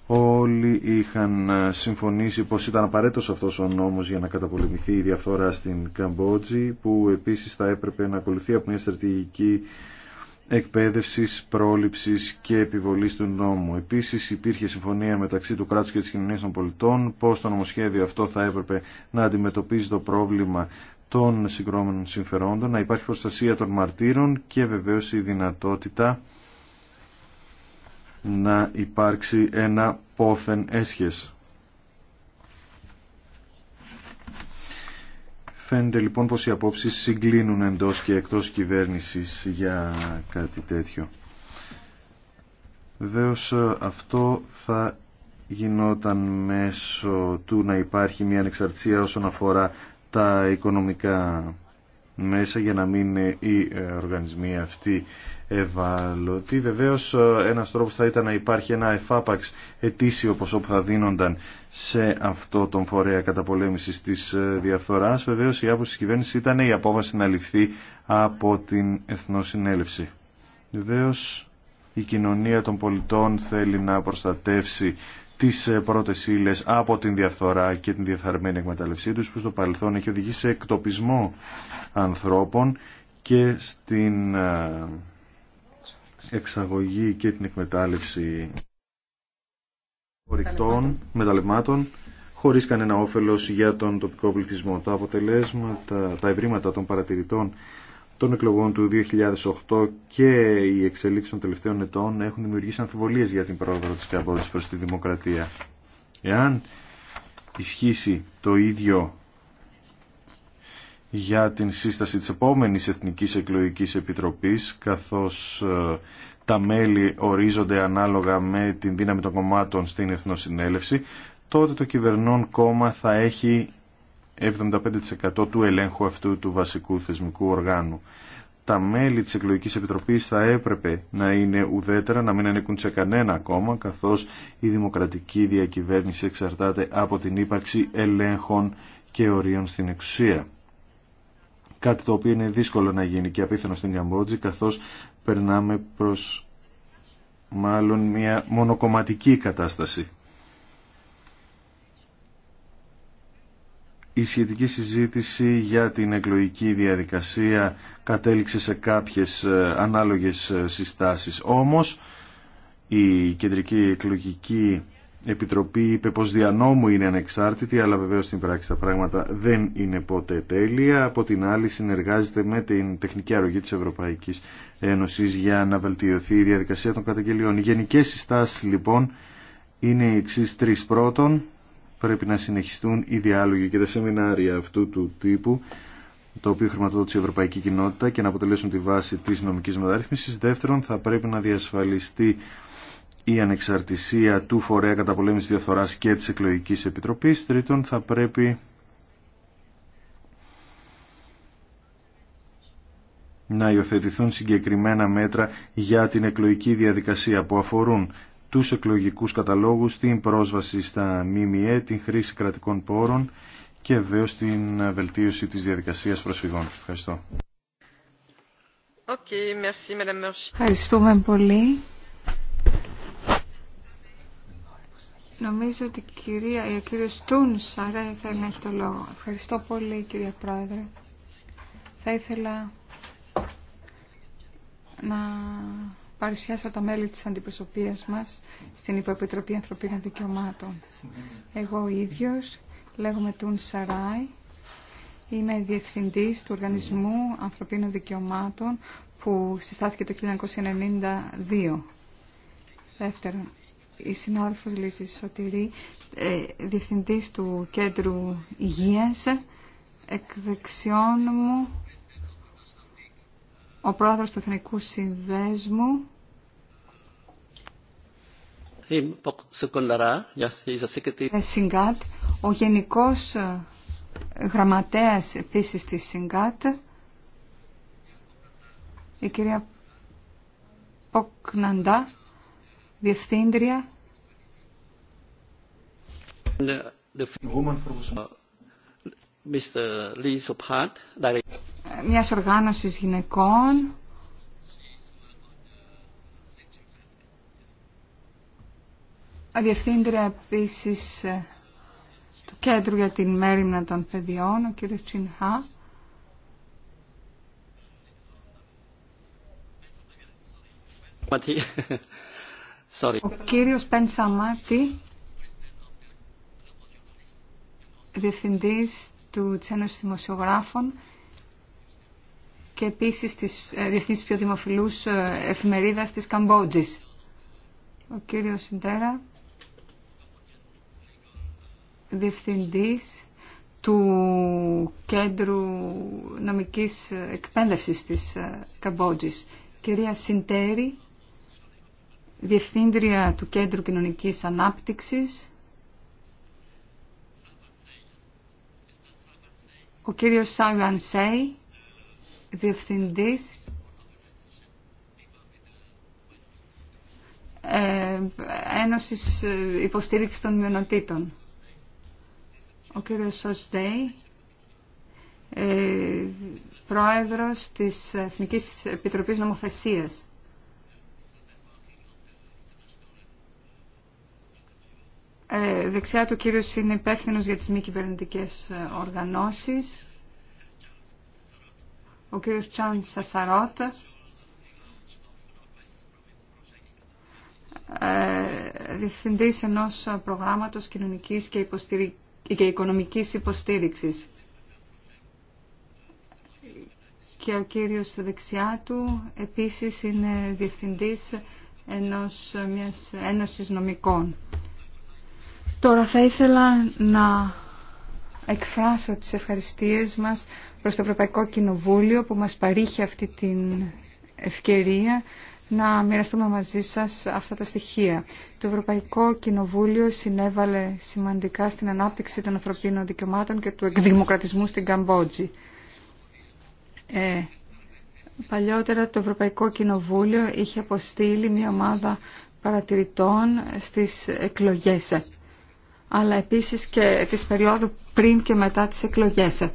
Όλοι είχαν συμφωνήσει πως ήταν απαραίτητος αυτός ο νόμος για να καταπολεμηθεί η διαφθορά στην Καμπότζη, που επίσης θα έπρεπε να ακολουθεί από μια στρατηγική εκπαίδευσης, πρόληψης και επιβολής του νόμου. Επίσης υπήρχε συμφωνία μεταξύ του κράτους και της κοινωνίας των πολιτών πως το νομοσχέδιο αυτό θα έπρεπε να αντιμετωπίζει το πρόβλημα των συγκρόμενων συμφερόντων, να υπάρχει προστασία των μαρτύρων και βεβαίως η δυνατότητα να υπάρξει ένα πόθεν έσχες. Φαίνεται λοιπόν πως οι απόψεις συγκλίνουν εντός και εκτός κυβέρνησης για κάτι τέτοιο. Βεβαίω αυτό θα γινόταν μέσω του να υπάρχει μια ανεξαρτησία όσον αφορά τα οικονομικά μέσα για να μην είναι οι ε, οργανισμοί αυτοί ευάλωτοι. Βεβαίως ε, ένας τρόπος θα ήταν να υπάρχει ένα εφάπαξ ετήσιο ποσό που θα δίνονταν σε αυτό τον φορέα καταπολέμησης της ε, διαφθοράς. Βεβαίως η άποψη της κυβέρνησης ήταν η απόβαση να ληφθεί από την Εθνοσυνέλευση. Βεβαίως η κοινωνία των πολιτών θέλει να προστατεύσει τις ε, πρώτε ύλε από την διαφθορά και την διαφθαρμένη εκμεταλλευσή του που στο παρελθόν έχει οδηγήσει σε εκτοπισμό ανθρώπων και στην ε, εξαγωγή και την εκμετάλλευση ορυκτών μεταλλευμάτων χωρίς κανένα όφελος για τον τοπικό πληθυσμό. Τα αποτελέσματα, τα ευρήματα των παρατηρητών των εκλογών του 2008 και οι εξελίξει των τελευταίων ετών έχουν δημιουργήσει αμφιβολίες για την πρόοδο της Καμπότης προς τη δημοκρατία. Εάν ισχύσει το ίδιο για την σύσταση της επόμενης Εθνικής Εκλογικής Επιτροπής, καθώς ε, τα μέλη ορίζονται ανάλογα με την δύναμη των κομμάτων στην Εθνοσυνέλευση, τότε το κυβερνών κόμμα θα έχει 75% του ελέγχου αυτού του βασικού θεσμικού οργάνου. Τα μέλη της εκλογικής επιτροπής θα έπρεπε να είναι ουδέτερα, να μην ανήκουν σε κανένα ακόμα καθώς η δημοκρατική διακυβέρνηση εξαρτάται από την ύπαρξη ελέγχων και ορίων στην εξουσία. Κάτι το οποίο είναι δύσκολο να γίνει και απίθανο στην Καμπότζη, καθώς περνάμε προς μάλλον μια μονοκομματική κατάσταση. η σχετική συζήτηση για την εκλογική διαδικασία κατέληξε σε κάποιες ε, ανάλογες ε, συστάσεις. Όμως η Κεντρική Εκλογική Επιτροπή είπε πως δια νόμου είναι ανεξάρτητη, αλλά βεβαίως στην πράξη τα πράγματα δεν είναι ποτέ τέλεια. Από την άλλη συνεργάζεται με την τεχνική αρρωγή της Ευρωπαϊκής Ένωσης για να βελτιωθεί η διαδικασία των καταγγελιών. Οι γενικές συστάσεις λοιπόν είναι οι εξής τρεις πρώτων πρέπει να συνεχιστούν οι διάλογοι και τα σεμινάρια αυτού του τύπου το οποίο χρηματοδότησε η Ευρωπαϊκή Κοινότητα και να αποτελέσουν τη βάση της νομικής μεταρρύθμισης. Δεύτερον, θα πρέπει να διασφαλιστεί η ανεξαρτησία του φορέα καταπολέμησης διαφθοράς και της εκλογικής επιτροπής. Τρίτον, θα πρέπει να υιοθετηθούν συγκεκριμένα μέτρα για την εκλογική διαδικασία που αφορούν τους εκλογικούς καταλόγους, την πρόσβαση στα ΜΜΕ, την χρήση κρατικών πόρων και βεβαίω την βελτίωση της διαδικασίας προσφυγών. Ευχαριστώ. Okay, merci, Ευχαριστούμε πολύ. Νομίζω ότι η κυρία, η κυρία άρα θέλει να έχει το λόγο. Ευχαριστώ πολύ κυρία Πρόεδρε. Θα ήθελα να παρουσιάσω τα μέλη της αντιπροσωπείας μας στην Υποεπιτροπή Ανθρωπίνων Δικαιωμάτων. Εγώ ο ίδιος λέγομαι Τούν Σαράι, είμαι διευθυντής του Οργανισμού Ανθρωπίνων Δικαιωμάτων που συστάθηκε το 1992. Δεύτερον, η συνάδελφος Λύση Σωτηρή, ε, διευθυντής του Κέντρου Υγείας, εκ δεξιών μου ο πρόεδρος του Εθνικού Συνδέσμου. Ε, Συγκάτ, ο γενικός ε, γραμματέας επίσης της Συγκάτ, η κυρία Ποκναντά, διευθύντρια μια μιας οργάνωσης γυναικών Διευθύντρια επίσης ε, του Κέντρου για την Μέρημνα των Παιδιών, ο κύριος Τσινχά. Ο κύριος Πενσαμάτη, διευθυντής του, τσένος Δημοσιογράφων και επίσης της ε, διεθνής πιο δημοφιλούς ε, εφημερίδας της Καμπότζης. Ο κύριος Συντέρα, διευθυντής του Κέντρου Νομικής Εκπαίδευσης της ε, Καμπότζης. Κυρία Συντέρη, Διευθύντρια του Κέντρου Κοινωνικής Ανάπτυξης Ο κύριος Σάιουαν Σέι, διευθυντής ε, Ένωσης ε, Υποστήριξης των Μειονοτήτων. Ο κύριος Σοστέι, πρόεδρο πρόεδρος της Εθνικής Επιτροπής Νομοθεσίας. Ε, δεξιά του κύριο είναι υπεύθυνο για τις μη κυβερνητικέ ε, οργανώσεις. Ο κύριος Τσάν Σασαρότ. Ε, διευθυντής ενός προγράμματος κοινωνικής και, υποστηρι... και οικονομικής υποστήριξης. Και ο κύριος δεξιά του επίσης είναι διευθυντής ενός, μιας ένωσης νομικών. Τώρα θα ήθελα να εκφράσω τις ευχαριστίες μας προς το Ευρωπαϊκό Κοινοβούλιο που μας παρήχε αυτή την ευκαιρία να μοιραστούμε μαζί σας αυτά τα στοιχεία. Το Ευρωπαϊκό Κοινοβούλιο συνέβαλε σημαντικά στην ανάπτυξη των ανθρωπίνων δικαιωμάτων και του εκδημοκρατισμού στην Καμπότζη. Ε, παλιότερα το Ευρωπαϊκό Κοινοβούλιο είχε αποστείλει μια ομάδα παρατηρητών στις εκλογές αλλά επίσης και της περίοδου πριν και μετά τις εκλογές.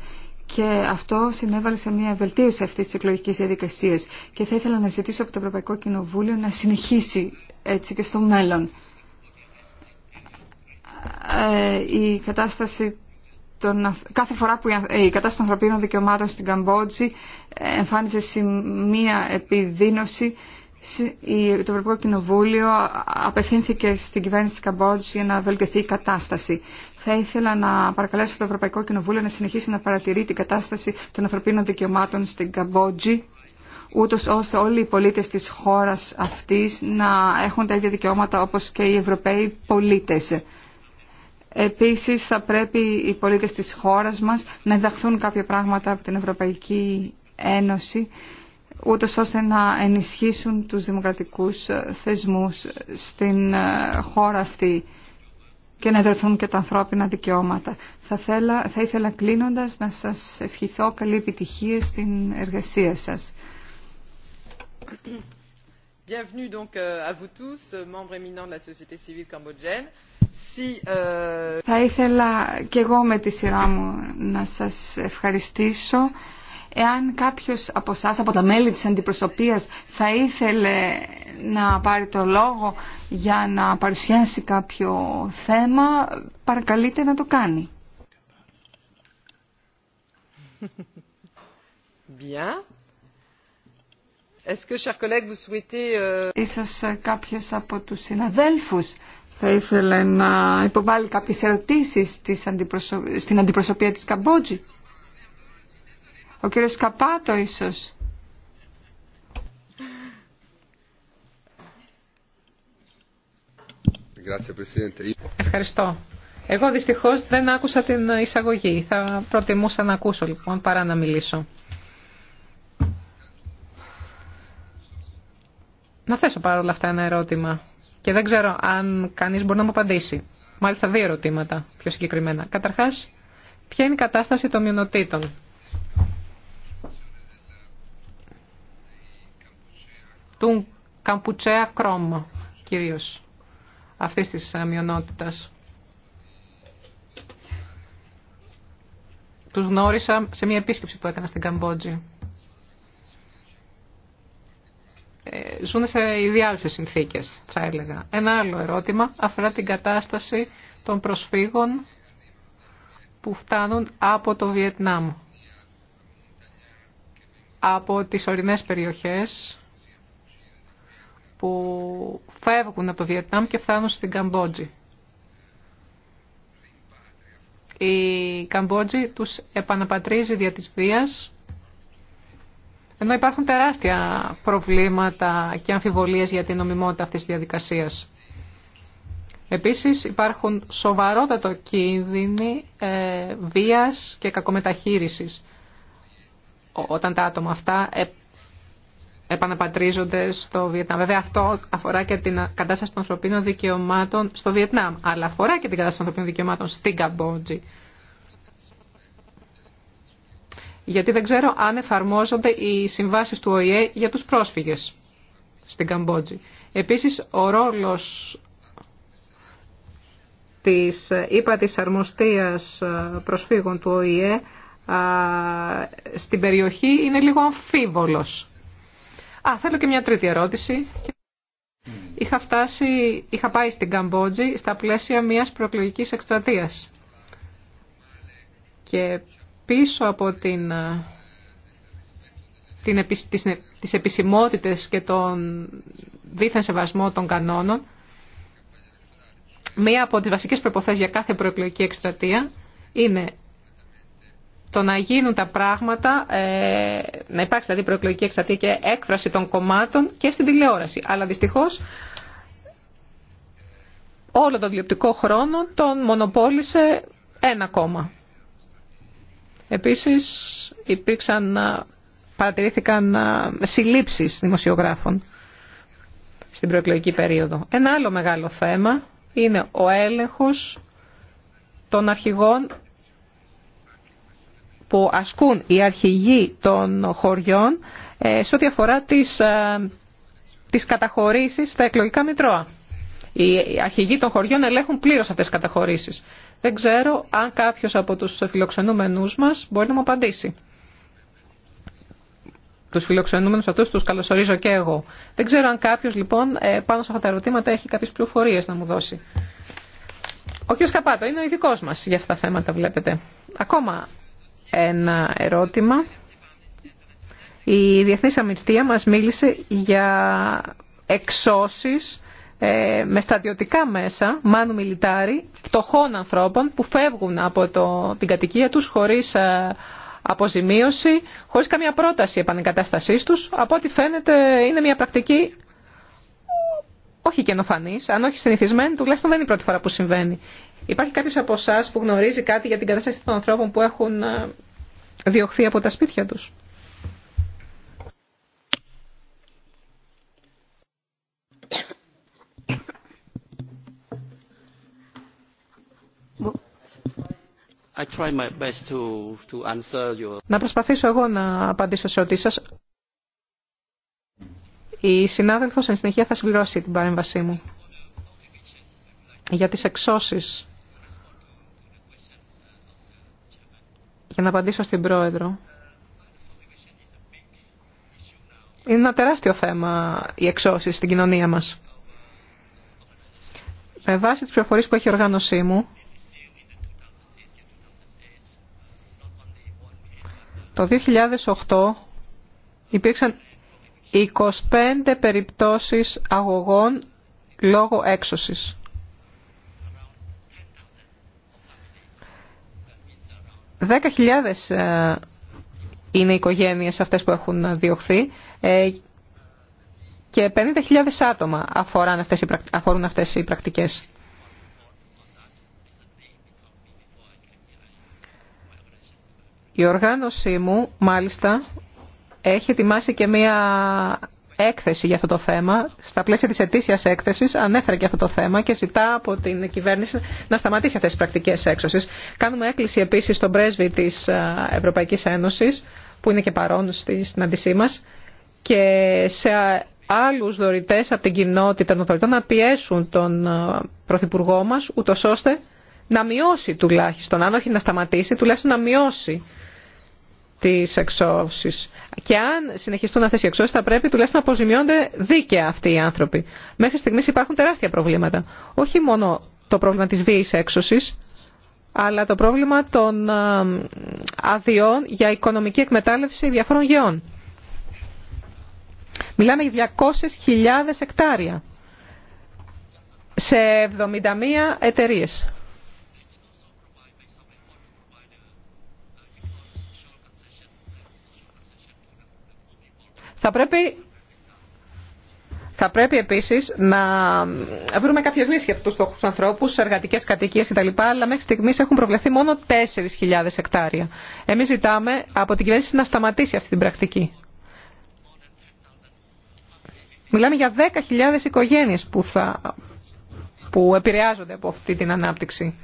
Και αυτό συνέβαλε σε μια βελτίωση αυτής της εκλογικής διαδικασίας. Και θα ήθελα να ζητήσω από το Ευρωπαϊκό Κοινοβούλιο να συνεχίσει έτσι και στο μέλλον. Ε, η κατάσταση των, κάθε φορά που η κατάσταση των ανθρωπίνων δικαιωμάτων στην Καμπότζη ε, εμφάνιζε μια επιδείνωση το Ευρωπαϊκό Κοινοβούλιο απευθύνθηκε στην κυβέρνηση της Καμπότζη για να βελτιωθεί η κατάσταση. Θα ήθελα να παρακαλέσω το Ευρωπαϊκό Κοινοβούλιο να συνεχίσει να παρατηρεί την κατάσταση των ανθρωπίνων δικαιωμάτων στην Καμπότζη ούτω ώστε όλοι οι πολίτε τη χώρα αυτή να έχουν τα ίδια δικαιώματα όπω και οι Ευρωπαίοι πολίτε. Επίση, θα πρέπει οι πολίτε τη χώρα μα να ενταχθούν κάποια πράγματα από την Ευρωπαϊκή Ένωση ούτως ώστε να ενισχύσουν τους δημοκρατικούς θεσμούς στην ε, χώρα αυτή και να δοθούν και τα ανθρώπινα δικαιώματα. Θα, θέλα, θα ήθελα κλείνοντας να σας ευχηθώ καλή επιτυχία στην εργασία σας. Bienvenue donc euh, à vous tous, euh, membres éminents euh, Θα ήθελα και εγώ με τη σειρά μου να σας ευχαριστήσω. Εάν κάποιος από εσά, από τα μέλη της αντιπροσωπείας, θα ήθελε να πάρει το λόγο για να παρουσιάσει κάποιο θέμα, παρακαλείτε να το κάνει. Bien. Est-ce que, chers euh, Ίσως ε, κάποιος από τους συναδέλφους θα ήθελε να υποβάλει κάποιες ερωτήσεις στην αντιπροσωπεία της Καμπότζη. Ο κύριο Καπάτο ίσω. Ευχαριστώ. Εγώ δυστυχώ δεν άκουσα την εισαγωγή. Θα προτιμούσα να ακούσω λοιπόν παρά να μιλήσω. Να θέσω παρόλα αυτά ένα ερώτημα και δεν ξέρω αν κανεί μπορεί να μου απαντήσει. Μάλιστα δύο ερωτήματα πιο συγκεκριμένα. Καταρχά, ποια είναι η κατάσταση των μειονοτήτων του Καμπουτσέα Κρόμ κυρίως αυτής της ε, μειονότητας. Τους γνώρισα σε μια επίσκεψη που έκανα στην Καμπότζη. Ε, ζούνε σε ιδιάλυτες συνθήκες, θα έλεγα. Ένα άλλο ερώτημα αφορά την κατάσταση των προσφύγων που φτάνουν από το Βιετνάμ. Από τις ορεινές περιοχές που φεύγουν από το Βιετνάμ και φτάνουν στην Καμπότζη. Η Καμπότζη τους επαναπατρίζει δια της βίας, ενώ υπάρχουν τεράστια προβλήματα και αμφιβολίες για την νομιμότητα αυτής της διαδικασίας. Επίσης υπάρχουν σοβαρότατο κίνδυνοι ε, βίας και κακομεταχείρισης όταν τα άτομα αυτά επαναπατρίζονται στο Βιετνάμ. Βέβαια αυτό αφορά και την κατάσταση των ανθρωπίνων δικαιωμάτων στο Βιετνάμ, αλλά αφορά και την κατάσταση των ανθρωπίνων δικαιωμάτων στην Καμπότζη. Γιατί δεν ξέρω αν εφαρμόζονται οι συμβάσεις του ΟΗΕ για τους πρόσφυγες στην Καμπότζη. Επίσης, ο ρόλος της ΥΠΑ της αρμοστίας ε, προσφύγων του ΟΗΕ ε, στην περιοχή είναι λίγο αμφίβολος. Α, θέλω και μια τρίτη ερώτηση. Είχα, φτάσει, πάει στην Καμπότζη στα πλαίσια μιας προεκλογικής εκστρατείας. Και πίσω από την, ε, την, τις, τις επισημότητες και τον δίθεν σεβασμό των κανόνων, μία από τις βασικές προϋποθέσεις για κάθε προεκλογική εκστρατεία είναι το να γίνουν τα πράγματα, ε, να υπάρξει δηλαδή προεκλογική εξαρτία και έκφραση των κομμάτων και στην τηλεόραση. Αλλά δυστυχώς όλο τον τηλεοπτικό χρόνο τον μονοπόλησε ένα κόμμα. Επίσης υπήρξαν, παρατηρήθηκαν συλλήψει δημοσιογράφων στην προεκλογική περίοδο. Ένα άλλο μεγάλο θέμα είναι ο έλεγχος των αρχηγών που ασκούν οι αρχηγοί των χωριών ε, σε ό,τι αφορά τις, ε, τις καταχωρήσεις στα εκλογικά μητρώα. Οι αρχηγοί των χωριών ελέγχουν πλήρως αυτές τις καταχωρήσεις. Δεν ξέρω αν κάποιος από τους φιλοξενούμενούς μας μπορεί να μου απαντήσει. Τους φιλοξενούμενους αυτούς τους καλωσορίζω και εγώ. Δεν ξέρω αν κάποιος λοιπόν ε, πάνω σε αυτά τα ερωτήματα έχει κάποιες πληροφορίε να μου δώσει. Ο κ. Καπάτο είναι ο ειδικό μα για αυτά τα θέματα, βλέπετε. Ακόμα ένα ερώτημα. Η Διεθνής Αμνηστία μας μίλησε για εξώσεις ε, με στρατιωτικά μέσα, μάνου μιλιτάρι, φτωχών ανθρώπων που φεύγουν από το, την κατοικία τους χωρίς ε, αποζημίωση, χωρίς καμία πρόταση επανεγκατάστασής τους. Από ό,τι φαίνεται είναι μια πρακτική όχι καινοφανής, αν όχι συνηθισμένη, τουλάχιστον δεν είναι η πρώτη φορά που συμβαίνει. Υπάρχει κάποιο από εσά που γνωρίζει κάτι για την κατάσταση των ανθρώπων που έχουν ε, διωχθεί από τα σπίτια τους. I try my best to, to answer Να προσπαθήσω εγώ να απαντήσω σε ερωτήσεις σας. Η συνάδελφος εν συνεχεία θα συμπληρώσει την παρέμβασή μου για τις εξώσεις για να απαντήσω στην Πρόεδρο. Είναι ένα τεράστιο θέμα η εξώση στην κοινωνία μας. Με βάση τις πληροφορίες που έχει οργάνωσή μου, το 2008 υπήρξαν 25 περιπτώσεις αγωγών λόγω έξωσης. 10.000 ε, είναι οι οικογένειες αυτές που έχουν ε, διωχθεί ε, και 50.000 άτομα αφορούν αυτές, οι αφορούν αυτές οι πρακτικές. Η οργάνωσή μου, μάλιστα, έχει ετοιμάσει και μία έκθεση για αυτό το θέμα, στα πλαίσια της ετήσιας έκθεσης, ανέφερε και αυτό το θέμα και ζητά από την κυβέρνηση να σταματήσει αυτές τις πρακτικές έξωσης. Κάνουμε έκκληση επίσης στον πρέσβη της ε, Ευρωπαϊκής Ένωσης, που είναι και παρόν στη συναντησή μας, και σε άλλους δωρητές από την κοινότητα των δωρητών να πιέσουν τον ε, Πρωθυπουργό μας, ούτως ώστε να μειώσει τουλάχιστον, αν όχι να σταματήσει, τουλάχιστον να μειώσει της εξώση. Και αν συνεχιστούν αυτές οι εξώσει, θα πρέπει τουλάχιστον να αποζημιώνται δίκαια αυτοί οι άνθρωποι. Μέχρι στιγμής υπάρχουν τεράστια προβλήματα. Όχι μόνο το πρόβλημα της βίαιη έξωση, αλλά το πρόβλημα των αδειών για οικονομική εκμετάλλευση διαφόρων γεών. Μιλάμε για 200.000 εκτάρια σε 71 εταιρείες. Θα πρέπει, θα πρέπει επίσης να βρούμε κάποιες λύσεις για αυτούς τους ανθρώπους, εργατικές κατοικίες κτλ. Αλλά μέχρι στιγμής έχουν προβλεφθεί μόνο 4.000 εκτάρια. Εμείς ζητάμε από την κυβέρνηση να σταματήσει αυτή την πρακτική. Μιλάμε για 10.000 οικογένειες που, θα, που επηρεάζονται από αυτή την ανάπτυξη.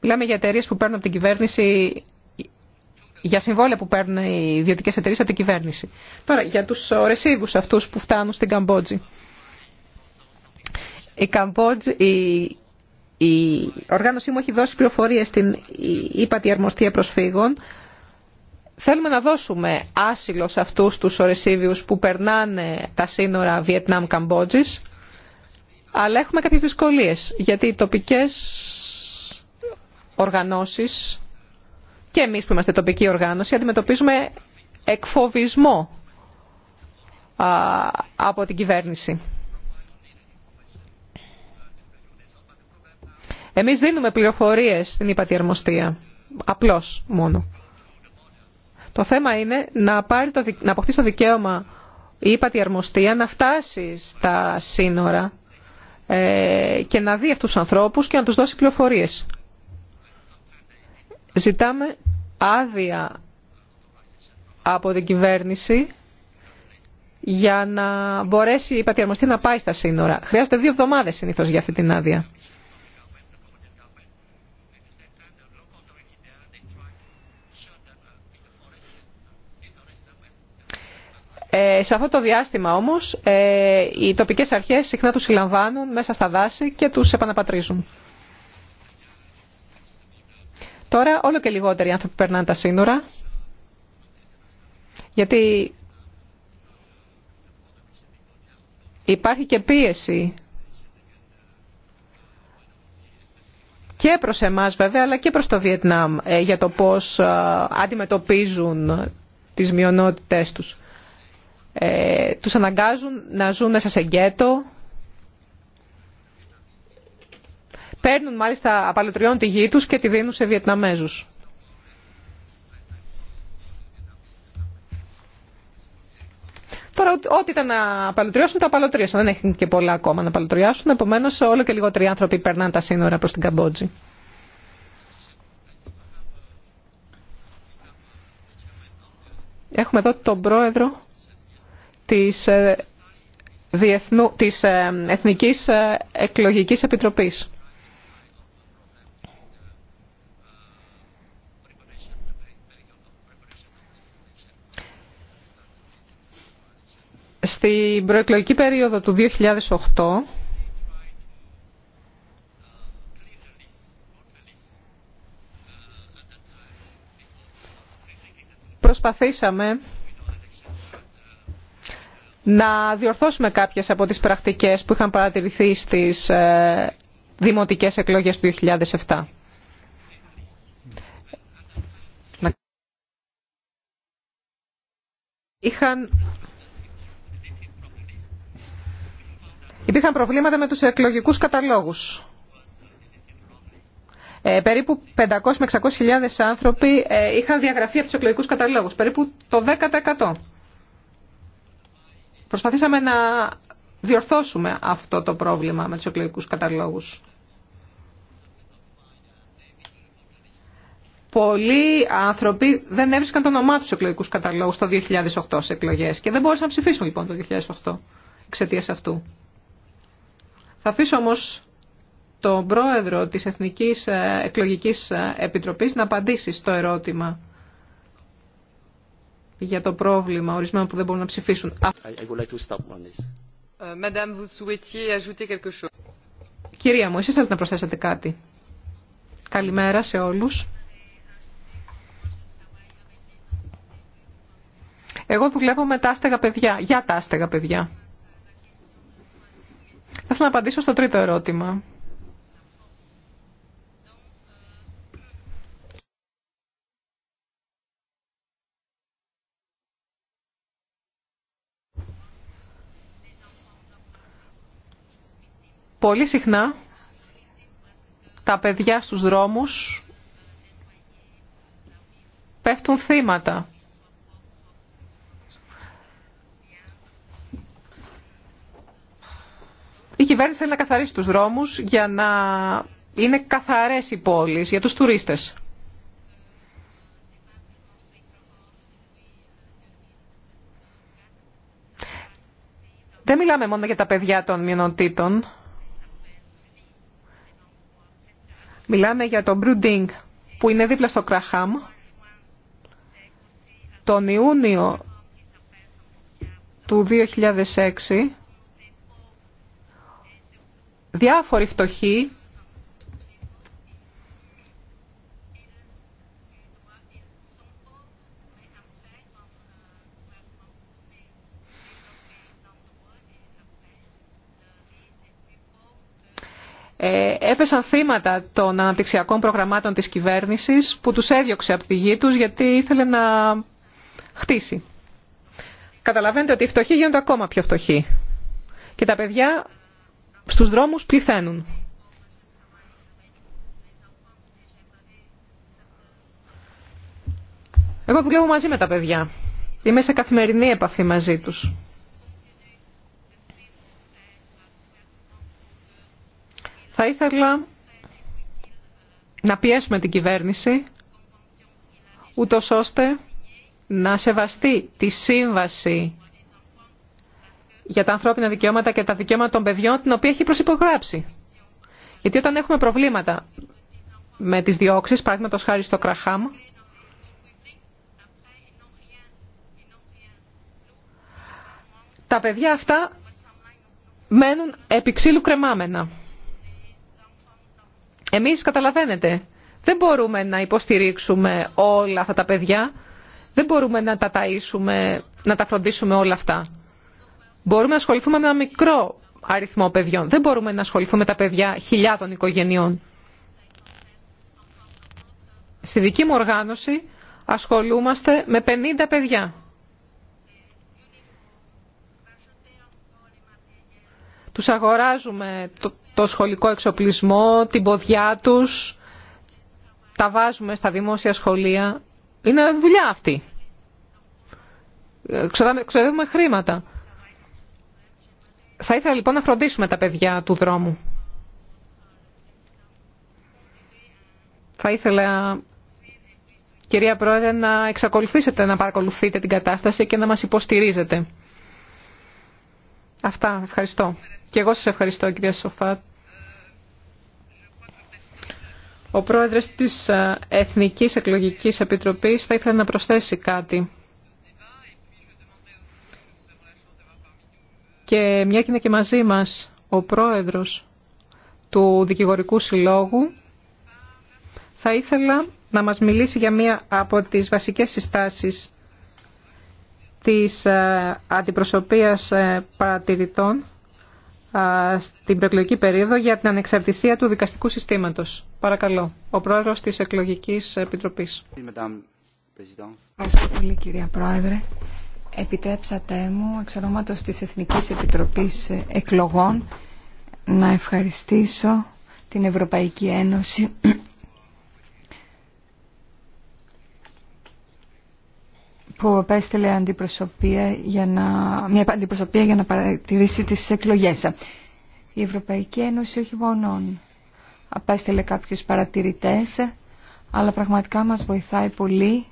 Μιλάμε για εταιρείε που παίρνουν από την κυβέρνηση για συμβόλαια που παίρνουν οι ιδιωτικέ εταιρείε από την κυβέρνηση. Τώρα, για του ορεσίβου αυτού που φτάνουν στην Καμπότζη. Η, Καμπότζη, η, οργάνωσή μου έχει δώσει πληροφορίε στην ύπατη αρμοστία προσφύγων. Θέλουμε να δώσουμε άσυλο σε αυτούς τους ορεσίβιου που περνάνε τα σύνορα Βιετνάμ-Καμπότζης, αλλά έχουμε κάποιες δυσκολίες, γιατί οι τοπικές οργανώσεις και εμείς που είμαστε τοπική οργάνωση αντιμετωπίζουμε εκφοβισμό από την κυβέρνηση. Εμείς δίνουμε πληροφορίες στην υπατιαρμοστία. Απλώς μόνο. Το θέμα είναι να, πάρει το, να αποκτήσει το δικαίωμα η υπατιαρμοστία να φτάσει στα σύνορα ε, και να δει αυτούς τους ανθρώπους και να τους δώσει πληροφορίες. Ζητάμε άδεια από την κυβέρνηση για να μπορέσει η πατιαρμοστή να πάει στα σύνορα. Χρειάζεται δύο εβδομάδες συνήθως για αυτή την άδεια. Ε, σε αυτό το διάστημα όμως ε, οι τοπικές αρχές συχνά τους συλλαμβάνουν μέσα στα δάση και τους επαναπατρίζουν. Τώρα όλο και λιγότεροι άνθρωποι περνάνε τα σύνορα, γιατί υπάρχει και πίεση και προς εμάς βέβαια, αλλά και προς το Βιετνάμ ε, για το πώς ε, αντιμετωπίζουν τις μειονότητές τους. Ε, τους αναγκάζουν να ζουν μέσα σε γκέτο, Παίρνουν μάλιστα απαλωτριών τη γη του και τη δίνουν σε Βιετναμέζου. Τώρα, ό,τι ήταν να απαλωτριώσουν, τα απαλωτρίωσαν. Δεν έχουν και πολλά ακόμα να απαλωτριάσουν. Επομένω, όλο και λιγότεροι άνθρωποι περνάνε τα σύνορα προ την Καμπότζη. Έχουμε εδώ τον πρόεδρο της, ε, Διεθνού, της ε, Εθνικής ε, Εκλογικής Επιτροπής. Στην προεκλογική περίοδο του 2008 προσπαθήσαμε να διορθώσουμε κάποιες από τις πρακτικές που είχαν παρατηρηθεί στις ε, δημοτικές εκλογές του 2007. Είχαν Υπήρχαν προβλήματα με τους εκλογικούς καταλόγους. Ε, περίπου 500 με 600 άνθρωποι ε, είχαν διαγραφεί από τους εκλογικούς καταλόγους, περίπου το 10%. Προσπαθήσαμε να διορθώσουμε αυτό το πρόβλημα με τους εκλογικούς καταλόγους. Πολλοί άνθρωποι δεν έβρισκαν το όνομά τους εκλογικούς καταλόγους το 2008 σε εκλογές και δεν μπόρεσαν να ψηφίσουν λοιπόν το 2008 εξαιτία αυτού. Θα αφήσω όμως τον πρόεδρο της Εθνικής ε, Εκλογικής ε, Επιτροπής να απαντήσει στο ερώτημα για το πρόβλημα ορισμένων που δεν μπορούν να ψηφίσουν. Κυρία μου, εσείς θέλετε να προσθέσετε κάτι. Καλημέρα σε όλους. Εγώ δουλεύω με τα άστεγα παιδιά, για τα άστεγα παιδιά. Θα ήθελα να απαντήσω στο τρίτο ερώτημα. Πολύ συχνά τα παιδιά στους δρόμους πέφτουν θύματα η κυβέρνηση θέλει να καθαρίσει τους δρόμους για να είναι καθαρές οι πόλεις για τους τουρίστες. Δεν μιλάμε μόνο για τα παιδιά των μειονοτήτων. Μιλάμε για το Μπρουντίνγκ που είναι δίπλα στο Κραχάμ. Τον Ιούνιο του 2006 διάφοροι φτωχοί ε, έπεσαν θύματα των αναπτυξιακών προγραμμάτων της κυβέρνησης που τους έδιωξε από τη γη τους γιατί ήθελε να χτίσει. Καταλαβαίνετε ότι οι φτωχοί γίνονται ακόμα πιο φτωχοί. Και τα παιδιά στους δρόμους πληθαίνουν. Εγώ δουλεύω μαζί με τα παιδιά. Είμαι σε καθημερινή επαφή μαζί τους. Θα ήθελα να πιέσουμε την κυβέρνηση, ούτως ώστε να σεβαστεί τη σύμβαση για τα ανθρώπινα δικαιώματα και τα δικαιώματα των παιδιών, την οποία έχει προσυπογράψει. Γιατί όταν έχουμε προβλήματα με τις διώξεις, παράδειγμα χάρη στο Κραχάμ, τα παιδιά αυτά μένουν επί ξύλου κρεμάμενα. Εμείς καταλαβαίνετε, δεν μπορούμε να υποστηρίξουμε όλα αυτά τα παιδιά, δεν μπορούμε να τα ταΐσουμε, να τα φροντίσουμε όλα αυτά. Μπορούμε να ασχοληθούμε με ένα μικρό αριθμό παιδιών. Δεν μπορούμε να ασχοληθούμε με τα παιδιά χιλιάδων οικογενειών. Στη δική μου οργάνωση ασχολούμαστε με 50 παιδιά. Τους αγοράζουμε το, σχολικό εξοπλισμό, την ποδιά τους, τα βάζουμε στα δημόσια σχολεία. Είναι δουλειά αυτή. Ε, ξοδεύουμε χρήματα. Θα ήθελα λοιπόν να φροντίσουμε τα παιδιά του δρόμου. Θα ήθελα, κυρία Πρόεδρε, να εξακολουθήσετε να παρακολουθείτε την κατάσταση και να μας υποστηρίζετε. Αυτά, ευχαριστώ. Και εγώ σας ευχαριστώ, κυρία Σοφά. Ο πρόεδρος της Εθνικής Εκλογικής Επιτροπής θα ήθελε να προσθέσει κάτι. Και μια και και μαζί μας ο πρόεδρος του Δικηγορικού Συλλόγου, θα ήθελα να μας μιλήσει για μία από τις βασικές συστάσεις της ε, αντιπροσωπείας ε, παρατηρητών ε, στην προεκλογική περίοδο για την ανεξαρτησία του δικαστικού συστήματος. Παρακαλώ, ο πρόεδρος της Εκλογικής Επιτροπής. Ευχαριστώ πολύ κυρία Πρόεδρε επιτρέψατε μου εξ ονόματος της Εθνικής Επιτροπής Εκλογών να ευχαριστήσω την Ευρωπαϊκή Ένωση που επέστελε αντιπροσωπεία για να, μια αντιπροσωπεία για να παρατηρήσει τις εκλογές. Η Ευρωπαϊκή Ένωση όχι μόνο απέστειλε κάποιους παρατηρητές, αλλά πραγματικά μας βοηθάει πολύ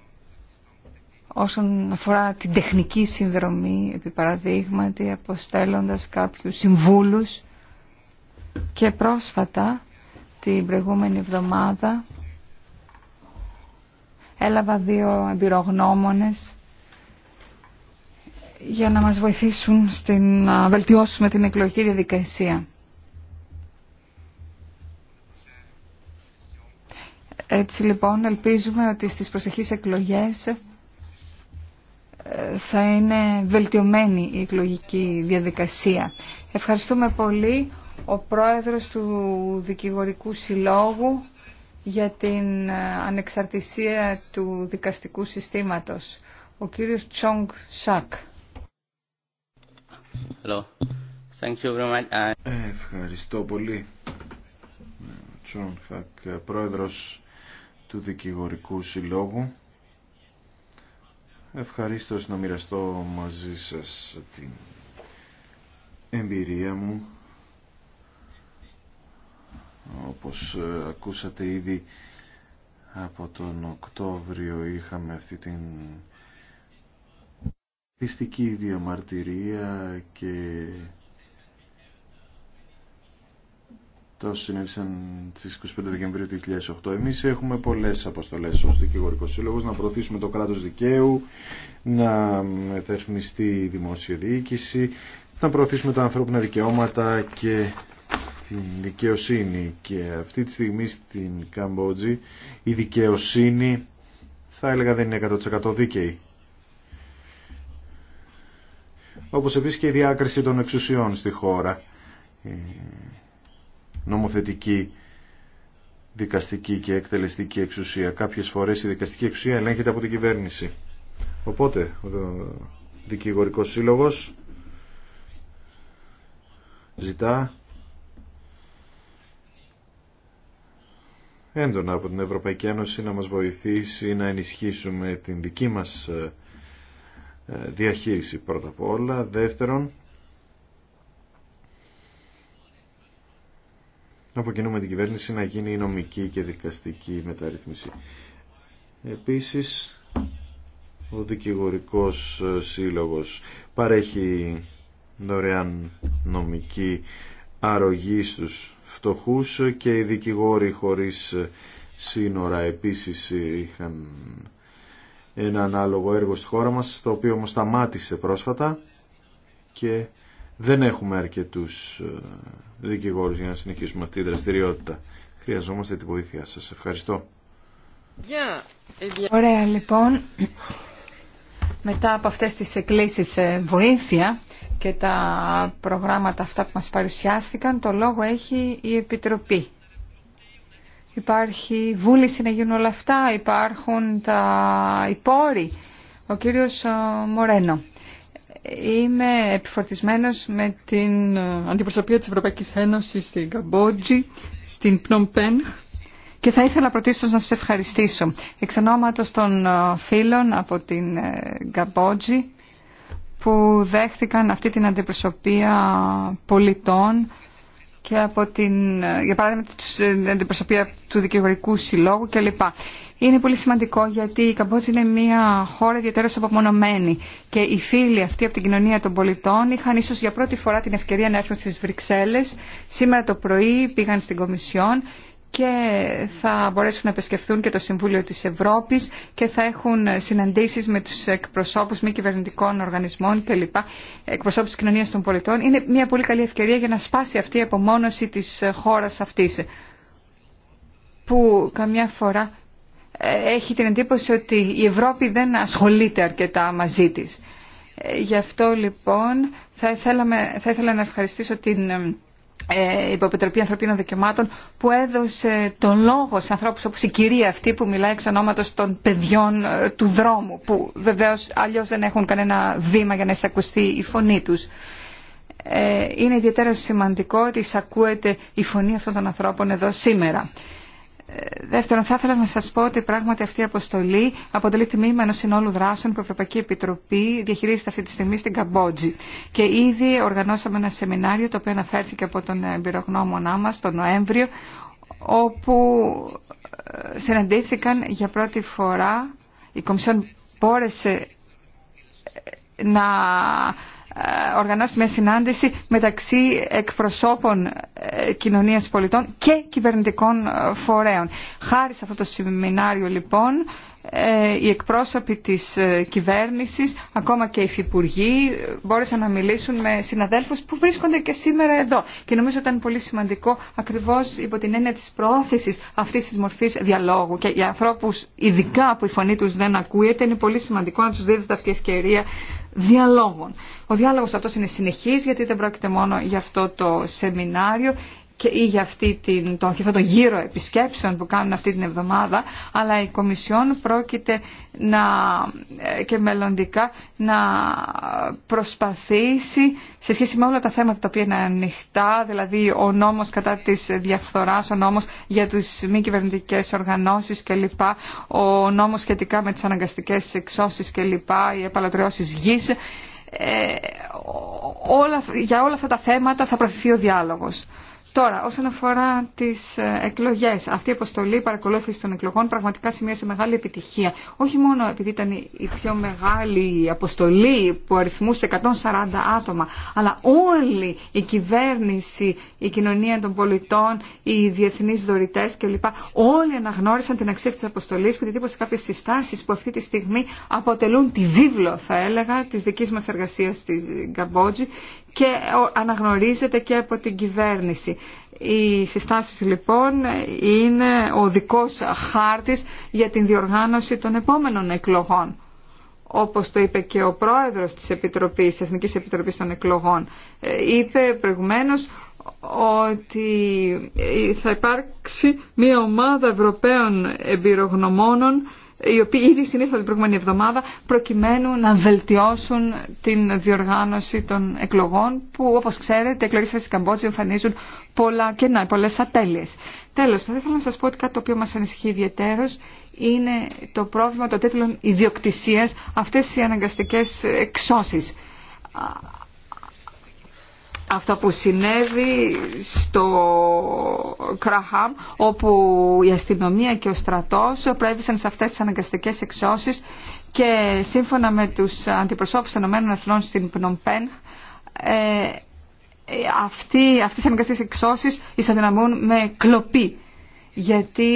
όσον αφορά την τεχνική συνδρομή, επί παραδείγματι, αποστέλλοντας κάποιους συμβούλους και πρόσφατα την προηγούμενη εβδομάδα έλαβα δύο εμπειρογνώμονες για να μας βοηθήσουν στην, να βελτιώσουμε την εκλογική διαδικασία. Έτσι λοιπόν ελπίζουμε ότι στις προσεχείς εκλογές θα είναι βελτιωμένη η εκλογική διαδικασία. Ευχαριστούμε πολύ ο πρόεδρος του Δικηγορικού Συλλόγου για την ε, ανεξαρτησία του δικαστικού συστήματος, ο κύριος Τσόγκ Σακ. Uh, Ευχαριστώ πολύ. Ε, Τσόγκ Σακ, πρόεδρος του Δικηγορικού Συλλόγου. Ευχαριστώ να μοιραστώ μαζί σας την εμπειρία μου. Όπως ε, ακούσατε ήδη από τον Οκτώβριο είχαμε αυτή την πιστική διαμαρτυρία και Αυτό συνέβησαν στι 25 Δεκεμβρίου 2008. Εμεί έχουμε πολλέ αποστολέ ω Δικηγορικό σύλλογο να προωθήσουμε το κράτο δικαίου, να μεταρρυθμιστεί η δημόσια διοίκηση, να προωθήσουμε τα ανθρώπινα δικαιώματα και την δικαιοσύνη. Και αυτή τη στιγμή στην Καμπότζη η δικαιοσύνη θα έλεγα δεν είναι 100% δίκαιη. Όπως επίσης και η διάκριση των εξουσιών στη χώρα ε, νομοθετική, δικαστική και εκτελεστική εξουσία. Κάποιες φορές η δικαστική εξουσία ελέγχεται από την κυβέρνηση. Οπότε ο δικηγορικός σύλλογος ζητά έντονα από την Ευρωπαϊκή Ένωση να μας βοηθήσει να ενισχύσουμε την δική μας ε, ε, διαχείριση πρώτα απ' όλα. Δεύτερον, Να κοινού την κυβέρνηση να γίνει η νομική και δικαστική μεταρρύθμιση. Επίσης, ο δικηγορικός σύλλογος παρέχει δωρεάν νομική αρρωγή στους φτωχούς και οι δικηγόροι χωρίς σύνορα επίσης είχαν ένα ανάλογο έργο στη χώρα μας, το οποίο όμως σταμάτησε πρόσφατα και δεν έχουμε αρκετούς ε, δικηγόρους για να συνεχίσουμε αυτή τη δραστηριότητα. Χρειαζόμαστε τη βοήθειά σας. Ευχαριστώ. Eh Ωραία λοιπόν, μετά από αυτές τις εκκλήσεις βοήθεια και τα προγράμματα αυτά που μας παρουσιάστηκαν, το λόγο έχει η Επιτροπή. Υπάρχει βούληση να γίνουν όλα αυτά, υπάρχουν τα υπόροι. Ο κύριος ε, Μορένο είμαι επιφορτισμένος με την αντιπροσωπεία της Ευρωπαϊκής Ένωσης στην Καμπότζη, στην Πνομπένχ και θα ήθελα πρωτίστως να σας ευχαριστήσω. Εξ ονόματος των ε, φίλων από την ε, Καμπότζη που δέχτηκαν αυτή την αντιπροσωπεία πολιτών και από την, ε, για παράδειγμα, την αντιπροσωπεία του Δικηγορικού Συλλόγου κλπ είναι πολύ σημαντικό γιατί η Καμπότζη είναι μια χώρα ιδιαίτερα απομονωμένη και οι φίλοι αυτοί από την κοινωνία των πολιτών είχαν ίσω για πρώτη φορά την ευκαιρία να έρθουν στι Βρυξέλλε. Σήμερα το πρωί πήγαν στην Κομισιόν και θα μπορέσουν να επισκεφθούν και το Συμβούλιο της Ευρώπης και θα έχουν συναντήσεις με τους εκπροσώπους μη κυβερνητικών οργανισμών κλπ. Εκπροσώπους της κοινωνίας των πολιτών. Είναι μια πολύ καλή ευκαιρία για να σπάσει αυτή η απομόνωση της χώρας αυτής που καμιά φορά έχει την εντύπωση ότι η Ευρώπη δεν ασχολείται αρκετά μαζί της. Ε, γι' αυτό λοιπόν θα, θέλαμε θα ήθελα να ευχαριστήσω την ε, Υποπιτροπή Ανθρωπίνων Δικαιωμάτων που έδωσε τον λόγο σε ανθρώπους όπως η κυρία αυτή που μιλάει εξ ονόματος των παιδιών ε, του δρόμου που βεβαίως αλλιώς δεν έχουν κανένα βήμα για να εισακουστεί η φωνή τους. Ε, είναι ιδιαίτερα σημαντικό ότι εισακούεται η φωνή αυτών των ανθρώπων εδώ σήμερα. Δεύτερον, θα ήθελα να σα πω ότι πράγματι αυτή η αποστολή αποτελεί τμήμα ενό συνόλου δράσεων που η Ευρωπαϊκή Επιτροπή διαχειρίζεται αυτή τη στιγμή στην Καμπότζη. Και ήδη οργανώσαμε ένα σεμινάριο το οποίο αναφέρθηκε από τον εμπειρογνώμονά μας τον Νοέμβριο όπου ε, συναντήθηκαν για πρώτη φορά η Κομισιόν πόρεσε ε, να ε, οργανώσει μια συνάντηση μεταξύ εκπροσώπων ε, κοινωνίας πολιτών και κυβερνητικών ε, φορέων. Χάρη σε αυτό το σεμινάριο λοιπόν ε, οι εκπρόσωποι της ε, κυβέρνησης, ακόμα και οι υφυπουργοί, μπόρεσαν να μιλήσουν με συναδέλφους που βρίσκονται και σήμερα εδώ. Και νομίζω ότι ήταν πολύ σημαντικό ακριβώς υπό την έννοια της προώθησης αυτής της μορφής διαλόγου. Και για ανθρώπους ειδικά που η φωνή τους δεν ακούεται είναι πολύ σημαντικό να τους δίδεται αυτή η ευκαιρία διαλόγων. Ο διάλογος αυτός είναι συνεχής γιατί δεν πρόκειται μόνο για αυτό το σεμινάριο και ή για αυτή την, τον, αυτό το γύρο επισκέψεων που κάνουν αυτή την εβδομάδα, αλλά η Κομισιόν πρόκειται να, ε, και μελλοντικά να προσπαθήσει σε σχέση με όλα τα θέματα τα οποία είναι ανοιχτά, δηλαδή ο νόμος κατά της διαφθοράς, ο νόμος για τις μη κυβερνητικέ οργανώσεις κλπ, ο νόμος σχετικά με τις αναγκαστικές εξώσεις κλπ, οι επαλατριώσεις γης, ε, όλα, για όλα αυτά τα θέματα θα προωθηθεί ο διάλογος. Τώρα, όσον αφορά τι ε, εκλογέ, αυτή η αποστολή παρακολούθηση των εκλογών πραγματικά σημείωσε μεγάλη επιτυχία. Όχι μόνο επειδή ήταν η πιο μεγάλη αποστολή που αριθμούσε 140 άτομα, αλλά όλη η κυβέρνηση, η κοινωνία των πολιτών, οι διεθνεί δωρητέ κλπ. Όλοι αναγνώρισαν την αξία αυτή τη αποστολή που διτύπωσε κάποιε συστάσει που αυτή τη στιγμή αποτελούν τη βίβλο, θα έλεγα, τη δική μα εργασία στη Καμπότζη και αναγνωρίζεται και από την κυβέρνηση. Οι συστάσεις λοιπόν είναι ο δικός χάρτης για την διοργάνωση των επόμενων εκλογών όπως το είπε και ο πρόεδρος της Επιτροπής, της Εθνικής Επιτροπής των Εκλογών, ε, είπε προηγουμένως ότι θα υπάρξει μια ομάδα Ευρωπαίων εμπειρογνωμόνων οι οποίοι ήδη συνήθω την προηγούμενη εβδομάδα προκειμένου να βελτιώσουν την διοργάνωση των εκλογών που όπως ξέρετε οι εκλογές στη Καμπότζη εμφανίζουν πολλά κενά, πολλές ατέλειες. Τέλος, θα ήθελα να σας πω ότι κάτι το οποίο μας ανησυχεί ιδιαίτερω είναι το πρόβλημα των τέτοιων ιδιοκτησία αυτές οι αναγκαστικές εξώσεις αυτό που συνέβη στο Κραχάμ όπου η αστυνομία και ο στρατός προέβησαν σε αυτές τις αναγκαστικές εξώσεις και σύμφωνα με τους αντιπροσώπους των ΗΠΑ στην Πνομπέν ε, αυτοί, αυτές οι αναγκαστικές εξώσεις ισοδυναμούν με κλοπή γιατί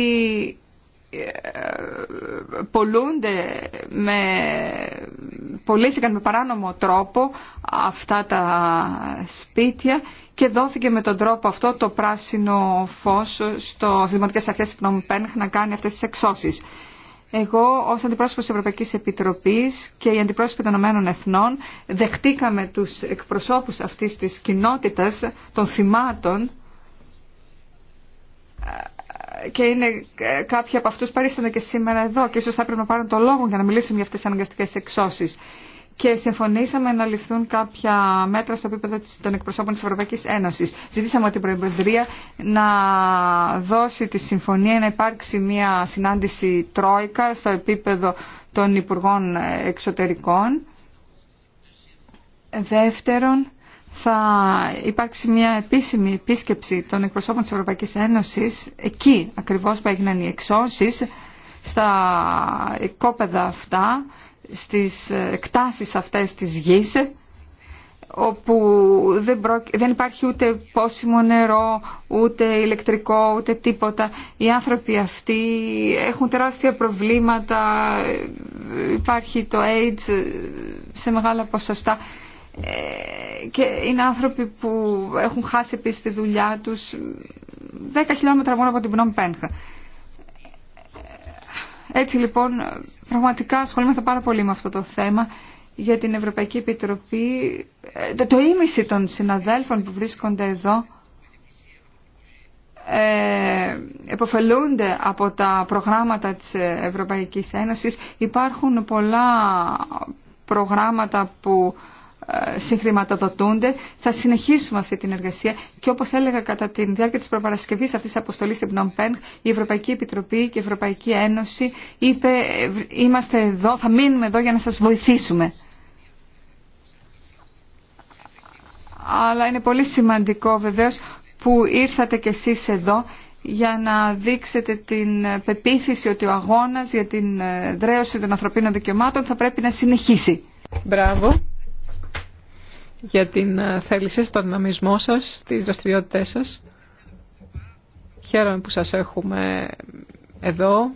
πολλούνται με, με παράνομο τρόπο αυτά τα σπίτια και δόθηκε με τον τρόπο αυτό το πράσινο φως στο Δημοτικές Αρχές Πνομπένχ να κάνει αυτές τις εξώσεις. Εγώ ως αντιπρόσωπος της Ευρωπαϊκής Επιτροπής και οι αντιπρόσωποι των Ηνωμένων Εθνών δεχτήκαμε τους εκπροσώπους αυτής της κοινότητας των θυμάτων και είναι ε, κάποιοι από αυτούς παρίστανται και σήμερα εδώ και ίσως θα έπρεπε να πάρουν το λόγο για να μιλήσουν για αυτές τις αναγκαστικές εξώσεις. Και συμφωνήσαμε να ληφθούν κάποια μέτρα στο επίπεδο των εκπροσώπων της Ευρωπαϊκής Ένωσης. Ζητήσαμε την Προεδρία να δώσει τη συμφωνία να υπάρξει μια συνάντηση τρόικα στο επίπεδο των Υπουργών Εξωτερικών. Δεύτερον, θα υπάρξει μια επίσημη επίσκεψη των εκπροσώπων της Ευρωπαϊκής Ένωσης εκεί ακριβώς που έγιναν οι εξώσεις στα κόπεδα αυτά, στις εκτάσεις αυτές της γης όπου δεν, δεν υπάρχει ούτε πόσιμο νερό, ούτε ηλεκτρικό, ούτε τίποτα. Οι άνθρωποι αυτοί έχουν τεράστια προβλήματα, υπάρχει το AIDS σε μεγάλα ποσοστά και είναι άνθρωποι που έχουν χάσει επίσης τη δουλειά τους 10 χιλιόμετρα μόνο από την Πνόμ Πένχα. Έτσι λοιπόν πραγματικά ασχολούμαστε πάρα πολύ με αυτό το θέμα για την Ευρωπαϊκή Επιτροπή. Ε, το ίμιση των συναδέλφων που βρίσκονται εδώ ε, εποφελούνται από τα προγράμματα της Ευρωπαϊκής Ένωσης. Υπάρχουν πολλά προγράμματα που ε, συγχρηματοδοτούνται. Θα συνεχίσουμε αυτή την εργασία και όπως έλεγα κατά τη διάρκεια της προπαρασκευής αυτής της αποστολής στην Πνομπέν, η Ευρωπαϊκή Επιτροπή και η Ευρωπαϊκή Ένωση είπε είμαστε εδώ, θα μείνουμε εδώ για να σας βοηθήσουμε. Αλλά είναι πολύ σημαντικό βεβαίως που ήρθατε κι εσείς εδώ για να δείξετε την πεποίθηση ότι ο αγώνας για την ε, δρέωση των ανθρωπίνων δικαιωμάτων θα πρέπει να συνεχίσει. Μπράβο για την ε, θέλησή σας, τον δυναμισμό σας, τις δραστηριότητές σας. Χαίρομαι που σας έχουμε εδώ.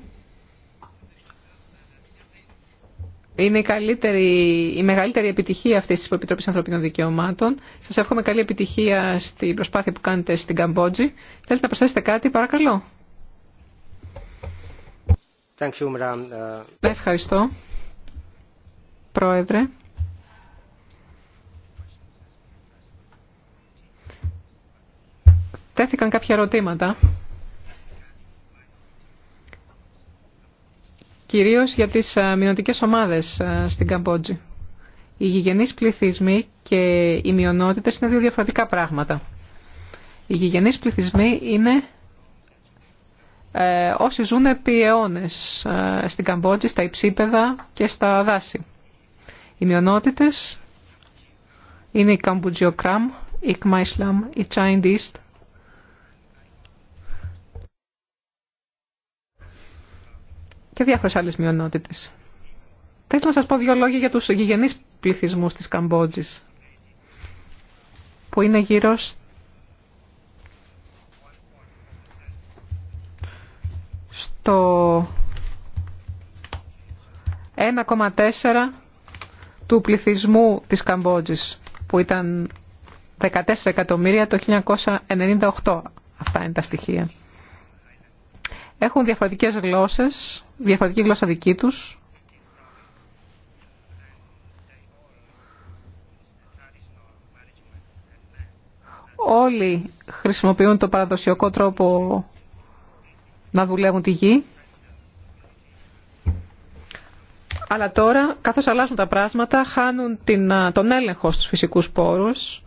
Είναι η, καλύτερη, η μεγαλύτερη επιτυχία αυτή τη Επιτροπή Ανθρωπίνων Δικαιωμάτων. Σας εύχομαι καλή επιτυχία στην προσπάθεια που κάνετε στην Καμπότζη. Θέλετε να προσθέσετε κάτι, παρακαλώ. Ε, ευχαριστώ, Πρόεδρε. τέθηκαν κάποια ερωτήματα. Κυρίως για τις ε, μειωτικές ομάδες ε, στην Καμπότζη. Οι γηγενείς πληθυσμοί και οι μειονότητες είναι δύο διαφορετικά πράγματα. Οι γηγενείς πληθυσμοί είναι ε, όσοι ζουν επί αιώνες στην Καμπότζη, στα υψίπεδα και στα δάση. Οι μειονότητες είναι η Καμπουτζιοκράμ, η Κμαϊσλάμ, η τσάιντιστ. και διάφορε άλλε μειονότητες. Θα ήθελα να σα πω δύο λόγια για του γηγενεί πληθυσμού τη Καμπότζη που είναι γύρω στο 1,4 του πληθυσμού της Καμπότζης, που ήταν 14 εκατομμύρια το 1998. Αυτά είναι τα στοιχεία έχουν διαφορετικές γλώσσες, διαφορετική γλώσσα δική τους. Όλοι χρησιμοποιούν το παραδοσιακό τρόπο να δουλεύουν τη γη. Αλλά τώρα, καθώς αλλάζουν τα πράγματα, χάνουν την, τον έλεγχο στους φυσικούς πόρους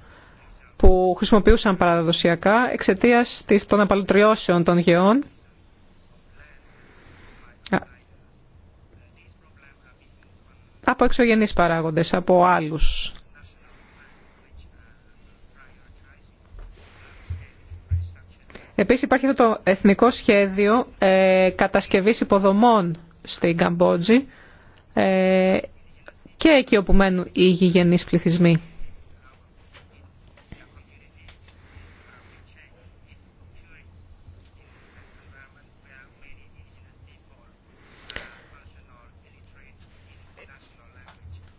που χρησιμοποιούσαν παραδοσιακά εξαιτίας των απαλωτριώσεων των γεών από εξωγενείς παράγοντες, από άλλους. Επίσης υπάρχει αυτό το εθνικό σχέδιο ε, κατασκευής υποδομών στην Καμπότζη ε, και εκεί όπου μένουν οι γηγενείς πληθυσμοί.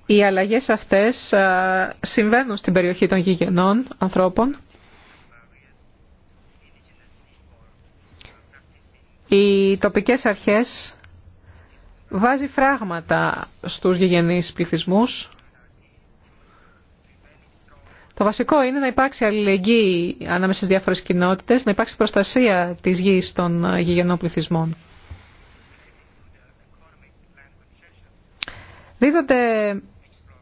Οι αλλαγές αυτές ε, συμβαίνουν στην περιοχή των γηγενών ανθρώπων. Οι τοπικές αρχές βάζει φράγματα στους γηγενείς πληθυσμούς. Το βασικό είναι να υπάρξει αλληλεγγύη ανάμεσα στις διάφορες κοινότητες, να υπάρξει προστασία της γης των γηγενών πληθυσμών. Δίδονται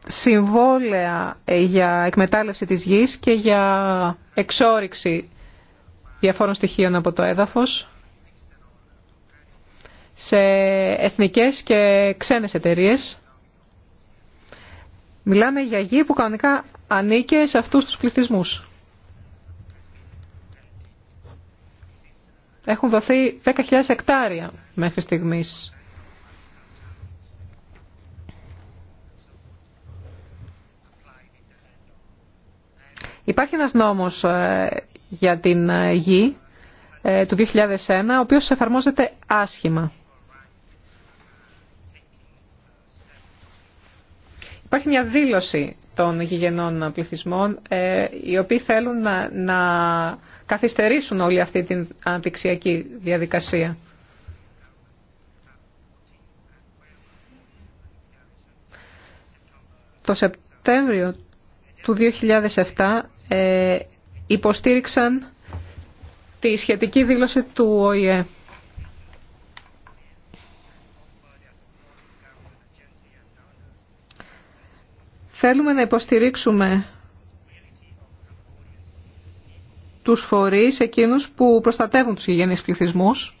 συμβόλαια ε, για εκμετάλλευση της γης και για εξόριξη διαφόρων στοιχείων από το έδαφος σε εθνικές και ξένες εταιρείες. Μιλάμε για γη που κανονικά ανήκε σε αυτούς τους πληθυσμούς. Έχουν δοθεί 10.000 εκτάρια μέχρι στιγμής Υπάρχει ένας νόμος ε, για την ε, γη ε, του 2001, ο οποίος εφαρμόζεται άσχημα. Υπάρχει μια δήλωση των γηγενών πληθυσμών, οι οποίοι θέλουν να, να καθυστερήσουν όλη αυτή την αναπτυξιακή διαδικασία. Το Σεπτέμβριο του 2007 ε, υποστήριξαν τη σχετική δήλωση του ΟΗΕ. Θέλουμε να υποστηρίξουμε τους φορείς εκείνους που προστατεύουν τους γηγενείς πληθυσμούς.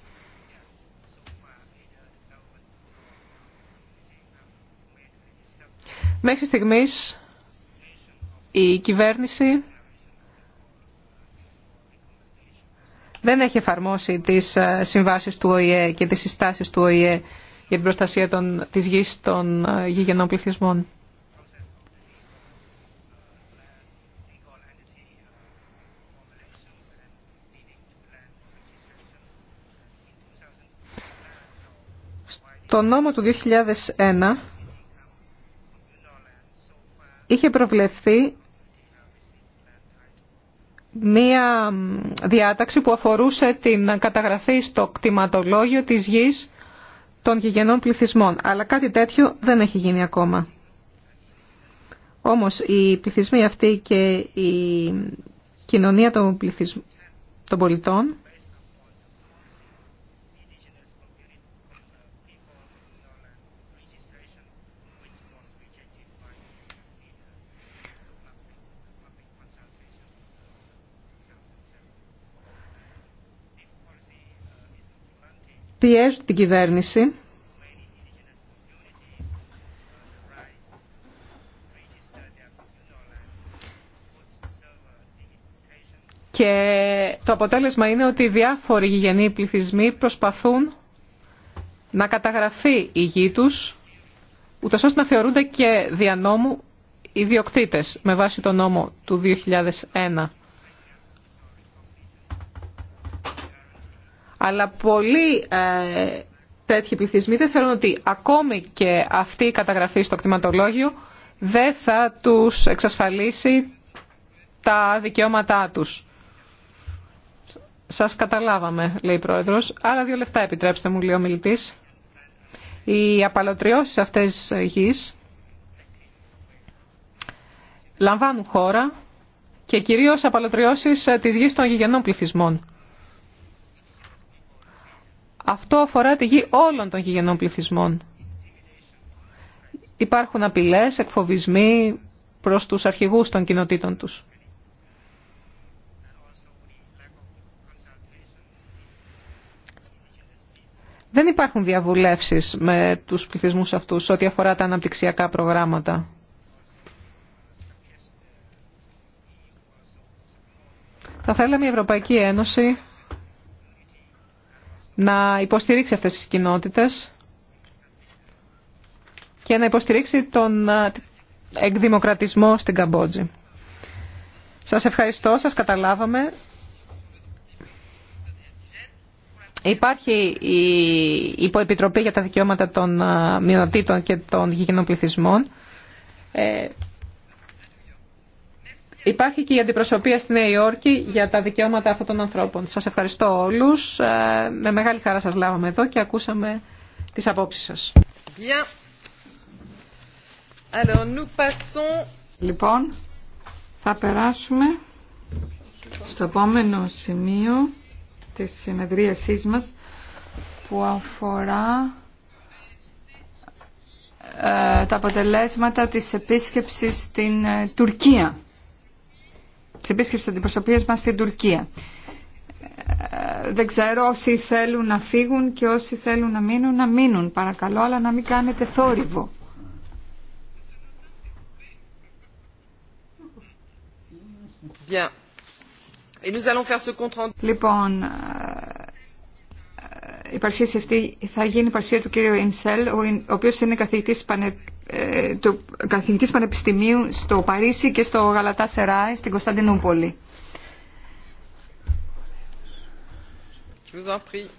Μέχρι στιγμής η κυβέρνηση δεν έχει εφαρμόσει τις ε, συμβάσει του ΟΗΕ και τις συστάσεις του ΟΗΕ για την προστασία των, της γης των ε, γηγενών πληθυσμών. Το νόμο του 2001 είχε προβλεφθεί μία διάταξη που αφορούσε την καταγραφή στο κτηματολόγιο της γης των γηγενών πληθυσμών. Αλλά κάτι τέτοιο δεν έχει γίνει ακόμα. Όμως οι πληθυσμοί αυτοί και η κοινωνία των, των πολιτών πιέζουν την κυβέρνηση και το αποτέλεσμα είναι ότι οι διάφοροι γηγενοί πληθυσμοί προσπαθούν να καταγραφεί η γη τους ούτως ώστε να θεωρούνται και διανόμου νόμου ιδιοκτήτες με βάση τον νόμο του 2001 Αλλά πολλοί ε, τέτοιοι πληθυσμοί δεν θεωρούν ότι ακόμη και αυτή η καταγραφή στο κτηματολόγιο δεν θα τους εξασφαλίσει τα δικαιώματά τους. Σας καταλάβαμε, λέει η Πρόεδρος. Άρα δύο λεφτά επιτρέψτε μου, λέει ο μιλητής. Οι απαλωτριώσεις αυτές γης λαμβάνουν χώρα και κυρίως απαλωτριώσεις ε, της γης των γηγενών πληθυσμών. Αυτό αφορά τη γη όλων των γηγενών πληθυσμών. Υπάρχουν απειλές, εκφοβισμοί προς τους αρχηγούς των κοινοτήτων τους. Δεν υπάρχουν διαβουλεύσεις με τους πληθυσμούς αυτούς ό,τι αφορά τα αναπτυξιακά προγράμματα. Θα θέλαμε η Ευρωπαϊκή Ένωση να υποστηρίξει αυτές τις κοινότητες και να υποστηρίξει τον εκδημοκρατισμό στην Καμπότζη. Σας ευχαριστώ, σας καταλάβαμε. Υπάρχει η υποεπιτροπή για τα δικαιώματα των μειονοτήτων και των γηγενών πληθυσμών. Ε, Υπάρχει και η αντιπροσωπεία στη Νέα Υόρκη για τα δικαιώματα αυτών των ανθρώπων. Σας ευχαριστώ όλους. Ε, με μεγάλη χαρά σας λάβαμε εδώ και ακούσαμε τις απόψεις σας. Λοιπόν, θα περάσουμε στο επόμενο σημείο της συνεδρίασής μας που αφορά ε, τα αποτελέσματα της επίσκεψης στην ε, Τουρκία της επίσκεψης αντιπροσωπείας μας στην Τουρκία. Ε, δεν ξέρω όσοι θέλουν να φύγουν και όσοι θέλουν να μείνουν, να μείνουν παρακαλώ, αλλά να μην κάνετε θόρυβο. λοιπόν, ε, ε, η παρουσίαση αυτή θα γίνει η παρουσία του κύριου Ινσέλ, ο οποίος είναι καθηγητής ε, το καθηγητής πανεπιστημίου στο Παρίσι και στο Γαλατά Σεράι στην Κωνσταντινούπολη. Je vous en prie.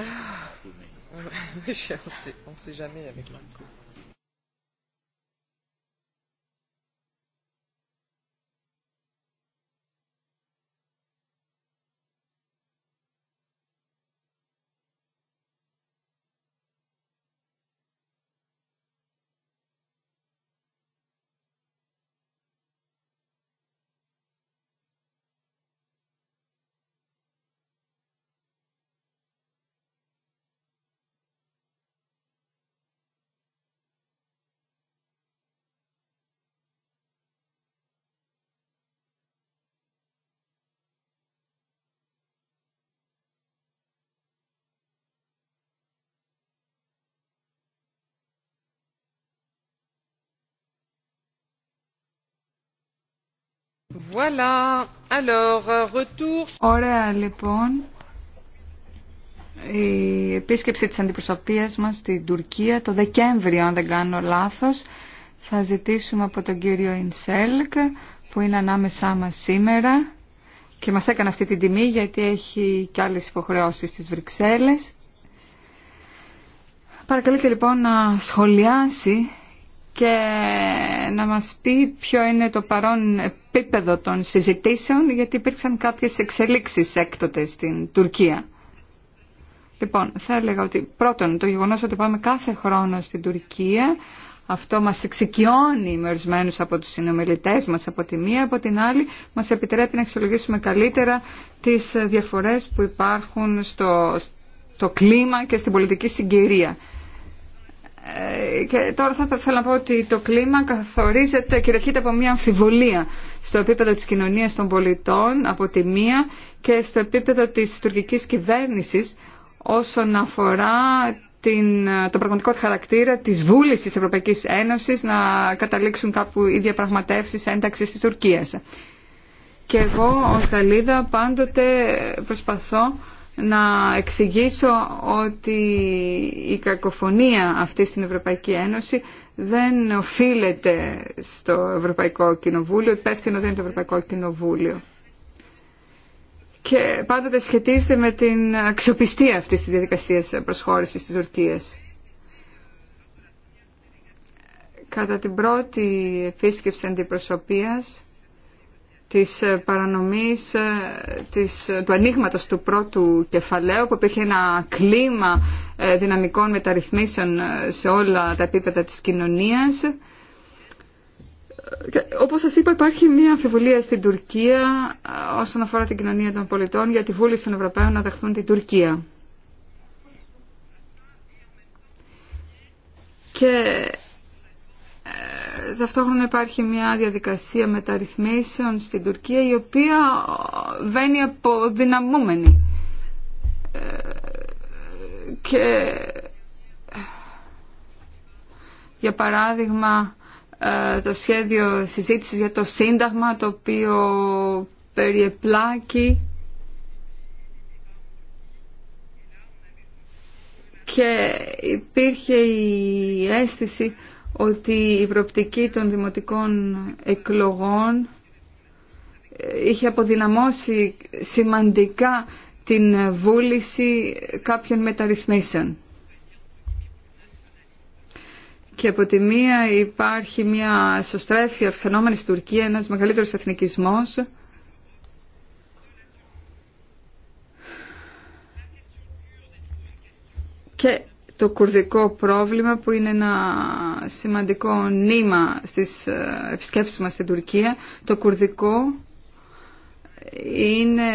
Ah. on ne sait jamais avec Marco. Euh, Ωραία, λοιπόν. Η επίσκεψη της αντιπροσωπείας μας στην Τουρκία το Δεκέμβριο, αν δεν κάνω λάθος, θα ζητήσουμε από τον κύριο Ινσέλκ, που είναι ανάμεσά μας σήμερα και μας έκανε αυτή την τιμή γιατί έχει και άλλες υποχρεώσεις στις Βρυξέλλες. Παρακαλείται λοιπόν να σχολιάσει και να μας πει ποιο είναι το παρόν επίπεδο των συζητήσεων γιατί υπήρξαν κάποιες εξελίξεις έκτοτε στην Τουρκία. Λοιπόν, θα έλεγα ότι πρώτον το γεγονός ότι πάμε κάθε χρόνο στην Τουρκία αυτό μας εξοικειώνει με ορισμένου από τους συνομιλητές μας από τη μία, από την άλλη μας επιτρέπει να αξιολογήσουμε καλύτερα τις διαφορές που υπάρχουν στο, στο κλίμα και στην πολιτική συγκυρία. Ε, και τώρα θα ήθελα να πω ότι το κλίμα καθορίζεται, και ρεχείται από μια αμφιβολία στο επίπεδο της κοινωνίας των πολιτών από τη μία και στο επίπεδο της τουρκικής κυβέρνησης όσον αφορά την, το πραγματικό χαρακτήρα της βούλησης της Ευρωπαϊκής Ένωσης να καταλήξουν κάπου οι διαπραγματεύσεις ένταξη της Τουρκίας. Και εγώ ως Γαλλίδα πάντοτε προσπαθώ να εξηγήσω ότι η κακοφωνία αυτή στην Ευρωπαϊκή Ένωση δεν οφείλεται στο Ευρωπαϊκό Κοινοβούλιο, υπεύθυνο δεν είναι το Ευρωπαϊκό Κοινοβούλιο. Και πάντοτε σχετίζεται με την αξιοπιστία αυτή τη διαδικασίας προσχώρηση τη Τουρκία. Κατά την πρώτη επίσκεψη αντιπροσωπείας, της ε, παρανομής ε, της, ε, του ανοίγματο του πρώτου κεφαλαίου που υπήρχε ένα κλίμα δυναμικών μεταρρυθμίσεων σε όλα τα επίπεδα της κοινωνίας. Και, όπως σας είπα υπάρχει μια αμφιβολία στην Τουρκία όσον αφορά την κοινωνία των πολιτών για τη βούληση των Ευρωπαίων να δεχθούν την Τουρκία. Και ταυτόχρονα υπάρχει μια διαδικασία μεταρρυθμίσεων στην Τουρκία η οποία βαίνει αποδυναμούμενη. Ε, και για παράδειγμα ε, το σχέδιο συζήτησης για το Σύνταγμα το οποίο περιεπλάκει και υπήρχε η αίσθηση ότι η προοπτική των δημοτικών εκλογών ε, είχε αποδυναμώσει σημαντικά την βούληση κάποιων μεταρρυθμίσεων. Και από τη μία υπάρχει μια σωστρέφη αυξανόμενη στην Τουρκία, ένας μεγαλύτερος εθνικισμός. Και το κουρδικό πρόβλημα που είναι ένα σημαντικό νήμα στις ε, επισκέψεις μας στην Τουρκία. Το κουρδικό είναι,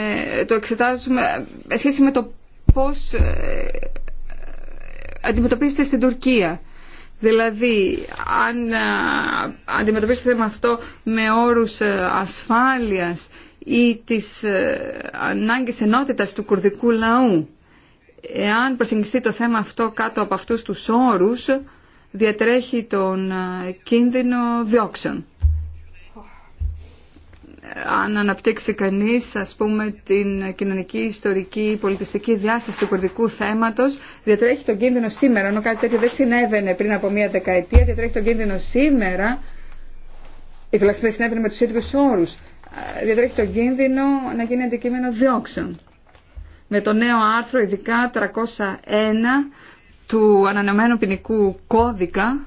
το εξετάζουμε σε σχέση με το πώς ε, αντιμετωπίζεται στην Τουρκία. Δηλαδή, αν ε, αντιμετωπίσετε με αυτό με όρους ασφάλειας ή της ανάγκης ενότητας του κουρδικού λαού εάν προσεγγιστεί το θέμα αυτό κάτω από αυτούς τους όρους, διατρέχει τον ε, κίνδυνο διώξεων. Αν αναπτύξει κανείς, ας πούμε, την κοινωνική, ιστορική, πολιτιστική διάσταση του κουρδικού θέματος, διατρέχει τον κίνδυνο σήμερα, ενώ κάτι τέτοιο δεν συνέβαινε πριν από μία δεκαετία, διατρέχει τον κίνδυνο σήμερα, η δεν συνέβαινε με τους ίδιους όρους, ε, διατρέχει τον κίνδυνο να γίνει αντικείμενο διώξεων με το νέο άρθρο ειδικά 301 του ανανεωμένου ποινικού κώδικα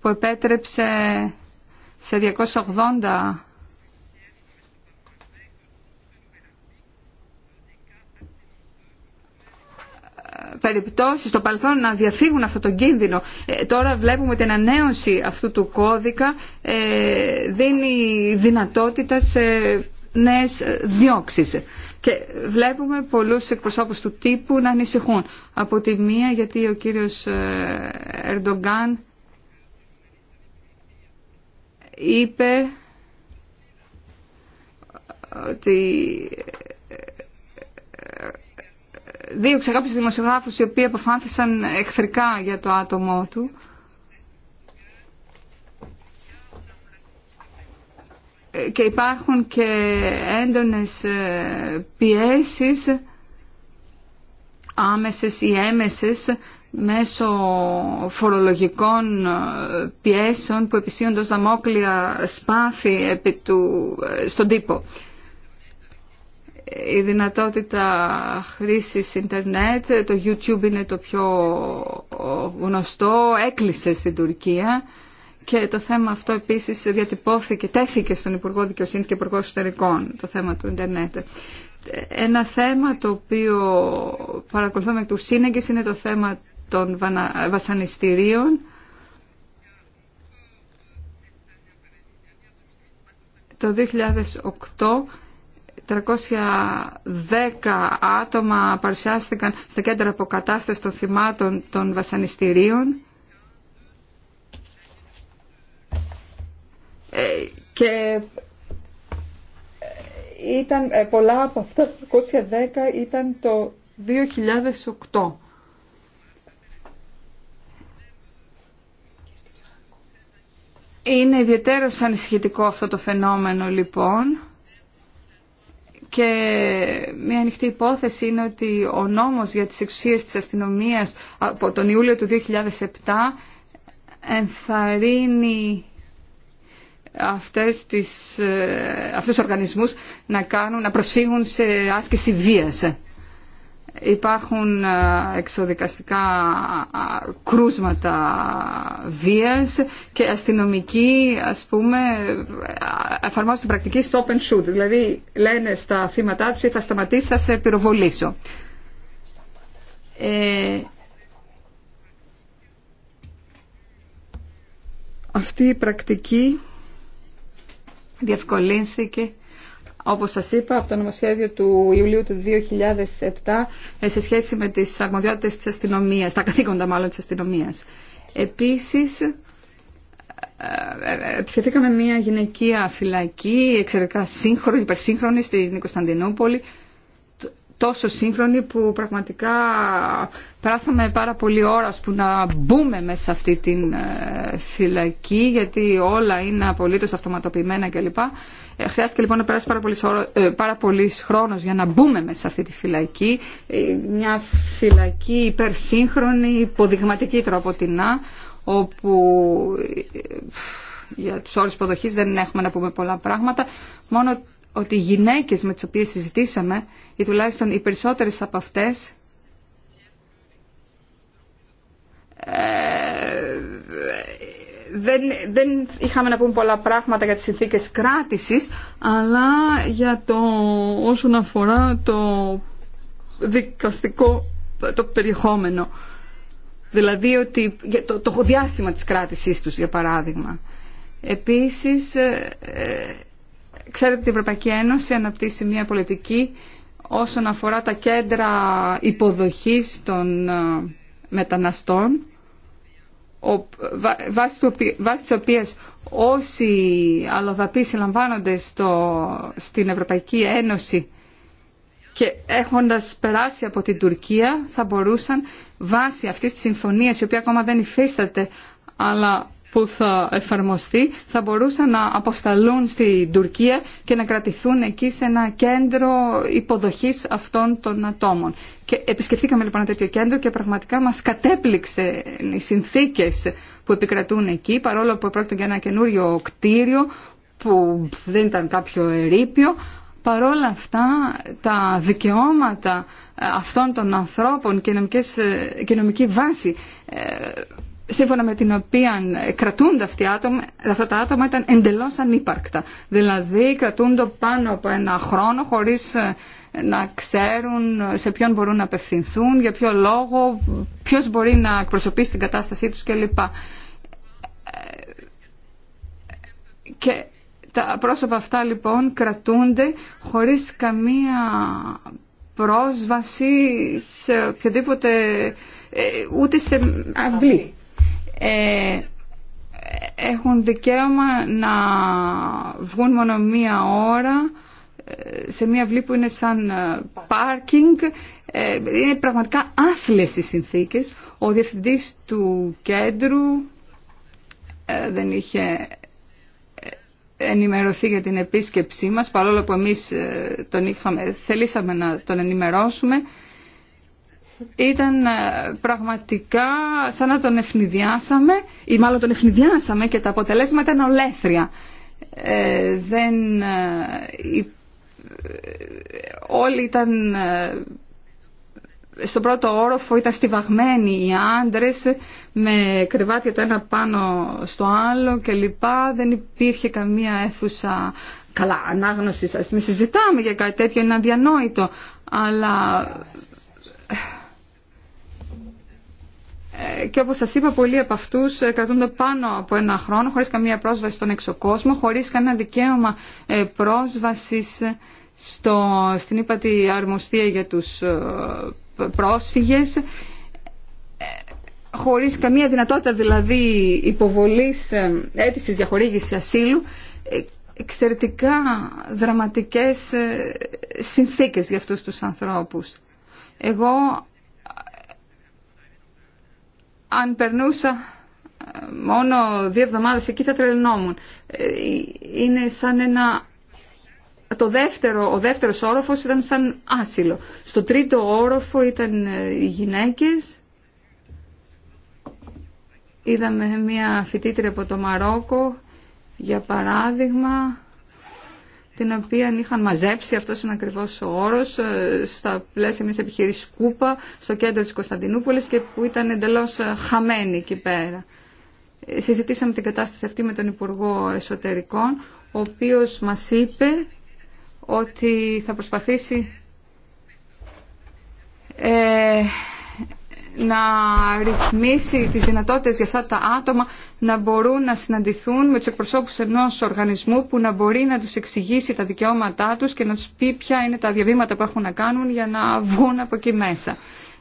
που επέτρεψε σε 280 περιπτώσεις στο παρελθόν να διαφύγουν αυτό το κίνδυνο. Ε, τώρα βλέπουμε ότι η ανανέωση αυτού του κώδικα ε, δίνει δυνατότητα σε νέες διώξεις. Και βλέπουμε πολλούς εκπροσώπους του τύπου να ανησυχούν. Από τη μία γιατί ο κύριος Ερντογκάν είπε ότι δίωξε κάποιους δημοσιογράφους οι οποίοι αποφάνθησαν εχθρικά για το άτομό του και υπάρχουν και έντονες ε, πιέσεις άμεσες ή έμεσες μέσω φορολογικών ε, πιέσεων που επισύοντος δαμόκλια σπάθη επί του, ε, στον τύπο. Η δυνατότητα χρήσης ίντερνετ, το YouTube είναι το πιο γνωστό, έκλεισε στην Τουρκία και το θέμα αυτό επίσης διατυπώθηκε, τέθηκε στον Υπουργό Δικαιοσύνης και Υπουργό Εσωτερικών, το θέμα του Ιντερνετ. Ένα θέμα το οποίο παρακολουθούμε εκ του σύνεγγης είναι το θέμα των βασανιστήριων. Το 2008 310 άτομα παρουσιάστηκαν στα κέντρα αποκατάσταση των θυμάτων των βασανιστήριων Ε, και ε, ήταν ε, πολλά από αυτά, 210 ήταν το 2008. Είναι ιδιαίτερο ανησυχητικό αυτό το φαινόμενο λοιπόν και μια ανοιχτή υπόθεση είναι ότι ο νόμος για τις εξουσίες της αστυνομίας από τον Ιούλιο του 2007 ενθαρρύνει αυτές τις, ε, αυτούς τους οργανισμούς να, κάνουν, να προσφύγουν σε άσκηση βίας. Υπάρχουν ε, εξοδικαστικά κρούσματα βίας και αστυνομικοί, ας πούμε, ε, εφαρμόζουν την πρακτική stop and shoot. Δηλαδή λένε στα θύματα τους θα σταματήσει, θα σε πυροβολήσω. αυτή η πρακτική διευκολύνθηκε όπως σας είπα, από το νομοσχέδιο του Ιουλίου του 2007 ε, σε σχέση με τις αρμοδιότητες της αστυνομίας, τα καθήκοντα μάλλον της αστυνομίας. Επίσης, ε, ε, ψηφίκαμε μια γυναικεία φυλακή, εξαιρετικά σύγχρονη, υπερσύγχρονη στην Κωνσταντινούπολη, τόσο σύγχρονη που πραγματικά περάσαμε πάρα πολλή ώρα που να μπούμε μέσα σε αυτή την ε, φυλακή γιατί όλα είναι απολύτως αυτοματοποιημένα κλπ. Ε, χρειάστηκε λοιπόν να περάσει πάρα πολύ, ε, χρόνο για να μπούμε μέσα σε αυτή τη φυλακή. Μια φυλακή υπερσύγχρονη, υποδειγματική ά, όπου για τους όρους υποδοχή δεν έχουμε να πούμε πολλά πράγματα, μόνο ότι οι γυναίκες με τις οποίες συζητήσαμε, ή τουλάχιστον οι περισσότερες από αυτές, ε, δεν, δεν είχαμε να πούμε πολλά πράγματα για τις συνθήκες κράτησης, αλλά για το όσον αφορά το δικαστικό το περιεχόμενο. Δηλαδή ότι, το, το διάστημα της κράτησής τους, για παράδειγμα. Επίσης, ε, ε, Ξέρετε ότι η Ευρωπαϊκή Ένωση αναπτύσσει μια πολιτική όσον αφορά τα κέντρα υποδοχής των ε, μεταναστών βάσει της οποίας όσοι αλλοδαποί συλλαμβάνονται στο, στην Ευρωπαϊκή Ένωση και έχοντας περάσει από την Τουρκία θα μπορούσαν βάσει αυτής της συμφωνίας η οποία ακόμα δεν υφίσταται αλλά που θα εφαρμοστεί θα μπορούσαν να αποσταλούν στην Τουρκία και να κρατηθούν εκεί σε ένα κέντρο υποδοχής αυτών των ατόμων. Και επισκεφθήκαμε λοιπόν ένα τέτοιο κέντρο και πραγματικά μας κατέπληξε οι συνθήκες που επικρατούν εκεί παρόλο που πρόκειται για ένα καινούριο κτίριο που δεν ήταν κάποιο ερείπιο παρόλα αυτά τα δικαιώματα αυτών των ανθρώπων και η νομική βάση ε, σύμφωνα με την οποία κρατούνται αυτοί άτομα, αυτά τα άτομα ήταν εντελώς ανύπαρκτα. Δηλαδή κρατούνται πάνω από ένα χρόνο χωρίς ε, να ξέρουν σε ποιον μπορούν να απευθυνθούν, για ποιο λόγο, ποιος μπορεί να εκπροσωπήσει την κατάστασή τους κλπ. Ε, και τα πρόσωπα αυτά λοιπόν κρατούνται χωρίς καμία πρόσβαση σε οποιοδήποτε, ε, ούτε σε αυλή. Ε, έχουν δικαίωμα να βγουν μόνο μία ώρα ε, σε μία βλή που είναι σαν ε, πάρκινγκ. Είναι πραγματικά άθλες οι συνθήκες. Ο διευθυντής του κέντρου δεν είχε ενημερωθεί για την επίσκεψή μας, παρόλο που εμείς τον είχαμε, θελήσαμε να τον ενημερώσουμε ήταν ε, πραγματικά σαν να τον ευνηδιάσαμε ή μάλλον τον ευνηδιάσαμε και τα αποτελέσματα ήταν ολέθρια. Ε, δεν, ε, ε, όλοι ήταν στον πρώτο όροφο ήταν στιβαγμένοι οι άντρες με κρεβάτια το ένα πάνω στο άλλο και λοιπά. Δεν υπήρχε καμία αίθουσα καλά ανάγνωση σας. μην συζητάμε για κάτι τέτοιο, είναι αδιανόητο. Αλλά Ε, και όπως σας είπα πολλοί από αυτούς ε, κρατούνται πάνω από ένα χρόνο χωρίς καμία πρόσβαση στον εξωκόσμο, χωρίς κανένα δικαίωμα ε, πρόσβασης στο, στην ύπατη αρμοστία για τους πρόσφυγες, χωρίς καμία δυνατότητα δηλαδή υποβολής αίτησης για χορήγηση ασύλου, εξαιρετικά δραματικές συνθήκες για αυτούς τους ανθρώπους. Εγώ αν περνούσα ε, μόνο δύο εβδομάδες εκεί θα τρελνόμουν. Ε, είναι σαν ένα... Το δεύτερο, ο δεύτερος όροφος ήταν σαν άσυλο. Στο τρίτο όροφο ήταν ε, οι γυναίκες. Είδαμε μια φοιτήτρια από το Μαρόκο, για παράδειγμα, την οποία είχαν μαζέψει, αυτός είναι ακριβώς ο όρος, ε, στα πλαίσια μιας επιχειρήσης Κούπα, στο κέντρο της Κωνσταντινούπολης και που ήταν εντελώς ε, χαμένη εκεί πέρα. Ε, συζητήσαμε την κατάσταση αυτή με τον Υπουργό Εσωτερικών, ο οποίος μας είπε ότι θα προσπαθήσει ε, να ρυθμίσει τις δυνατότητες για αυτά τα άτομα να μπορούν να συναντηθούν με τους εκπροσώπους ενός οργανισμού που να μπορεί να τους εξηγήσει τα δικαιώματά τους και να τους πει ποια είναι τα διαβήματα που έχουν να κάνουν για να βγουν από εκεί μέσα.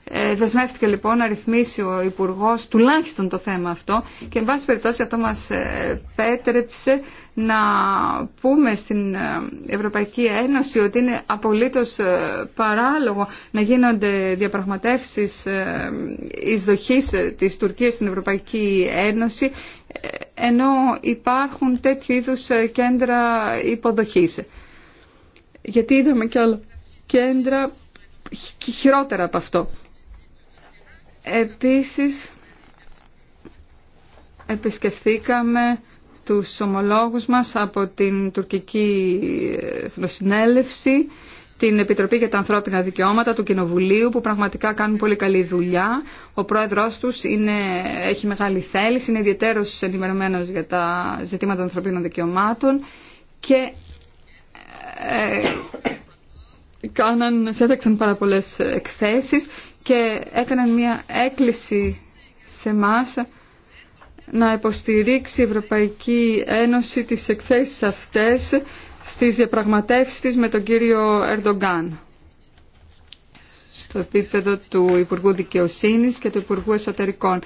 Ε, δεσμεύτηκε λοιπόν να ρυθμίσει ο Υπουργό τουλάχιστον το θέμα αυτό και εν πάση περιπτώσει αυτό μας ε, πέτρεψε να πούμε στην ε, Ευρωπαϊκή Ένωση ότι είναι απολύτως παράλογο να γίνονται διαπραγματεύσεις εισδοχής της Τουρκίας στην Ευρωπαϊκή Ένωση ενώ υπάρχουν τέτοιου είδους κέντρα υποδοχής. Γιατί είδαμε και άλλα κέντρα χειρότερα από αυτό. Επίσης, επισκεφθήκαμε τους ομολόγους μας από την τουρκική εθνοσυνέλευση, την Επιτροπή για τα Ανθρώπινα Δικαιώματα του Κοινοβουλίου που πραγματικά κάνουν πολύ καλή δουλειά. Ο πρόεδρός τους είναι, έχει μεγάλη θέληση, είναι ιδιαίτερος ενημερωμένος για τα ζητήματα των ανθρωπίνων δικαιωμάτων και ε, κάναν, πάρα πολλές εκθέσεις και έκαναν μια έκκληση σε εμά να υποστηρίξει η Ευρωπαϊκή Ένωση τις εκθέσεις αυτές στις διαπραγματεύσεις της με τον κύριο Ερντογκάν στο επίπεδο του Υπουργού Δικαιοσύνης και του Υπουργού Εσωτερικών.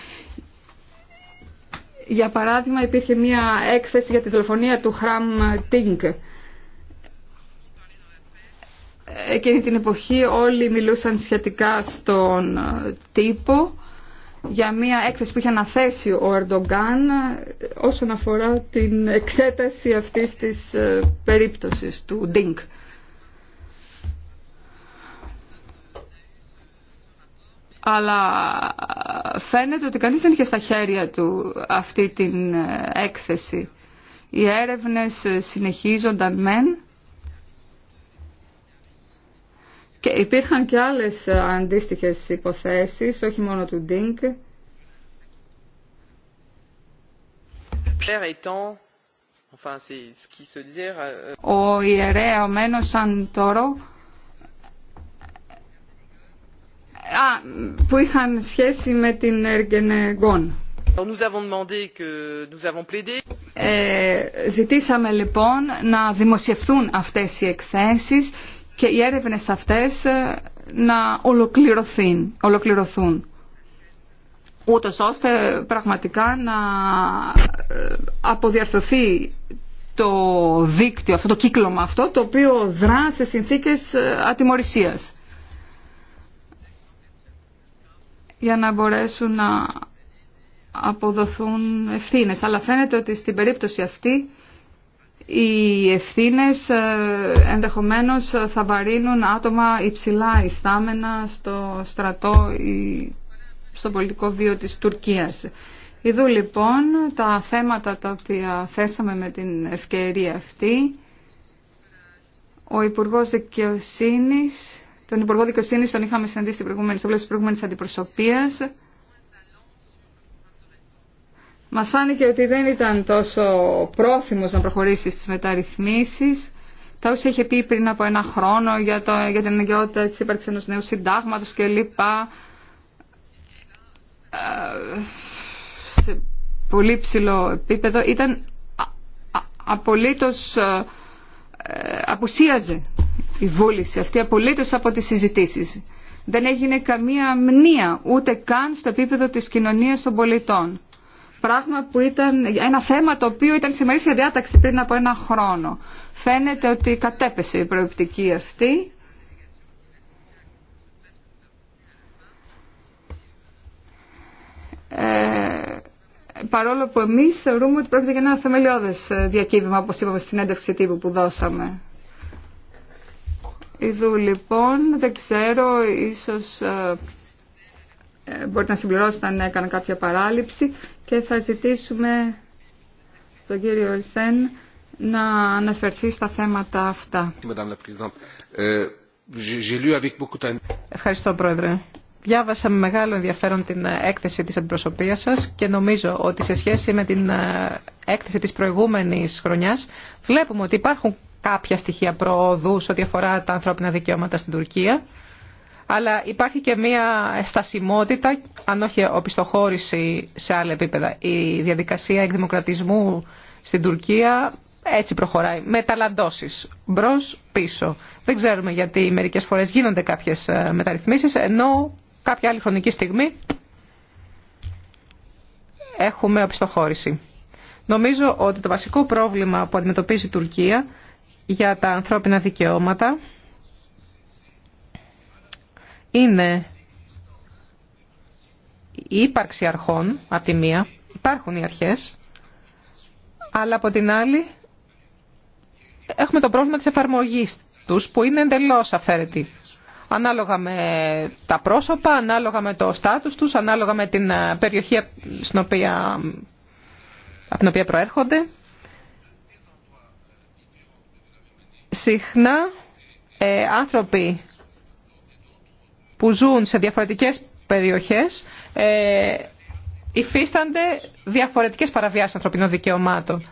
Για παράδειγμα υπήρχε μια έκθεση για τη δολοφονία του Χραμ Τίνκ εκείνη την εποχή όλοι μιλούσαν σχετικά στον ε, τύπο για μια έκθεση που είχε αναθέσει ο Ερντογκάν ε, όσον αφορά την εξέταση αυτής της ε, περίπτωσης του Ντίνκ. Αλλά φαίνεται ότι κανείς δεν είχε στα χέρια του αυτή την έκθεση. Οι έρευνες συνεχίζονταν μεν, Και υπήρχαν και άλλες ε, αντίστοιχες υποθέσεις, όχι μόνο του Ντίνκ. Euh, ο ιεραίωμένο Σαντόρο α, που είχαν σχέση με την Εργενεγκόν. Ε, ζητήσαμε λοιπόν να δημοσιευθούν αυτές οι εκθέσεις και οι έρευνες αυτές ε, να ολοκληρωθούν ούτως ώστε πραγματικά να ε, αποδιαρθωθεί το δίκτυο, αυτό το κύκλωμα αυτό, το οποίο δρά σε συνθήκες ε, ατιμορρησίας. Για να μπορέσουν να αποδοθούν ευθύνες. Αλλά φαίνεται ότι στην περίπτωση αυτή οι ευθύνες ε, ενδεχομένως θα βαρύνουν άτομα υψηλά ιστάμενα στο στρατό ή στο πολιτικό βίο της Τουρκίας. Εδώ λοιπόν τα θέματα τα οποία θέσαμε με την ευκαιρία αυτή, ο Υπουργό Δικαιοσύνη, τον Υπουργό Δικαιοσύνη, τον είχαμε συναντήσει προηγούμενη, στο πλαίσιο τη προηγούμενη αντιπροσωπείας, μας φάνηκε ότι δεν ήταν τόσο πρόθυμος να προχωρήσει στις μεταρρυθμίσεις. Τα όσα είχε πει πριν από ένα χρόνο για, το, για την αναγκαιότητα της ύπαρξης ενός νέου συντάγματος κλπ. Ε, σε πολύ ψηλό επίπεδο ήταν απολύτως ε, απουσίαζε η βούληση αυτή απολύτως από τις συζητήσεις. Δεν έγινε καμία μνήα ούτε καν στο επίπεδο της κοινωνίας των πολιτών πράγμα που ήταν ένα θέμα το οποίο ήταν σε μερίσια διάταξη πριν από ένα χρόνο. Φαίνεται ότι κατέπεσε η προεπτική αυτή. Ε, παρόλο που εμείς θεωρούμε ότι πρόκειται για ένα θεμελιώδες ε, διακύβημα, όπως είπαμε στην έντευξη τύπου που δώσαμε. Ιδού λοιπόν, δεν ξέρω, ίσως ε, μπορείτε να συμπληρώσετε αν έκανα κάποια παράληψη και θα ζητήσουμε τον κύριο Ελσέν να αναφερθεί στα θέματα αυτά. Euh, Ευχαριστώ Πρόεδρε. Διάβασα με μεγάλο ενδιαφέρον την ε, έκθεση της αντιπροσωπείας σας και νομίζω ότι σε σχέση με την ε, έκθεση της προηγούμενης χρονιάς βλέπουμε ότι υπάρχουν κάποια στοιχεία προόδου ό,τι αφορά τα ανθρώπινα δικαιώματα στην Τουρκία αλλά υπάρχει και μία στασιμότητα, αν όχι οπισθοχώρηση σε άλλα επίπεδα. Η διαδικασία εκδημοκρατισμού στην Τουρκία έτσι προχωράει, με ταλαντώσεις, μπρος πίσω. Δεν ξέρουμε γιατί μερικές φορές γίνονται κάποιες ε, μεταρρυθμίσεις, ενώ κάποια άλλη χρονική στιγμή έχουμε οπισθοχώρηση. Νομίζω ότι το βασικό πρόβλημα που αντιμετωπίζει η Τουρκία για τα ανθρώπινα δικαιώματα είναι η ύπαρξη αρχών, από τη μία, υπάρχουν οι αρχές, αλλά από την άλλη έχουμε το πρόβλημα της εφαρμογής τους που είναι εντελώς αφαίρετη. Ανάλογα με τα πρόσωπα, ανάλογα με το στάτους τους, ανάλογα με την ε, περιοχή στην οποία, από την οποία προέρχονται. Συχνά ε, άνθρωποι που ζουν σε διαφορετικές περιοχές ε, υφίστανται διαφορετικές παραβιάσεις ανθρωπινών δικαιωμάτων.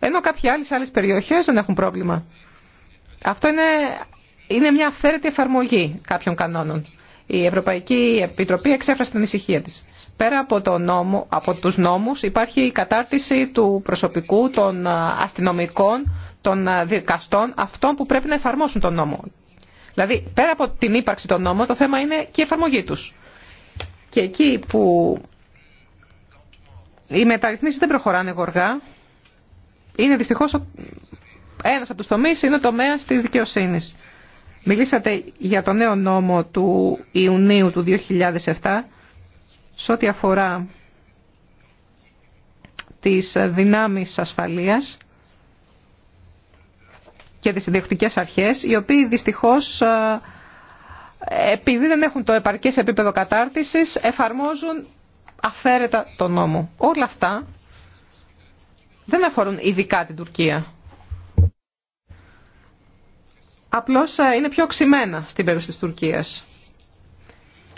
Ενώ κάποιοι άλλοι σε άλλες περιοχές δεν έχουν πρόβλημα. Αυτό είναι, είναι μια αυθαίρετη εφαρμογή κάποιων κανόνων. Η Ευρωπαϊκή Επιτροπή εξέφρασε την ησυχία της. Πέρα από, το νόμο, από τους νόμους υπάρχει η κατάρτιση του προσωπικού, των αστυνομικών, των δικαστών, αυτών που πρέπει να εφαρμόσουν τον νόμο. Δηλαδή, πέρα από την ύπαρξη των νόμων, το θέμα είναι και η εφαρμογή του. Και εκεί που οι μεταρρυθμίσει δεν προχωράνε γοργά, είναι δυστυχώς ένας από τους τομείς είναι ο τομέας τη δικαιοσύνη. Μιλήσατε για το νέο νόμο του Ιουνίου του 2007 σε ό,τι αφορά τις δυνάμεις ασφαλείας και τις ιδιοκτικές αρχές, οι οποίοι δυστυχώς ε, επειδή δεν έχουν το επαρκές επίπεδο κατάρτισης, εφαρμόζουν αφαίρετα τον νόμο. Όλα αυτά δεν αφορούν ειδικά την Τουρκία. Απλώς ε, είναι πιο οξυμένα στην περίπτωση της Τουρκίας.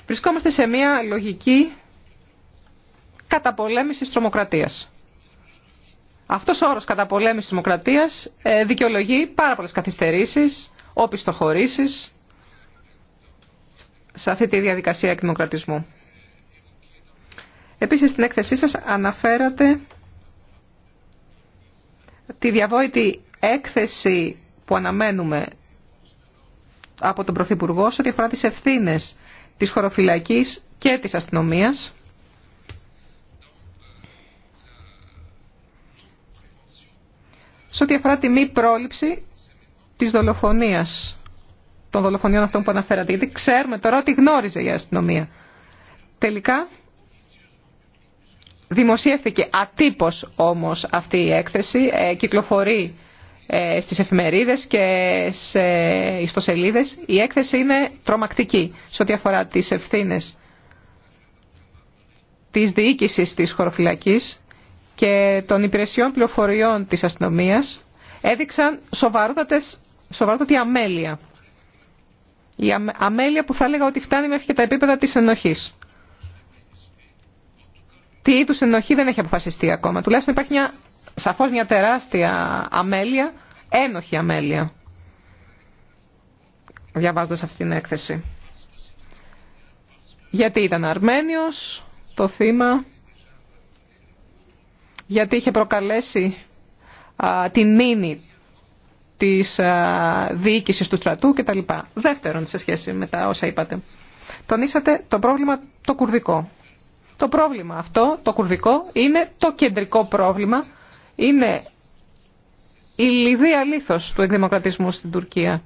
Βρισκόμαστε σε μια λογική καταπολέμησης τρομοκρατίας. Αυτός ο όρος καταπολέμησης δημοκρατία δημοκρατίας ε, δικαιολογεί πάρα πολλές καθυστερήσεις, οπισθοχωρήσεις, σε αυτή τη διαδικασία εκδημοκρατισμού. Επίσης στην έκθεσή σας αναφέρατε τη διαβόητη έκθεση που αναμένουμε από τον Πρωθυπουργό σε ό,τι αφορά τι ευθύνες της χωροφυλακής και της αστυνομίας σε ό,τι αφορά τη μη πρόληψη της δολοφονίας, των δολοφονιών αυτών που αναφέρατε. Γιατί ξέρουμε τώρα ότι γνώριζε η αστυνομία. Τελικά δημοσιεύθηκε ατύπως όμως αυτή η έκθεση, ε, κυκλοφορεί ε, στις εφημερίδες και σε ιστοσελίδες. Η έκθεση είναι τρομακτική σε ό,τι αφορά τις ευθύνες της διοίκησης της χωροφυλακής και των υπηρεσιών πληροφοριών της αστυνομίας έδειξαν σοβαρότατη αμέλεια. Η αμέλεια που θα έλεγα ότι φτάνει μέχρι και τα επίπεδα της ενοχής. Τι είδου ενοχή δεν έχει αποφασιστεί ακόμα. Τουλάχιστον υπάρχει μια, σαφώς μια τεράστια αμέλεια, ένοχη αμέλεια. Διαβάζοντας αυτή την έκθεση. Γιατί ήταν Αρμένιος, το θύμα γιατί είχε προκαλέσει τη μνήμη της διοίκηση του στρατού κτλ. Δεύτερον, σε σχέση με τα όσα είπατε, τονίσατε το πρόβλημα το κουρδικό. Το πρόβλημα αυτό, το κουρδικό, είναι το κεντρικό πρόβλημα, είναι η λιδία λίθος του εκδημοκρατισμού στην Τουρκία.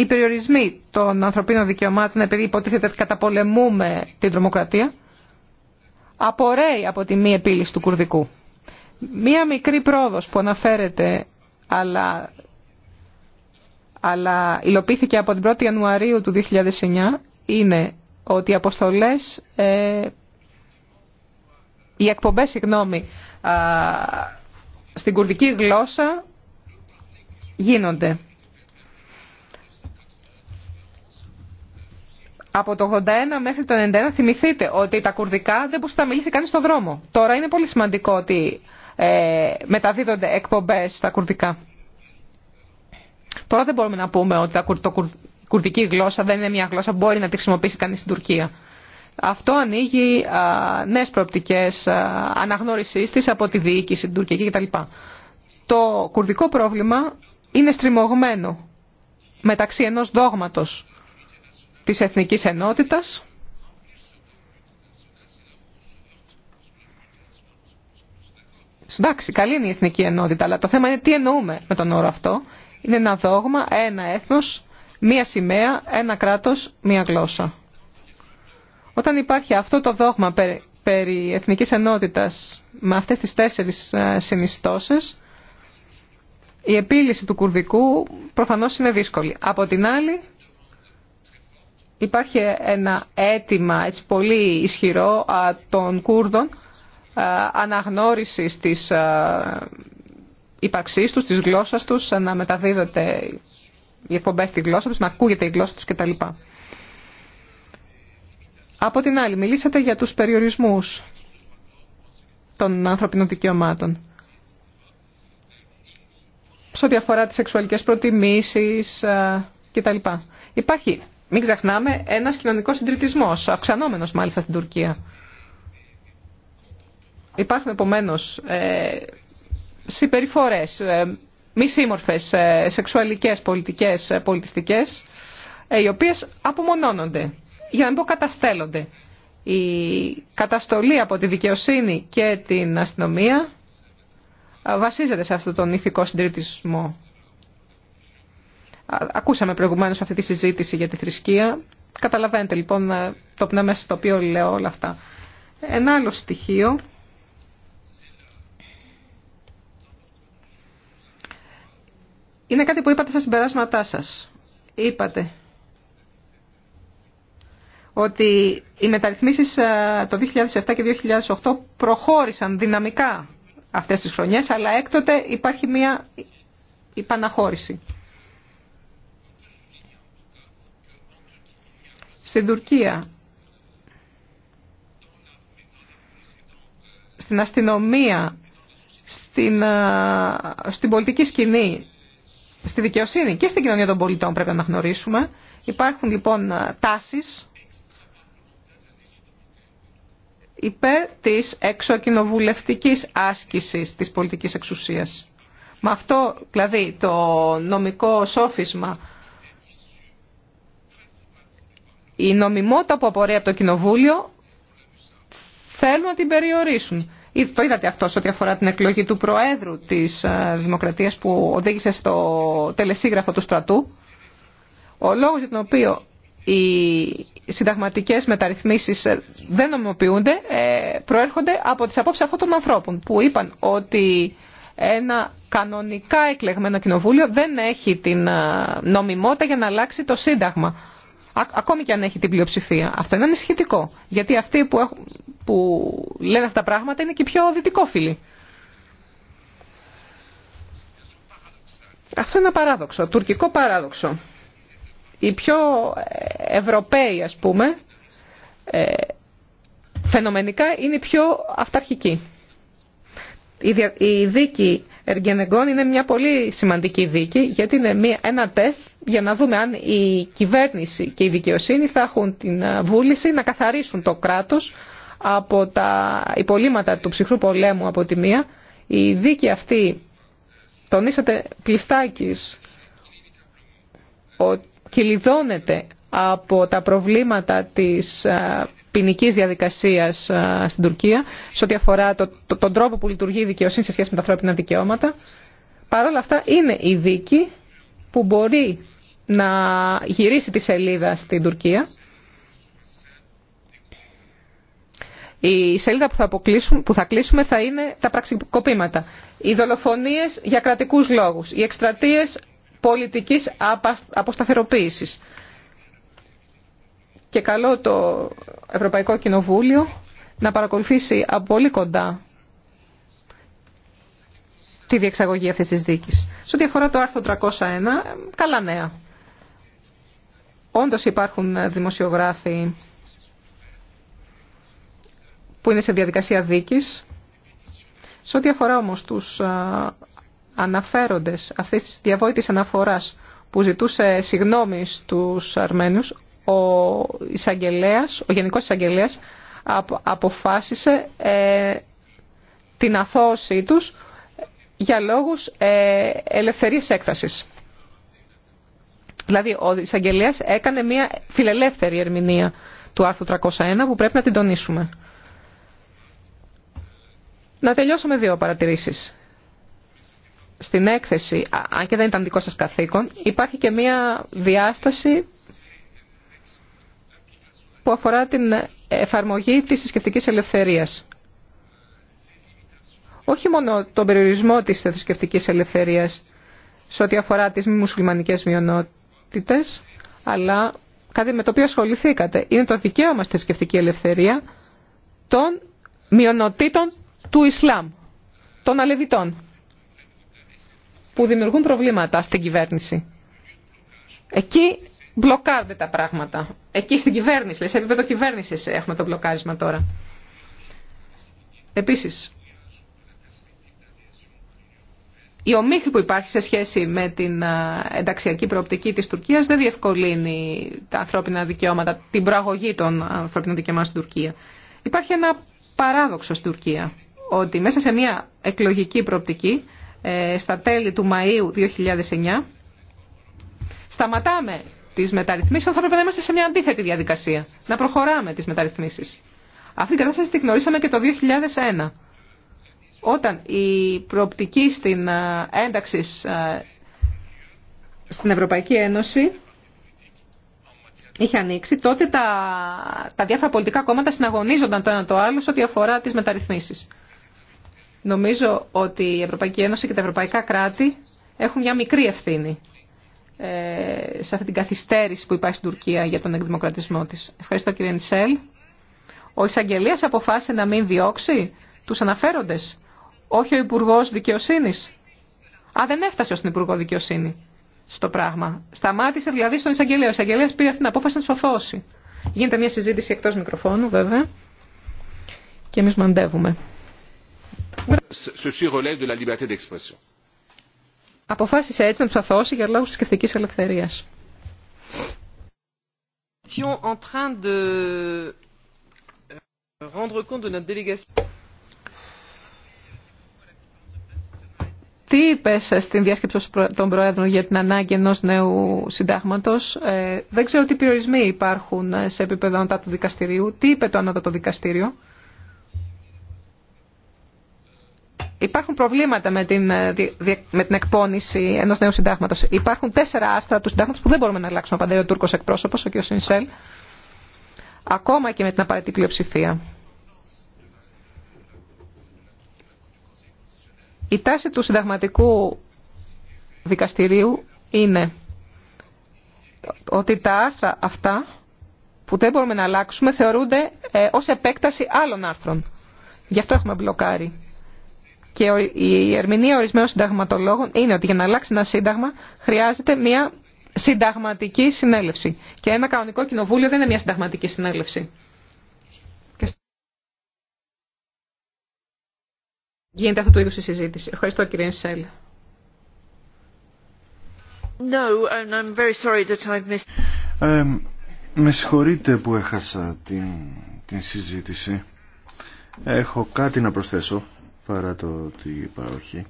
οι περιορισμοί των ανθρωπίνων δικαιωμάτων, επειδή υποτίθεται ότι καταπολεμούμε την τρομοκρατία, απορρέει από τη μη επίλυση του Κουρδικού. Μία μικρή πρόοδος που αναφέρεται, αλλά, αλλά υλοποιήθηκε από την 1η Ιανουαρίου του 2009, είναι ότι οι αποστολές, ε, οι εκπομπές, συγγνώμη, στην κουρδική γλώσσα γίνονται. από το 81 μέχρι το 91 θυμηθείτε ότι τα κουρδικά δεν μπορούσε να μιλήσει κανείς στον δρόμο. Τώρα είναι πολύ σημαντικό ότι ε, μεταδίδονται εκπομπές στα κουρδικά. Τώρα δεν μπορούμε να πούμε ότι τα, κουρδική γλώσσα δεν είναι μια γλώσσα που μπορεί να τη χρησιμοποιήσει κανείς στην Τουρκία. Αυτό ανοίγει νέε προοπτικές τη αναγνώρισής της από τη διοίκηση την τουρκική κτλ. Το κουρδικό πρόβλημα είναι στριμωγμένο μεταξύ ενός δόγματος της εθνικής ενότητας. Εντάξει, καλή είναι η εθνική ενότητα, αλλά το θέμα είναι τι εννοούμε με τον όρο αυτό. Είναι ένα δόγμα, ένα έθνος, μία σημαία, ένα κράτος, μία γλώσσα. Όταν υπάρχει αυτό το δόγμα περί εθνικής ενότητας με αυτές τις τέσσερις ε, συνιστώσεις, η επίλυση του κουρδικού προφανώς είναι δύσκολη. Από την άλλη, υπάρχει ένα αίτημα έτσι, πολύ ισχυρό των Κούρδων αναγνώρισης της ύπαρξής τους, της γλώσσας τους, να μεταδίδονται οι εκπομπέ στη γλώσσα τους, να ακούγεται η γλώσσα τους κτλ. Από την άλλη, μιλήσατε για τους περιορισμούς των ανθρωπινών δικαιωμάτων. Σε ό,τι αφορά τις σεξουαλικές προτιμήσεις κτλ. Υπάρχει μην ξεχνάμε, ένας κοινωνικός συντριτισμός αυξανόμενος μάλιστα στην Τουρκία. Υπάρχουν επομένως ε, συμπεριφορές, ε, μη σύμμορφες, ε, σεξουαλικές, πολιτικές, ε, πολιτιστικές, ε, οι οποίες απομονώνονται, για να μην πω καταστέλλονται. Η καταστολή από τη δικαιοσύνη και την αστυνομία βασίζεται σε αυτόν τον ηθικό συντριτισμό. Ακούσαμε προηγουμένως αυτή τη συζήτηση για τη θρησκεία. Καταλαβαίνετε λοιπόν ε, το πνεύμα στο οποίο λέω όλα αυτά. Ένα άλλο στοιχείο είναι κάτι που είπατε στα συμπεράσματά σας. Είπατε ότι οι μεταρρυθμίσεις ε, το 2007 και 2008 προχώρησαν δυναμικά αυτές τις χρονιές, αλλά έκτοτε υπάρχει μια υπαναχώρηση. Στην Τουρκία, στην αστυνομία, στην, ε, στην πολιτική σκηνή, στη δικαιοσύνη και στην κοινωνία των πολιτών πρέπει να γνωρίσουμε. Υπάρχουν λοιπόν ε, τάσεις υπέρ της εξοκοινοβουλευτικής άσκησης της πολιτικής εξουσίας. Με αυτό, δηλαδή, το νομικό σόφισμα η νομιμότητα που απορρέει από το Κοινοβούλιο θέλουν να την περιορίσουν. Το είδατε αυτό ό,τι αφορά την εκλογή του Προέδρου της ε, Δημοκρατίας που οδήγησε στο τελεσίγραφο του στρατού. Ο λόγος για τον οποίο οι συνταγματικές μεταρρυθμίσεις ε, δεν νομιμοποιούνται ε, προέρχονται από τις απόψεις αυτών των ανθρώπων που είπαν ότι ένα κανονικά εκλεγμένο κοινοβούλιο δεν έχει την νομιμότητα για να αλλάξει το Σύνταγμα ακόμη και αν έχει την πλειοψηφία. Αυτό είναι ανησυχητικό. Γιατί αυτοί που, έχουν, που λένε αυτά τα πράγματα είναι και πιο δυτικόφιλοι. Αυτό είναι ένα παράδοξο, τουρκικό παράδοξο. Οι πιο ε, Ευρωπαίοι, ας πούμε, ε, φαινομενικά είναι οι πιο αυταρχικοί. Η δίκη Εργενεγκόν είναι μια πολύ σημαντική δίκη γιατί είναι ένα τεστ για να δούμε αν η κυβέρνηση και η δικαιοσύνη θα έχουν την ε, βούληση να καθαρίσουν το κράτος από τα υπολείμματα του ψυχρού πολέμου από τη μία. Η δίκη αυτή τονίσατε πλιστάκης κυλιδώνεται από τα προβλήματα της ε, ποινική διαδικασία στην Τουρκία, σε ό,τι αφορά τον τρόπο που λειτουργεί η δικαιοσύνη σε σχέση με τα ανθρώπινα δικαιώματα. Παρ' όλα αυτά, είναι η δίκη που μπορεί να γυρίσει τη σελίδα στην Τουρκία. Η σελίδα που θα, που θα κλείσουμε θα είναι τα πραξικοπήματα. Οι δολοφονίες για κρατικούς λόγους, οι εκστρατείες πολιτικής αποσταθεροποίησης και καλό το Ευρωπαϊκό Κοινοβούλιο να παρακολουθήσει από πολύ κοντά τη διεξαγωγή αυτής της δίκης. Σε ό,τι αφορά το άρθρο 301, καλά νέα. Όντως υπάρχουν δημοσιογράφοι που είναι σε διαδικασία δίκης. Σε ό,τι αφορά όμως τους αναφέροντες αυτής της διαβόητης αναφοράς που ζητούσε συγγνώμη στους Αρμένους, ο εισαγγελέας, ο Γενικός Εισαγγελέας αποφάσισε ε, την αθώωσή τους για λόγους ε, ελευθερίας έκφρασης. Δηλαδή, ο εισαγγελέας έκανε μια φιλελεύθερη ερμηνεία του άρθρου 301 που πρέπει να την τονίσουμε. Να τελειώσω με δύο παρατηρήσεις. Στην έκθεση, αν και δεν ήταν δικό σας καθήκον, υπάρχει και μια διάσταση που αφορά την εφαρμογή της θρησκευτική ελευθερίας. Όχι μόνο τον περιορισμό της θρησκευτική ελευθερίας σε ό,τι αφορά τις μη μουσουλμανικές μειονότητες, αλλά κάτι με το οποίο ασχοληθήκατε. Είναι το δικαίωμα στη θρησκευτική ελευθερία των μειονοτήτων του Ισλάμ, των Αλεβιτών, που δημιουργούν προβλήματα στην κυβέρνηση. Εκεί μπλοκάρονται τα πράγματα εκεί στην κυβέρνηση, σε επίπεδο κυβέρνησης έχουμε το μπλοκάρισμα τώρα. Επίσης, η ομίχλη που υπάρχει σε σχέση με την ενταξιακή προοπτική της Τουρκίας δεν διευκολύνει τα ανθρώπινα δικαιώματα, την προαγωγή των ανθρώπινων δικαιωμάτων στην Τουρκία. Υπάρχει ένα παράδοξο στην Τουρκία, ότι μέσα σε μια εκλογική προοπτική, ε, στα τέλη του Μαΐου 2009, σταματάμε τις μεταρρυθμίσεις, θα έπρεπε να είμαστε σε μια αντίθετη διαδικασία, να προχωράμε τι μεταρρυθμίσεις. Αυτή την κατάσταση τη γνωρίσαμε και το 2001, όταν η προοπτική στην ε, ένταξη ε, στην Ευρωπαϊκή Ένωση είχε ανοίξει, τότε τα, τα διάφορα πολιτικά κόμματα συναγωνίζονταν το ένα το άλλο σε ό,τι αφορά τις μεταρρυθμίσεις. Νομίζω ότι η Ευρωπαϊκή Ένωση και τα ευρωπαϊκά κράτη έχουν μια μικρή ευθύνη ε, σε αυτή την καθυστέρηση που υπάρχει στην Τουρκία για τον εκδημοκρατισμό της. Ευχαριστώ κύριε Νισελ. Ο εισαγγελία αποφάσισε να μην διώξει τους αναφέροντες. Όχι ο Υπουργό Δικαιοσύνη. Α, δεν έφτασε τον Υπουργό Δικαιοσύνη στο πράγμα. Σταμάτησε δηλαδή στον εισαγγελέα. Ο εισαγγελέα πήρε αυτή την απόφαση να σωθώσει. Γίνεται μια συζήτηση εκτό μικροφώνου βέβαια. Και εμεί μαντεύουμε. relève de la liberté d'expression. Αποφάσισε έτσι να του αθώσει για λόγους σκεφτική ελευθερία. Τι είπε στην διάσκεψη των Προέδρων για την ανάγκη ενό νέου συντάγματο. Ε, δεν ξέρω τι περιορισμοί υπάρχουν σε επίπεδο ανώτατου δικαστηρίου. Τι είπε το ανώτατο δικαστήριο. Υπάρχουν προβλήματα με την, ε, με την εκπόνηση ενό νέου συντάγματο. Υπάρχουν τέσσερα άρθρα του συντάγματο που δεν μπορούμε να αλλάξουμε απαντάει Ο Τούρκο εκπρόσωπο, ο κ. Σινσέλ, ακόμα και με την απαραίτητη πλειοψηφία. Η τάση του συνταγματικού δικαστηρίου είναι ότι τα άρθρα αυτά που δεν μπορούμε να αλλάξουμε θεωρούνται ε, ως επέκταση άλλων άρθρων. Γι' αυτό έχουμε μπλοκάρει και η ερμηνεία ορισμένων συνταγματολόγων είναι ότι για να αλλάξει ένα σύνταγμα χρειάζεται μια συνταγματική συνέλευση. Και ένα κανονικό κοινοβούλιο δεν είναι μια συνταγματική συνέλευση. Γίνεται αυτού το είδους η συζήτηση. Ευχαριστώ κύριε Σέλ. No, με συγχωρείτε που έχασα την, την συζήτηση. Έχω κάτι να προσθέσω παρά το ότι υπάρχει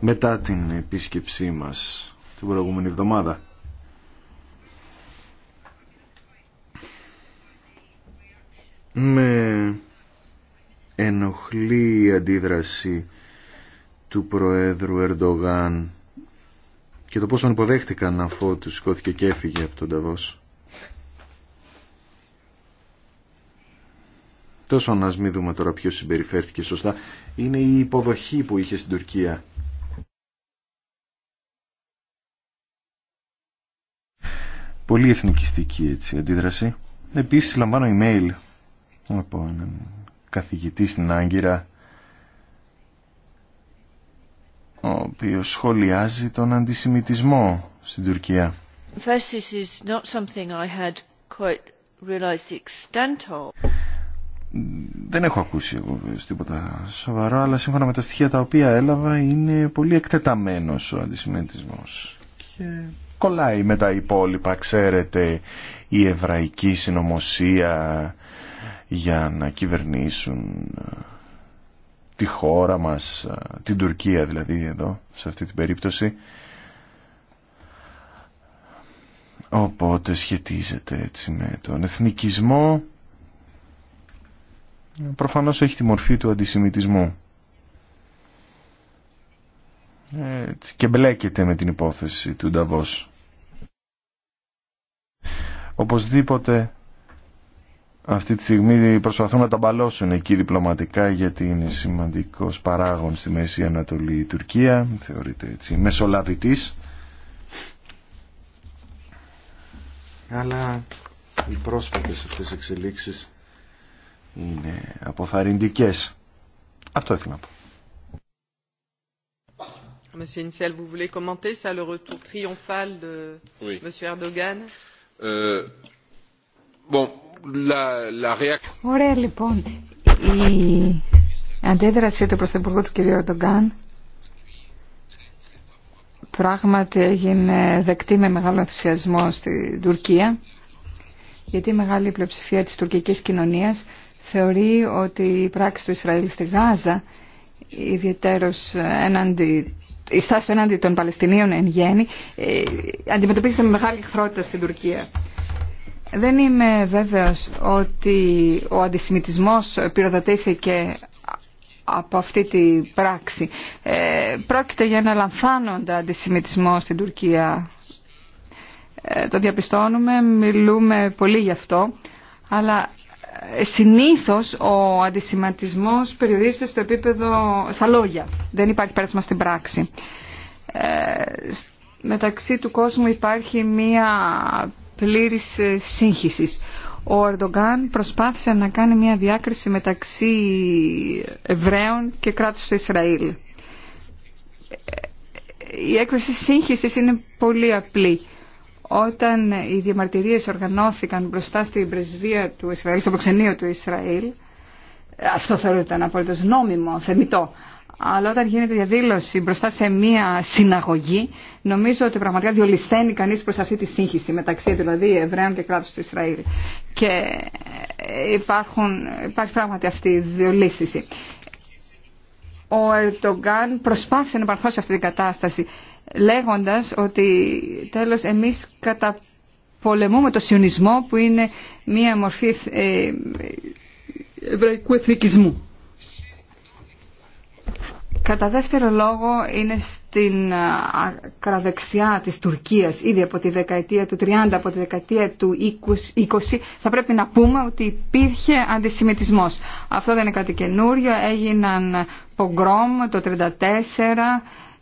μετά την επίσκεψή μας την προηγούμενη εβδομάδα. Με ενοχλεί η αντίδραση του Προέδρου Ερντογάν και το πόσο ανυποδέχτηκαν αφού του σηκώθηκε και έφυγε από τον Ταβός. τόσο να μην δούμε τώρα ποιος συμπεριφέρθηκε σωστά, είναι η υποδοχή που είχε στην Τουρκία. Πολύ εθνικιστική έτσι αντίδραση. Επίσης λαμβάνω email από έναν καθηγητή στην Άγκυρα ο οποίος σχολιάζει τον αντισημιτισμό στην Τουρκία δεν έχω ακούσει εγώ τίποτα σοβαρό, αλλά σύμφωνα με τα στοιχεία τα οποία έλαβα είναι πολύ εκτεταμένος ο αντισημιτισμός. Και κολλάει με τα υπόλοιπα, ξέρετε, η εβραϊκή συνωμοσία για να κυβερνήσουν ε, τη χώρα μας, ε, την Τουρκία δηλαδή εδώ, σε αυτή την περίπτωση. Οπότε σχετίζεται έτσι με τον εθνικισμό προφανώς έχει τη μορφή του αντισημιτισμού. Έτσι, και μπλέκεται με την υπόθεση του Νταβός. Οπωσδήποτε αυτή τη στιγμή προσπαθούν να τα μπαλώσουν εκεί διπλωματικά γιατί είναι σημαντικός παράγων στη Μέση Ανατολή η Τουρκία, θεωρείται έτσι μεσολαβητής. Αλλά οι πρόσφατες αυτές εξελίξεις είναι αποθαρρυντικές. Αυτό ήθελα να πω. Monsieur Insel, vous voulez commenter ça, le retour triomphal de oui. Monsieur Erdogan euh, Bon, la, la réaction... Ωραία λοιπόν, η αντέδραση του Πρωθυπουργού του κ. Ερντογκάν πράγματι έγινε δεκτή με μεγάλο ενθουσιασμό στην Τουρκία γιατί η μεγάλη πλειοψηφία της τουρκικής κοινωνίας θεωρεί ότι η πράξη του Ισραήλ στη Γάζα, ιδιαίτερος εναντί η στάση έναντι των Παλαιστινίων εν γέννη ε, αντιμετωπίζεται με μεγάλη εχθρότητα στην Τουρκία. Δεν είμαι βέβαιος ότι ο αντισημιτισμός πυροδοτήθηκε από αυτή τη πράξη. Ε, πρόκειται για ένα λανθάνοντα αντισημιτισμό στην Τουρκία. Ε, το διαπιστώνουμε, μιλούμε πολύ γι' αυτό, αλλά συνήθως ο αντισηματισμός περιορίζεται στο επίπεδο, στα λόγια. Δεν υπάρχει πέρασμα στην πράξη. Ε, μεταξύ του κόσμου υπάρχει μία πλήρης ε, σύγχυσης. Ο Ερντογκάν προσπάθησε να κάνει μία διάκριση μεταξύ Εβραίων και κράτους του Ισραήλ. Ε, η έκφραση σύγχυσης είναι πολύ απλή όταν οι διαμαρτυρίες οργανώθηκαν μπροστά στην πρεσβεία του Ισραήλ, στο προξενείο του Ισραήλ, αυτό θεωρώ ότι ήταν απολύτως νόμιμο, θεμητό, αλλά όταν γίνεται διαδήλωση μπροστά σε μια συναγωγή, νομίζω ότι πραγματικά διολυσταίνει κανείς προς αυτή τη σύγχυση μεταξύ δηλαδή Εβραίων και κράτους του Ισραήλ. Και ε, υπάρχουν, υπάρχει πράγματι αυτή η διολύστηση. Ο Ερντογκάν προσπάθησε να παρθώσει αυτή την κατάσταση λέγοντας ότι τέλος εμείς καταπολεμούμε το σιωνισμό που είναι μία μορφή ε, εβραϊκού εθνικισμού. Κατά δεύτερο λόγο είναι στην ακραδεξιά της Τουρκίας ήδη από τη δεκαετία του 30, από τη δεκαετία του 20 θα πρέπει να πούμε ότι υπήρχε αντισημιτισμός. Αυτό δεν είναι κάτι καινούριο, έγιναν πογκρόμ το 1934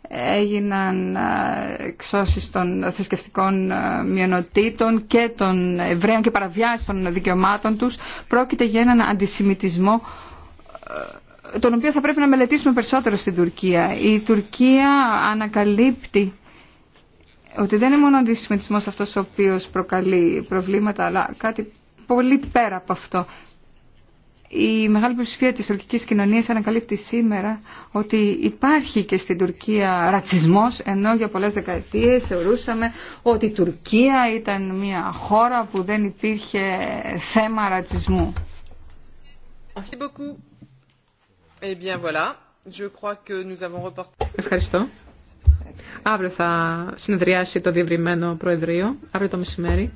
έγιναν ε, εξώσει των θρησκευτικών ε, μειονοτήτων και των Εβραίων και παραβιάσεις των δικαιωμάτων τους. Πρόκειται για έναν αντισημιτισμό ε, τον οποίο θα πρέπει να μελετήσουμε περισσότερο στην Τουρκία. Η Τουρκία ανακαλύπτει ότι δεν είναι μόνο ο αντισημιτισμός αυτός ο οποίος προκαλεί προβλήματα, αλλά κάτι πολύ πέρα από αυτό η μεγάλη πλειοψηφία της τουρκικής κοινωνίας ανακαλύπτει σήμερα ότι υπάρχει και στην Τουρκία ρατσισμός, ενώ για πολλές δεκαετίες θεωρούσαμε ότι η Τουρκία ήταν μια χώρα που δεν υπήρχε θέμα ρατσισμού. Eh Ευχαριστώ. Αύριο θα συνεδριάσει το διευρυμένο Προεδρείο, αύριο το μεσημέρι.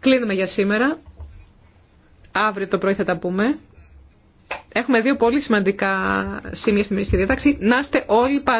Κλείνουμε για σήμερα. Αύριο το πρωί θα τα πούμε. Έχουμε δύο πολύ σημαντικά σημεία στη μερική διάταξη. Να είστε όλοι παρά.